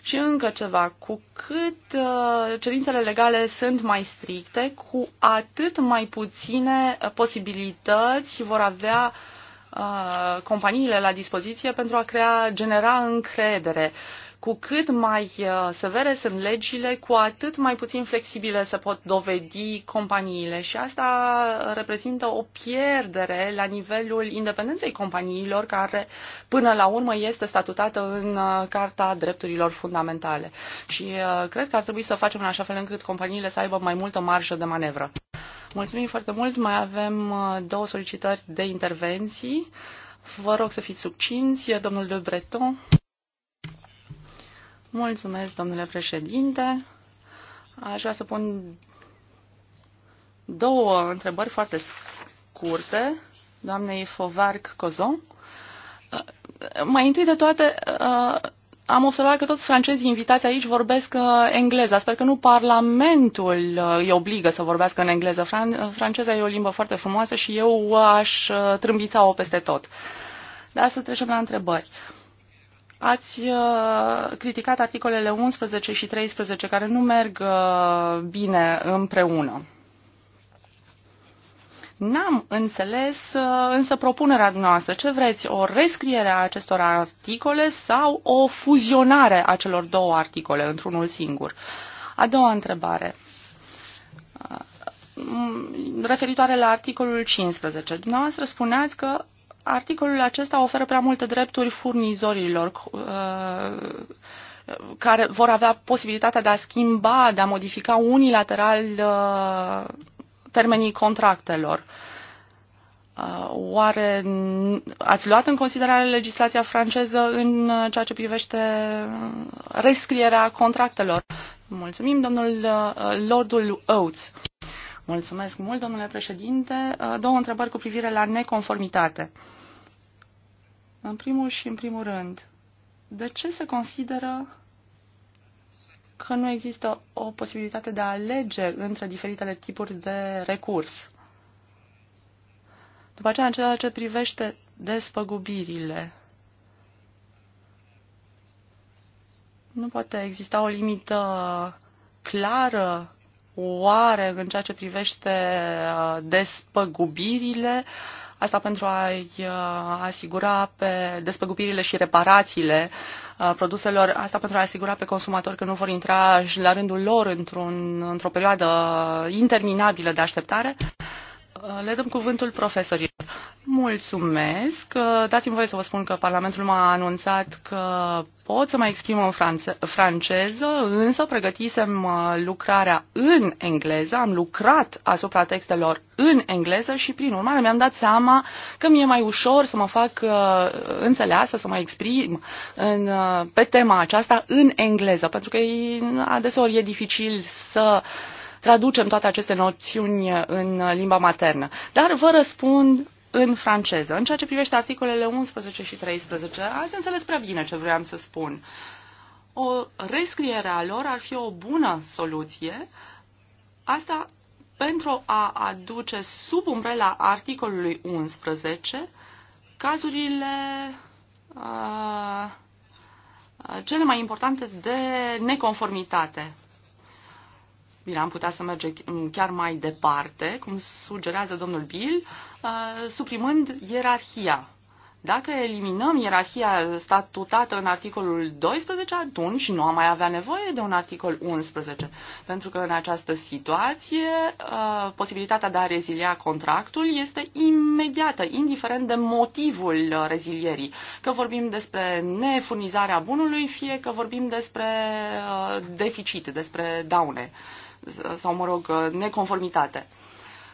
Și încă ceva, cu cât uh, cerințele legale sunt mai stricte, cu atât mai puține uh, posibilități vor avea uh, companiile la dispoziție pentru a crea, genera încredere. Uh, cu cât mai uh, severe sunt legile, cu atât mai puțin flexibile se pot dovedi companiile și asta reprezintă o pierdere la nivelul independenței companiilor care până la urmă este statutată în uh, Carta Drepturilor Fundamentale. Și uh, cred că ar trebui să facem în așa fel încât companiile să aibă mai multă marjă de manevră. Mulțumim foarte mult. Mai avem două solicitări de intervenții. Vă rog să fiți subcinți, domnul de Breton. Mulțumesc, domnule președinte. Aș vrea să pun două întrebări foarte scurte doamnei Fovarc Cozon. Mai întâi de toate, uh, am observat că toți francezii invitați aici vorbesc uh, engleză. Sper că nu Parlamentul îi uh, obligă să vorbească în engleză. Fran- franceza e o limbă foarte frumoasă și eu aș trâmbița-o peste tot. Dar să trecem la întrebări. Uh, Ați uh, criticat articolele 11 și 13 care nu merg uh, bine împreună. N-am înțeles uh, însă propunerea noastră. Ce vreți, o rescriere a acestor articole sau o fuzionare a celor două articole într-unul singur? A doua întrebare referitoare la articolul 15. Dumneavoastră spuneați că articolul acesta oferă prea multe drepturi furnizorilor uh, care vor avea posibilitatea de a schimba, de a modifica unilateral uh, termenii contractelor. Uh, oare ați luat în considerare legislația franceză în ceea ce privește rescrierea contractelor? Mulțumim, domnul Lordul Oates. Mulțumesc mult, domnule președinte. Două întrebări cu privire la neconformitate. În primul și în primul rând, de ce se consideră că nu există o posibilitate de a alege între diferitele tipuri de recurs? După aceea, în ceea ce privește despăgubirile, nu poate exista o limită clară oare în ceea ce privește uh, despăgubirile uh, Asta pentru a-i uh, asigura pe despăgubirile și reparațiile uh, produselor, asta pentru a asigura pe consumatori că nu vor intra și la rândul lor într într-o perioadă interminabilă de așteptare. Uh, le dăm cuvântul profesorilor. Mulțumesc. Uh, dați-mi voie să vă spun că Parlamentul m-a anunțat că pot să mă exprim în franceză, însă pregătisem uh, lucrarea în engleză, am lucrat asupra textelor în engleză și, prin urmare, mi-am dat seama că mi-e mai ușor să mă fac înțeleasă, să mă exprim în, pe tema aceasta în engleză, pentru că adeseori e dificil să uh, traducem toate aceste noțiuni în limba maternă. Dar vă răspund în franceză. În ceea ce privește articolele 11 și 13, ați înțeles prea bine ce vreau să spun. O rescriere a lor ar fi o bună soluție, asta pentru a aduce sub umbrela articolului 11 cazurile a, uh, cele mai importante de neconformitate. Bine, am putea să merge chiar mai departe, cum sugerează domnul Bill, uh, suprimând ierarhia. Dacă eliminăm ierarhia statutată în articolul 12, atunci nu am mai avea nevoie de un articol 11, pentru că în această situație uh, posibilitatea de a rezilia contractul este imediată, indiferent de motivul uh, rezilierii. Că vorbim despre nefurnizarea bunului, fie că vorbim despre deficit, despre daune sau, mă rog, neconformitate.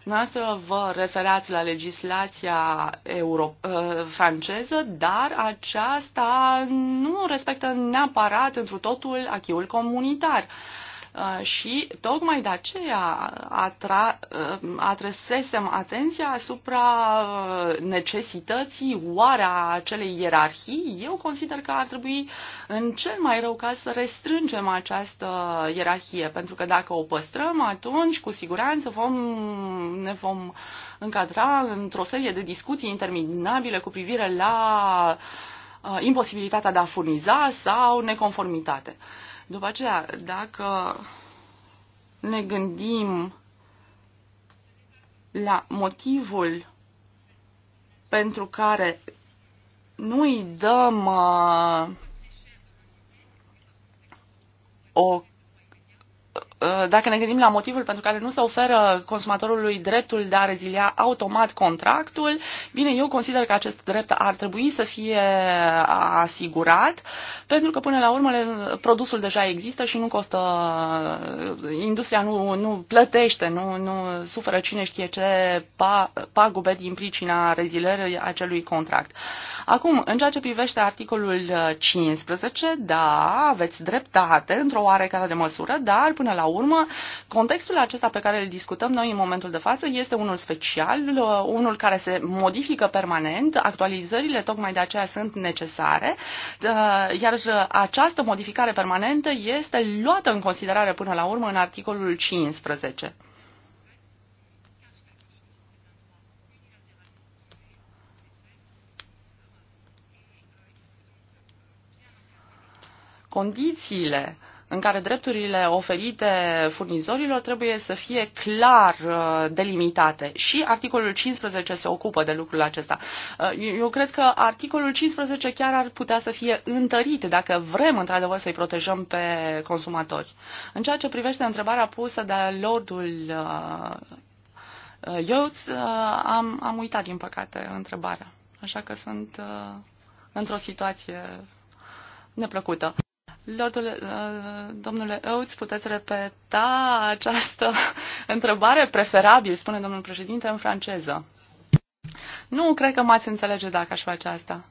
Noastră vă referați la legislația euro- uh, franceză, dar aceasta nu respectă neapărat întru totul achiul comunitar. Uh, Uh, și tocmai de aceea atra, uh, adresesem atenția asupra uh, necesității oare a acelei ierarhii. Eu consider că ar trebui în cel mai rău caz să restrângem această ierarhie, pentru că dacă o păstrăm, atunci cu siguranță vom, ne vom încadra într-o serie de discuții interminabile cu privire la uh, imposibilitatea de a furniza sau neconformitate. Uh, după aceea, dacă ne gândim la motivul pentru care nu îi dăm uh, o Uh, dacă ne gândim la motivul pentru care nu se oferă consumatorului dreptul de a rezilia automat contractul, bine, eu consider că acest drept ar trebui să fie asigurat, pentru că până la urmă produsul deja există și nu costă, uh, industria nu, nu plătește, nu, nu suferă cine știe ce pagube din pricina rezilierii acelui contract. Acum, în ceea ce privește articolul 15, uh, da, aveți dreptate într-o oarecare de măsură, dar până la urmă, contextul acesta pe care îl discutăm noi în momentul de față este unul special, uh, unul care se modifică permanent, actualizările tocmai de aceea sunt necesare, uh, iar uh, această modificare permanentă este luată în considerare până la urmă în articolul 15. condițiile uh, în care drepturile oferite furnizorilor trebuie să fie clar uh, delimitate. Și articolul 15 se ocupă de lucrul acesta. Uh, eu cred că articolul 15 chiar ar putea să fie întărit dacă vrem într-adevăr să-i protejăm pe consumatori. În ceea ce privește întrebarea pusă de Lordul uh, Ioți, am, am uitat, din păcate, întrebarea. Așa că sunt într-o situație neplăcută. Lordule, uh, domnule Oates, puteți repeta această întrebare preferabil, spune domnul președinte, în franceză. Nu cred că m-ați înțelege dacă aș face asta.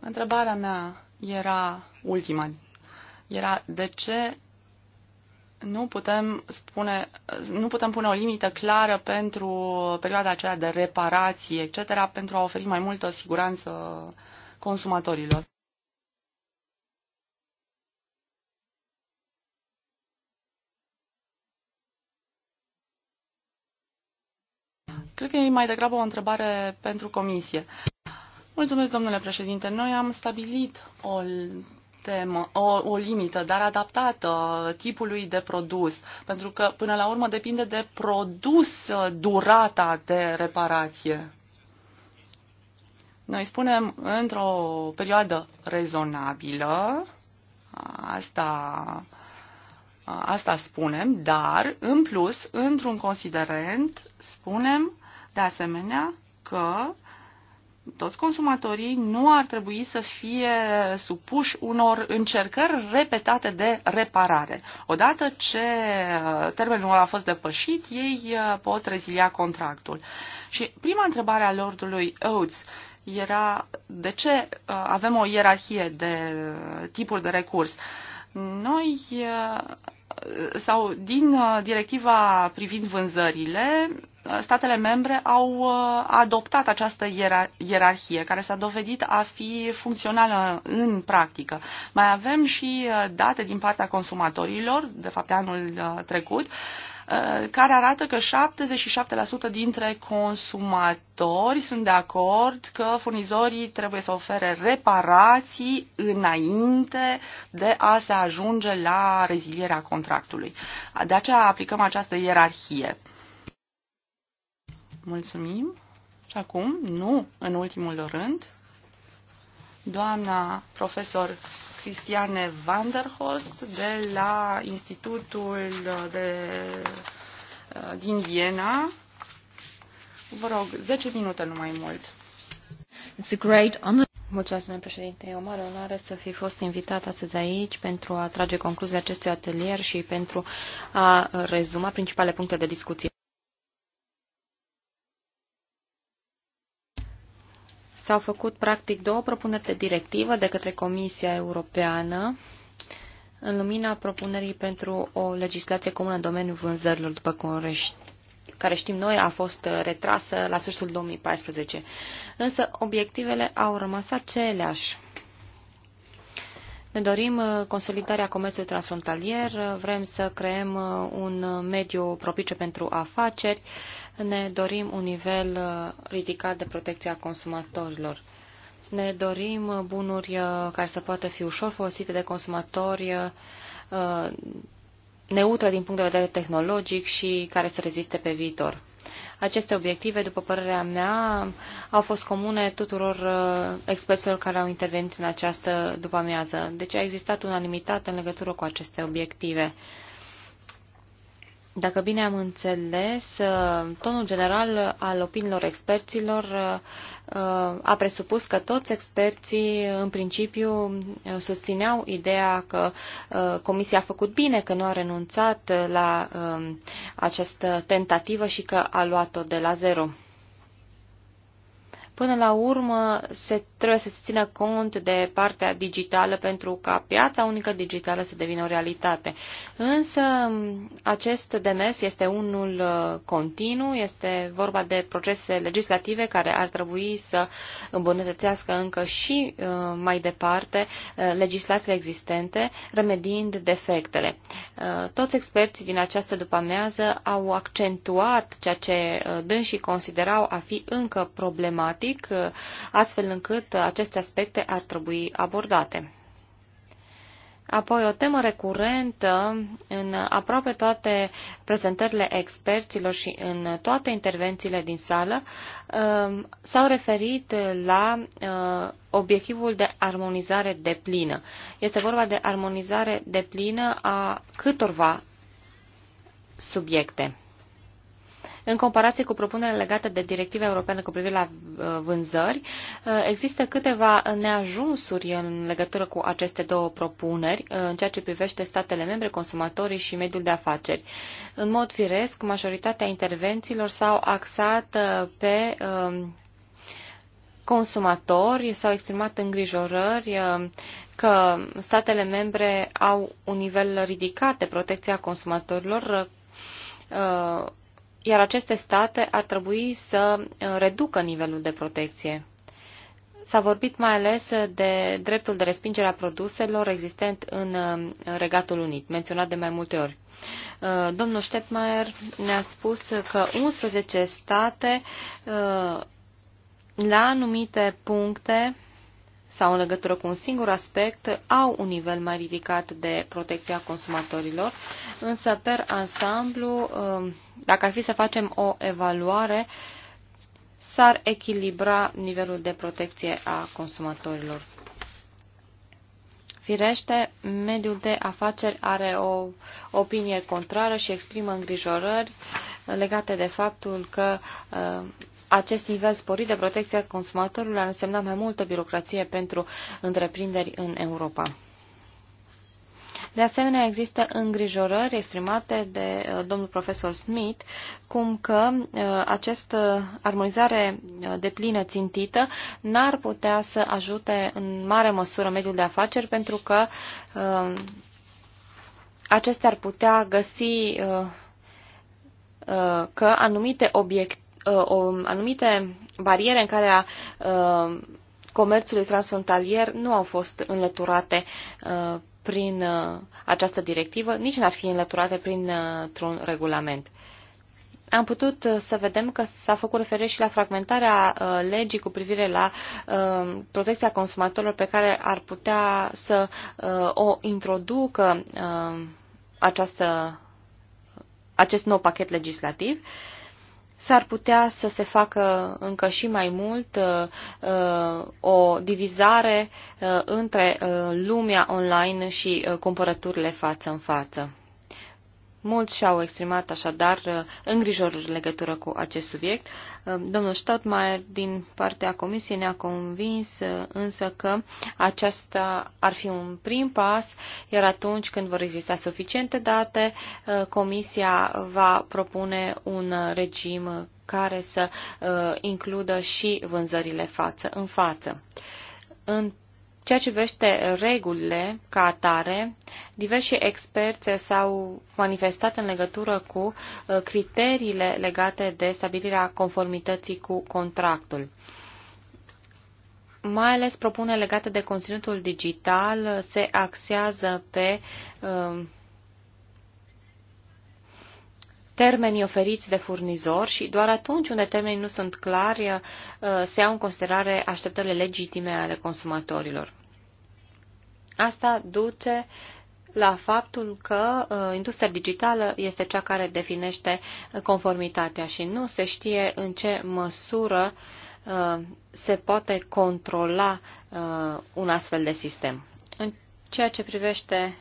Întrebarea mea era ultima. Era de ce nu putem, spune, nu putem pune o limită clară pentru perioada aceea de reparații, etc., pentru a oferi mai multă siguranță consumatorilor. Cred că e mai degrabă o întrebare pentru comisie. Mulțumesc, domnule președinte. Noi am stabilit o temă, o, o limită, dar adaptată tipului de produs, pentru că până la urmă depinde de produs durata de reparație. Noi spunem într-o perioadă rezonabilă, asta, asta spunem, dar în plus, într-un considerent, spunem de asemenea că toți consumatorii nu ar trebui să fie supuși unor încercări repetate de reparare. Odată ce termenul a fost depășit, ei uh, pot rezilia contractul. Și prima întrebare a lordului Oates era de ce uh, avem o ierarhie de tipuri de recurs. Noi uh, sau din directiva privind vânzările statele membre au uh, adoptat această ierarhie care s-a dovedit a fi funcțională în practică. Mai avem și uh, date din partea consumatorilor, de fapt de anul uh, trecut, care arată că 77% dintre consumatori sunt de acord că furnizorii trebuie să ofere reparații înainte de a se ajunge la rezilierea contractului. De aceea aplicăm această ierarhie. Mulțumim. Și acum, nu în ultimul rând, doamna profesor Cristiane Vanderhorst de la Institutul de, uh, din Viena. Vă rog, 10 minute, nu mai mult. It's a great honor. Mulțumesc, domnule președinte. E o mare onoare să fi fost invitat astăzi aici pentru a trage concluzia acestui atelier și pentru a rezuma principale puncte de discuție. S-au făcut practic două propuneri de directivă de către Comisia Europeană în lumina propunerii pentru o legislație comună în domeniul vânzărilor, după cum care știm noi a fost retrasă la sfârșitul 2014. Însă obiectivele au rămas aceleași. Ne dorim uh, consolidarea comerțului transfrontalier, uh, vrem să creăm uh, un mediu propice pentru afaceri, ne dorim un nivel ridicat de protecție a consumatorilor. Ne dorim bunuri care să poată fi ușor folosite de consumatori, neutre din punct de vedere tehnologic și care să reziste pe viitor. Aceste obiective, după părerea mea, au fost comune tuturor uh, experților care au intervenit în această după amiază. Deci a existat unanimitate în legătură cu aceste obiective. Dacă bine am înțeles, uh, tonul general al opiniilor experților uh, uh, a presupus că toți experții, în principiu, susțineau ideea că Comisia a făcut bine, că nu a renunțat la um, această tentativă și că a luat-o de la zero. Până la urmă, se trebuie să se țină cont de partea digitală pentru ca piața unică digitală să devină o realitate. Însă acest demers este unul uh, continuu, este vorba de procese legislative care ar trebui să îmbunătățească încă și uh, mai departe uh, legislațiile existente, remediind defectele. Toți experții din această după-amiază au accentuat ceea ce dânsii considerau a fi încă problematic, astfel încât cât aceste aspecte ar trebui abordate. Apoi, o temă recurentă în aproape toate prezentările experților și în toate intervențiile din sală um, s-au referit la uh, obiectivul de armonizare deplină. Este vorba de armonizare deplină a câtorva subiecte în comparație cu propunerea legată de directiva europeană cu privire la uh, vânzări, uh, există câteva neajunsuri în legătură cu aceste două propuneri, uh, în ceea ce privește statele membre, consumatorii și mediul de afaceri. În mod firesc, majoritatea intervențiilor s-au axat pe um, consumatori, s-au exprimat îngrijorări că statele membre au un nivel ridicat de protecție a consumatorilor iar aceste state ar trebui să uh, reducă nivelul de protecție. S-a vorbit mai ales de dreptul de respingere a produselor existent în uh, Regatul Unit, menționat de mai multe ori. Uh, domnul Stepmeier ne-a spus că 11 state la anumite puncte sau în legătură cu un singur aspect au un nivel mai ridicat de protecție a consumatorilor, însă per ansamblu, um, dacă ar fi să facem o evaluare, s-ar echilibra nivelul de protecție a consumatorilor. Firește, mediul de afaceri are o opinie contrară și exprimă îngrijorări legate de faptul că uh, acest nivel sporit de protecție a consumatorului ar însemna mai multă birocrație pentru întreprinderi în Europa. De asemenea, există îngrijorări exprimate de uh, domnul profesor Smith, cum că uh, această armonizare uh, de plină țintită n-ar putea să ajute în mare măsură mediul de afaceri, pentru că acestea ar putea găsi că anumite obiective Uh, o, anumite bariere în care a uh, comerțului transfrontalier nu au fost înlăturate uh, prin această directivă, nici n-ar fi înlăturate printr-un regulament. Am putut să vedem că s-a făcut referire și la fragmentarea legii cu privire la protecția consumatorilor pe care ar putea să o introducă această, acest nou pachet legislativ. Uh, S-ar putea să se facă încă și mai mult uh, uh, o divizare uh, între lumea online și cumpărăturile față în față. Mulți și-au exprimat așadar uh, îngrijorări în legătură cu acest subiect. Uh, domnul Stadmaier, din partea Comisiei, ne-a convins uh, însă că aceasta ar fi un prim pas, iar atunci când vor exista suficiente date, Comisia va propune un regim care să includă și vânzările față în față. În ceea ce vește regulile ca atare, diversi experți s-au manifestat în legătură cu uh, criteriile legate de stabilirea conformității cu contractul mai ales propune legate de conținutul digital, se axează pe uh, termenii oferiți de furnizor și doar atunci unde termenii nu sunt clari uh, se iau în considerare așteptările legitime ale consumatorilor. Asta duce la faptul că uh, industria digitală este cea care definește conformitatea și nu se știe în ce măsură uh, se poate controla uh, un astfel de sistem. În ceea ce privește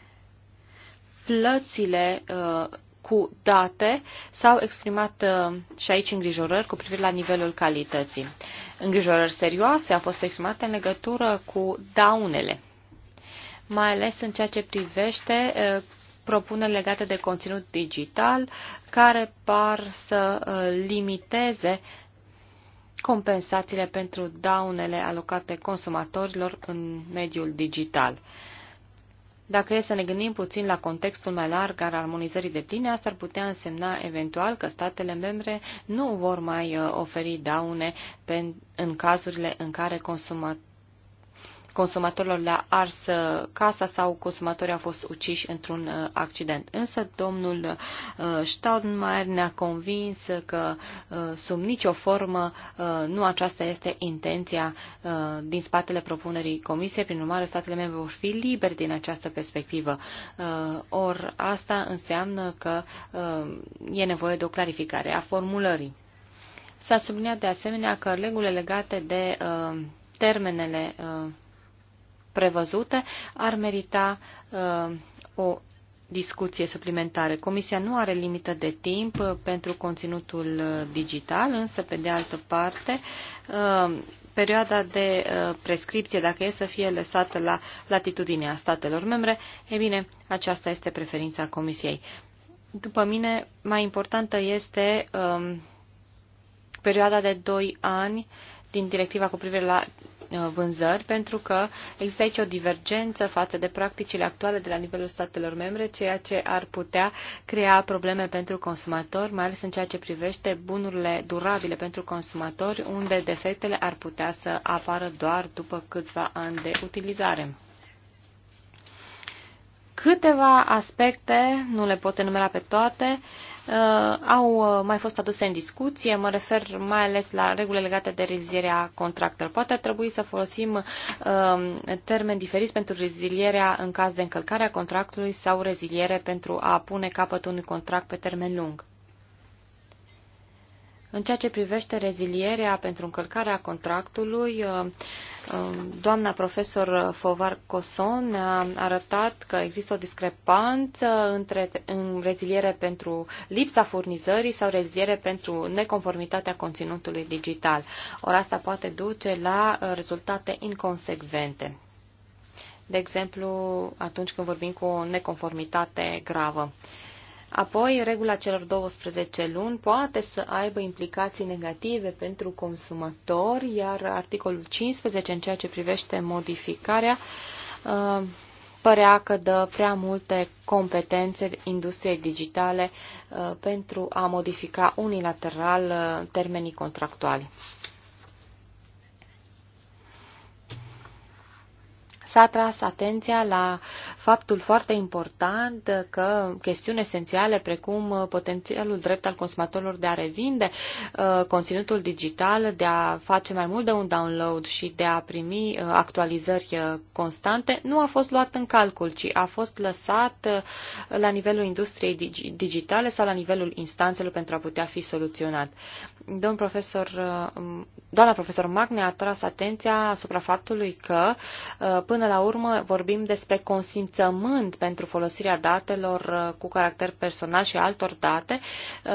plățile uh, cu date, s-au exprimat uh, și aici îngrijorări cu privire la nivelul calității. Îngrijorări serioase au fost exprimate în legătură cu daunele, mai ales în ceea ce privește uh, propuneri legate de conținut digital, care par să uh, limiteze compensațiile pentru daunele alocate consumatorilor în mediul digital. Dacă e să ne gândim puțin la contextul mai larg al armonizării de pline, asta ar putea însemna eventual că statele membre nu vor mai uh, oferi daune în cazurile în care consumat consumatorilor le-a ars uh, casa sau consumatorii au fost uciși într-un uh, accident. Însă domnul uh, Staudenmayer ne-a convins că sub nicio formă nu aceasta este intenția din spatele propunerii Comisiei, prin urmare statele membre vor fi liberi din această perspectivă. Or, asta înseamnă că e nevoie de o clarificare a formulării. S-a subliniat de asemenea că regulile legate de uh, termenele uh, prevăzute ar merita uh, o discuție suplimentară. Comisia nu are limită de timp uh, pentru conținutul uh, digital, însă, pe de altă parte, uh, perioada de prescripție, dacă e să fie lăsată la latitudinea statelor membre, e bine, aceasta este preferința Comisiei. După mine, mai importantă este um, perioada de 2 ani din directiva cu privire la Uh, vânzări, pentru că există aici o divergență față de practicile actuale de la nivelul statelor membre, ceea ce ar putea crea probleme pentru consumatori, mai ales în ceea ce privește bunurile durabile pentru consumatori, unde defectele ar putea să apară doar după câțiva ani de utilizare. Câteva aspecte, nu le pot enumera pe toate, Uh, au uh, mai fost aduse în discuție, mă refer mai ales la regulile legate de rezilierea contractelor. Poate ar trebui să folosim uh, termeni diferiți pentru rezilierea în caz de încălcare a contractului sau reziliere pentru a pune capăt unui contract pe termen lung. În ceea ce privește rezilierea pentru încălcarea contractului, uh, Um, doamna profesor Fovar Coson ne a arătat că există o discrepanță între în reziliere pentru lipsa furnizării sau reziliere pentru neconformitatea conținutului digital. Ori asta poate duce la uh, rezultate inconsecvente. De exemplu, atunci când vorbim cu o neconformitate gravă. Uh, Apoi, regula celor 12 luni poate să aibă implicații negative pentru consumatori, iar articolul 15, în ceea ce privește modificarea, uh, părea că dă prea multe competențe industriei digitale uh, pentru a modifica unilateral uh, termenii contractuali. s-a tras atenția la faptul foarte important că chestiuni esențiale precum uh, potențialul drept al consumatorilor de a revinde uh, conținutul digital, de a face mai mult de un download și de a primi uh, actualizări constante, nu a fost luat în calcul, ci a fost lăsat la nivelul industriei digitale sau la nivelul instanțelor pentru a putea fi soluționat. Domn profesor, doamna profesor Magne a tras atenția asupra faptului că până la urmă vorbim despre consimțământ pentru folosirea datelor uh, cu caracter personal și altor date, uh,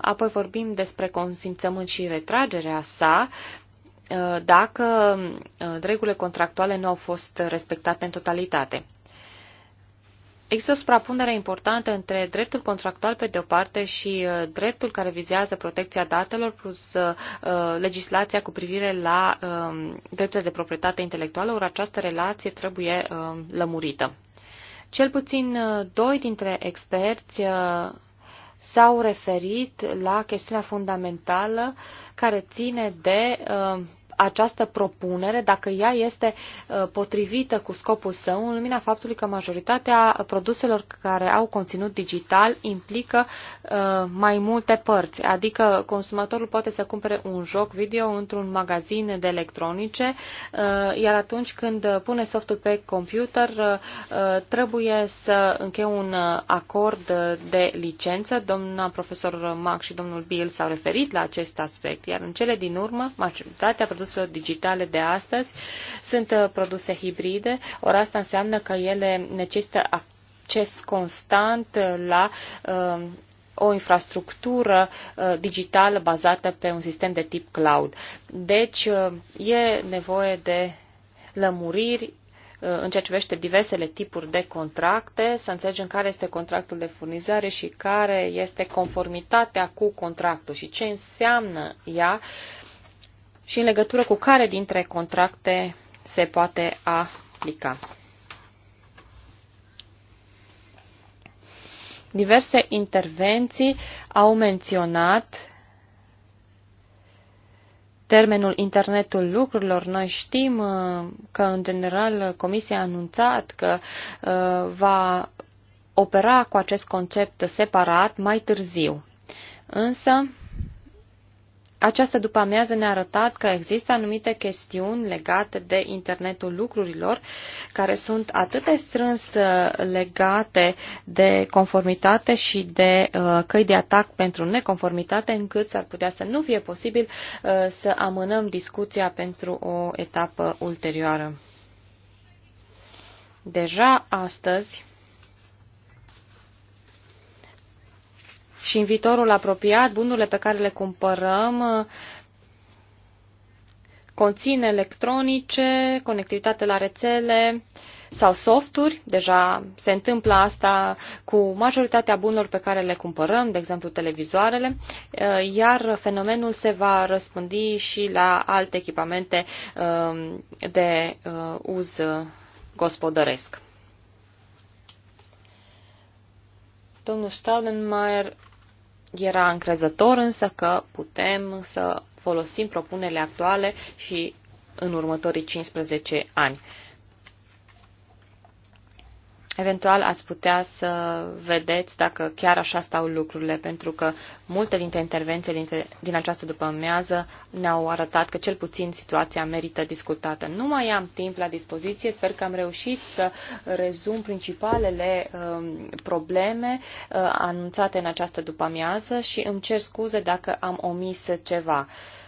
apoi vorbim despre consimțământ și retragerea sa, uh, dacă regulile contractuale nu au fost respectate în totalitate. Există o suprapunere importantă între dreptul contractual pe de o parte și uh, dreptul care vizează protecția datelor plus uh, uh legislația cu privire la uh, drepturile de proprietate intelectuală, ori această relație trebuie uh, lămurită. Cel puțin uh, doi dintre experți s-au referit la chestiunea fundamentală care ține de această propunere, dacă ea este uh, potrivită cu scopul său, în lumina faptului că majoritatea produselor care au conținut digital implică uh, mai multe părți, adică consumatorul poate să cumpere un joc video într-un magazin de electronice, uh, iar atunci când pune softul pe computer, trebuie să încheie un acord de licență. Domnul profesor Mac și domnul Bill s-au referit la acest aspect, iar în cele din urmă, majoritatea produselor produselor digitale de astăzi sunt uh, produse hibride, ori asta înseamnă că ele necesită acces constant uh, la uh, o infrastructură uh, digitală bazată pe un sistem de tip cloud. Deci uh, e nevoie de lămuriri uh, în ceea ce privește diversele tipuri de contracte, să înțelegem care este contractul de furnizare și care este conformitatea cu contractul și ce înseamnă ea uh, și în legătură cu care dintre contracte se poate aplica. Diverse intervenții au menționat termenul internetul lucrurilor. Noi știm uh, că, în general, Comisia a anunțat că uh, va opera cu acest concept separat mai târziu. Însă, această după-amiază ne-a arătat că există anumite chestiuni legate de internetul lucrurilor care sunt atât de strâns uh, legate de conformitate și de uh, căi de atac pentru neconformitate încât s-ar putea să nu fie posibil uh, să amânăm discuția pentru o etapă ulterioară. Deja astăzi și în viitorul apropiat, bunurile pe care le cumpărăm uh, conțin electronice, conectivitate la rețele sau softuri. Deja se întâmplă asta cu majoritatea bunurilor pe care le cumpărăm, de exemplu televizoarele, uh, iar fenomenul se va răspândi și la alte echipamente um, de uh, uz gospodăresc. Domnul Staudenmaier era încrezător însă că putem să folosim propunerile actuale și în următorii 15 ani. Eventual ați putea să vedeți dacă chiar așa stau lucrurile, pentru că multe dintre intervențiile din această după-amiază ne-au arătat că cel puțin situația merită discutată. Nu mai am timp la dispoziție, sper că am reușit să rezum principalele um, probleme uh, anunțate în această după-amiază și îmi cer scuze dacă am omis ceva. Uh,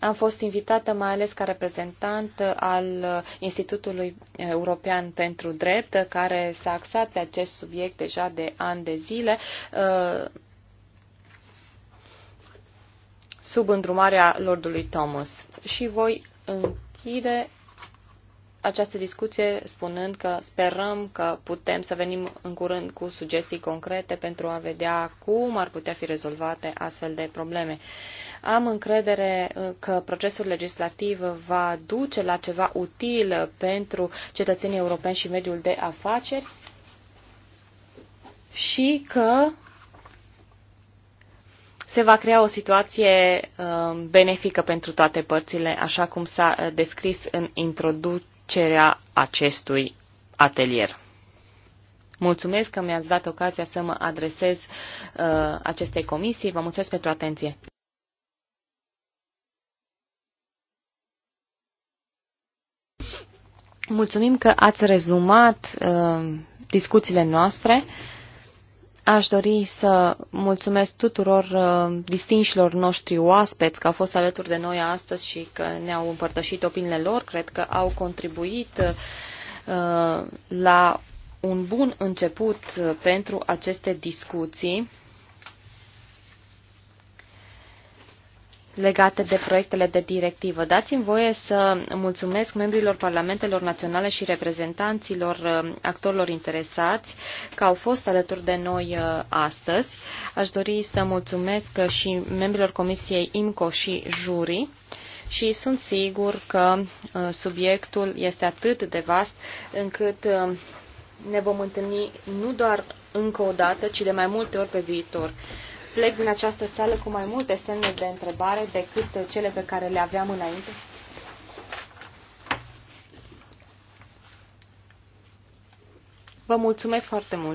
am fost invitată mai ales ca reprezentant al Institutului European pentru Drept, care s-a axat pe acest subiect deja de ani de zile, uh, sub îndrumarea Lordului Thomas. Și voi închide această discuție spunând că sperăm că putem să venim în curând cu sugestii concrete pentru a vedea cum ar putea fi rezolvate astfel de probleme. Am încredere uh, că procesul legislativ va duce la ceva util pentru cetățenii europeni și mediul de afaceri și că se va crea o situație uh, benefică pentru toate părțile, așa cum s-a uh, descris în introducerea acestui atelier. Mulțumesc că mi-ați dat ocazia să mă adresez uh, acestei comisii. Vă mulțumesc pentru atenție. Mulțumim că ați rezumat uh, discuțiile noastre. Aș dori să mulțumesc tuturor uh, distinșilor noștri oaspeți că au fost alături de noi astăzi și că ne-au împărtășit opiniile lor. Cred că au contribuit uh, la un bun început uh, pentru aceste discuții legate de proiectele de directivă. Dați-mi voie să mulțumesc membrilor parlamentelor naționale și reprezentanților uh, actorilor interesați că au fost alături de noi uh, astăzi. Aș dori să mulțumesc uh, și membrilor Comisiei IMCO și Juri și sunt sigur că subiectul este atât de vast încât ne vom întâlni nu doar încă o dată, ci de mai multe ori pe viitor plec din această sală cu mai multe semne de întrebare decât cele pe care le aveam înainte? Vă mulțumesc foarte mult!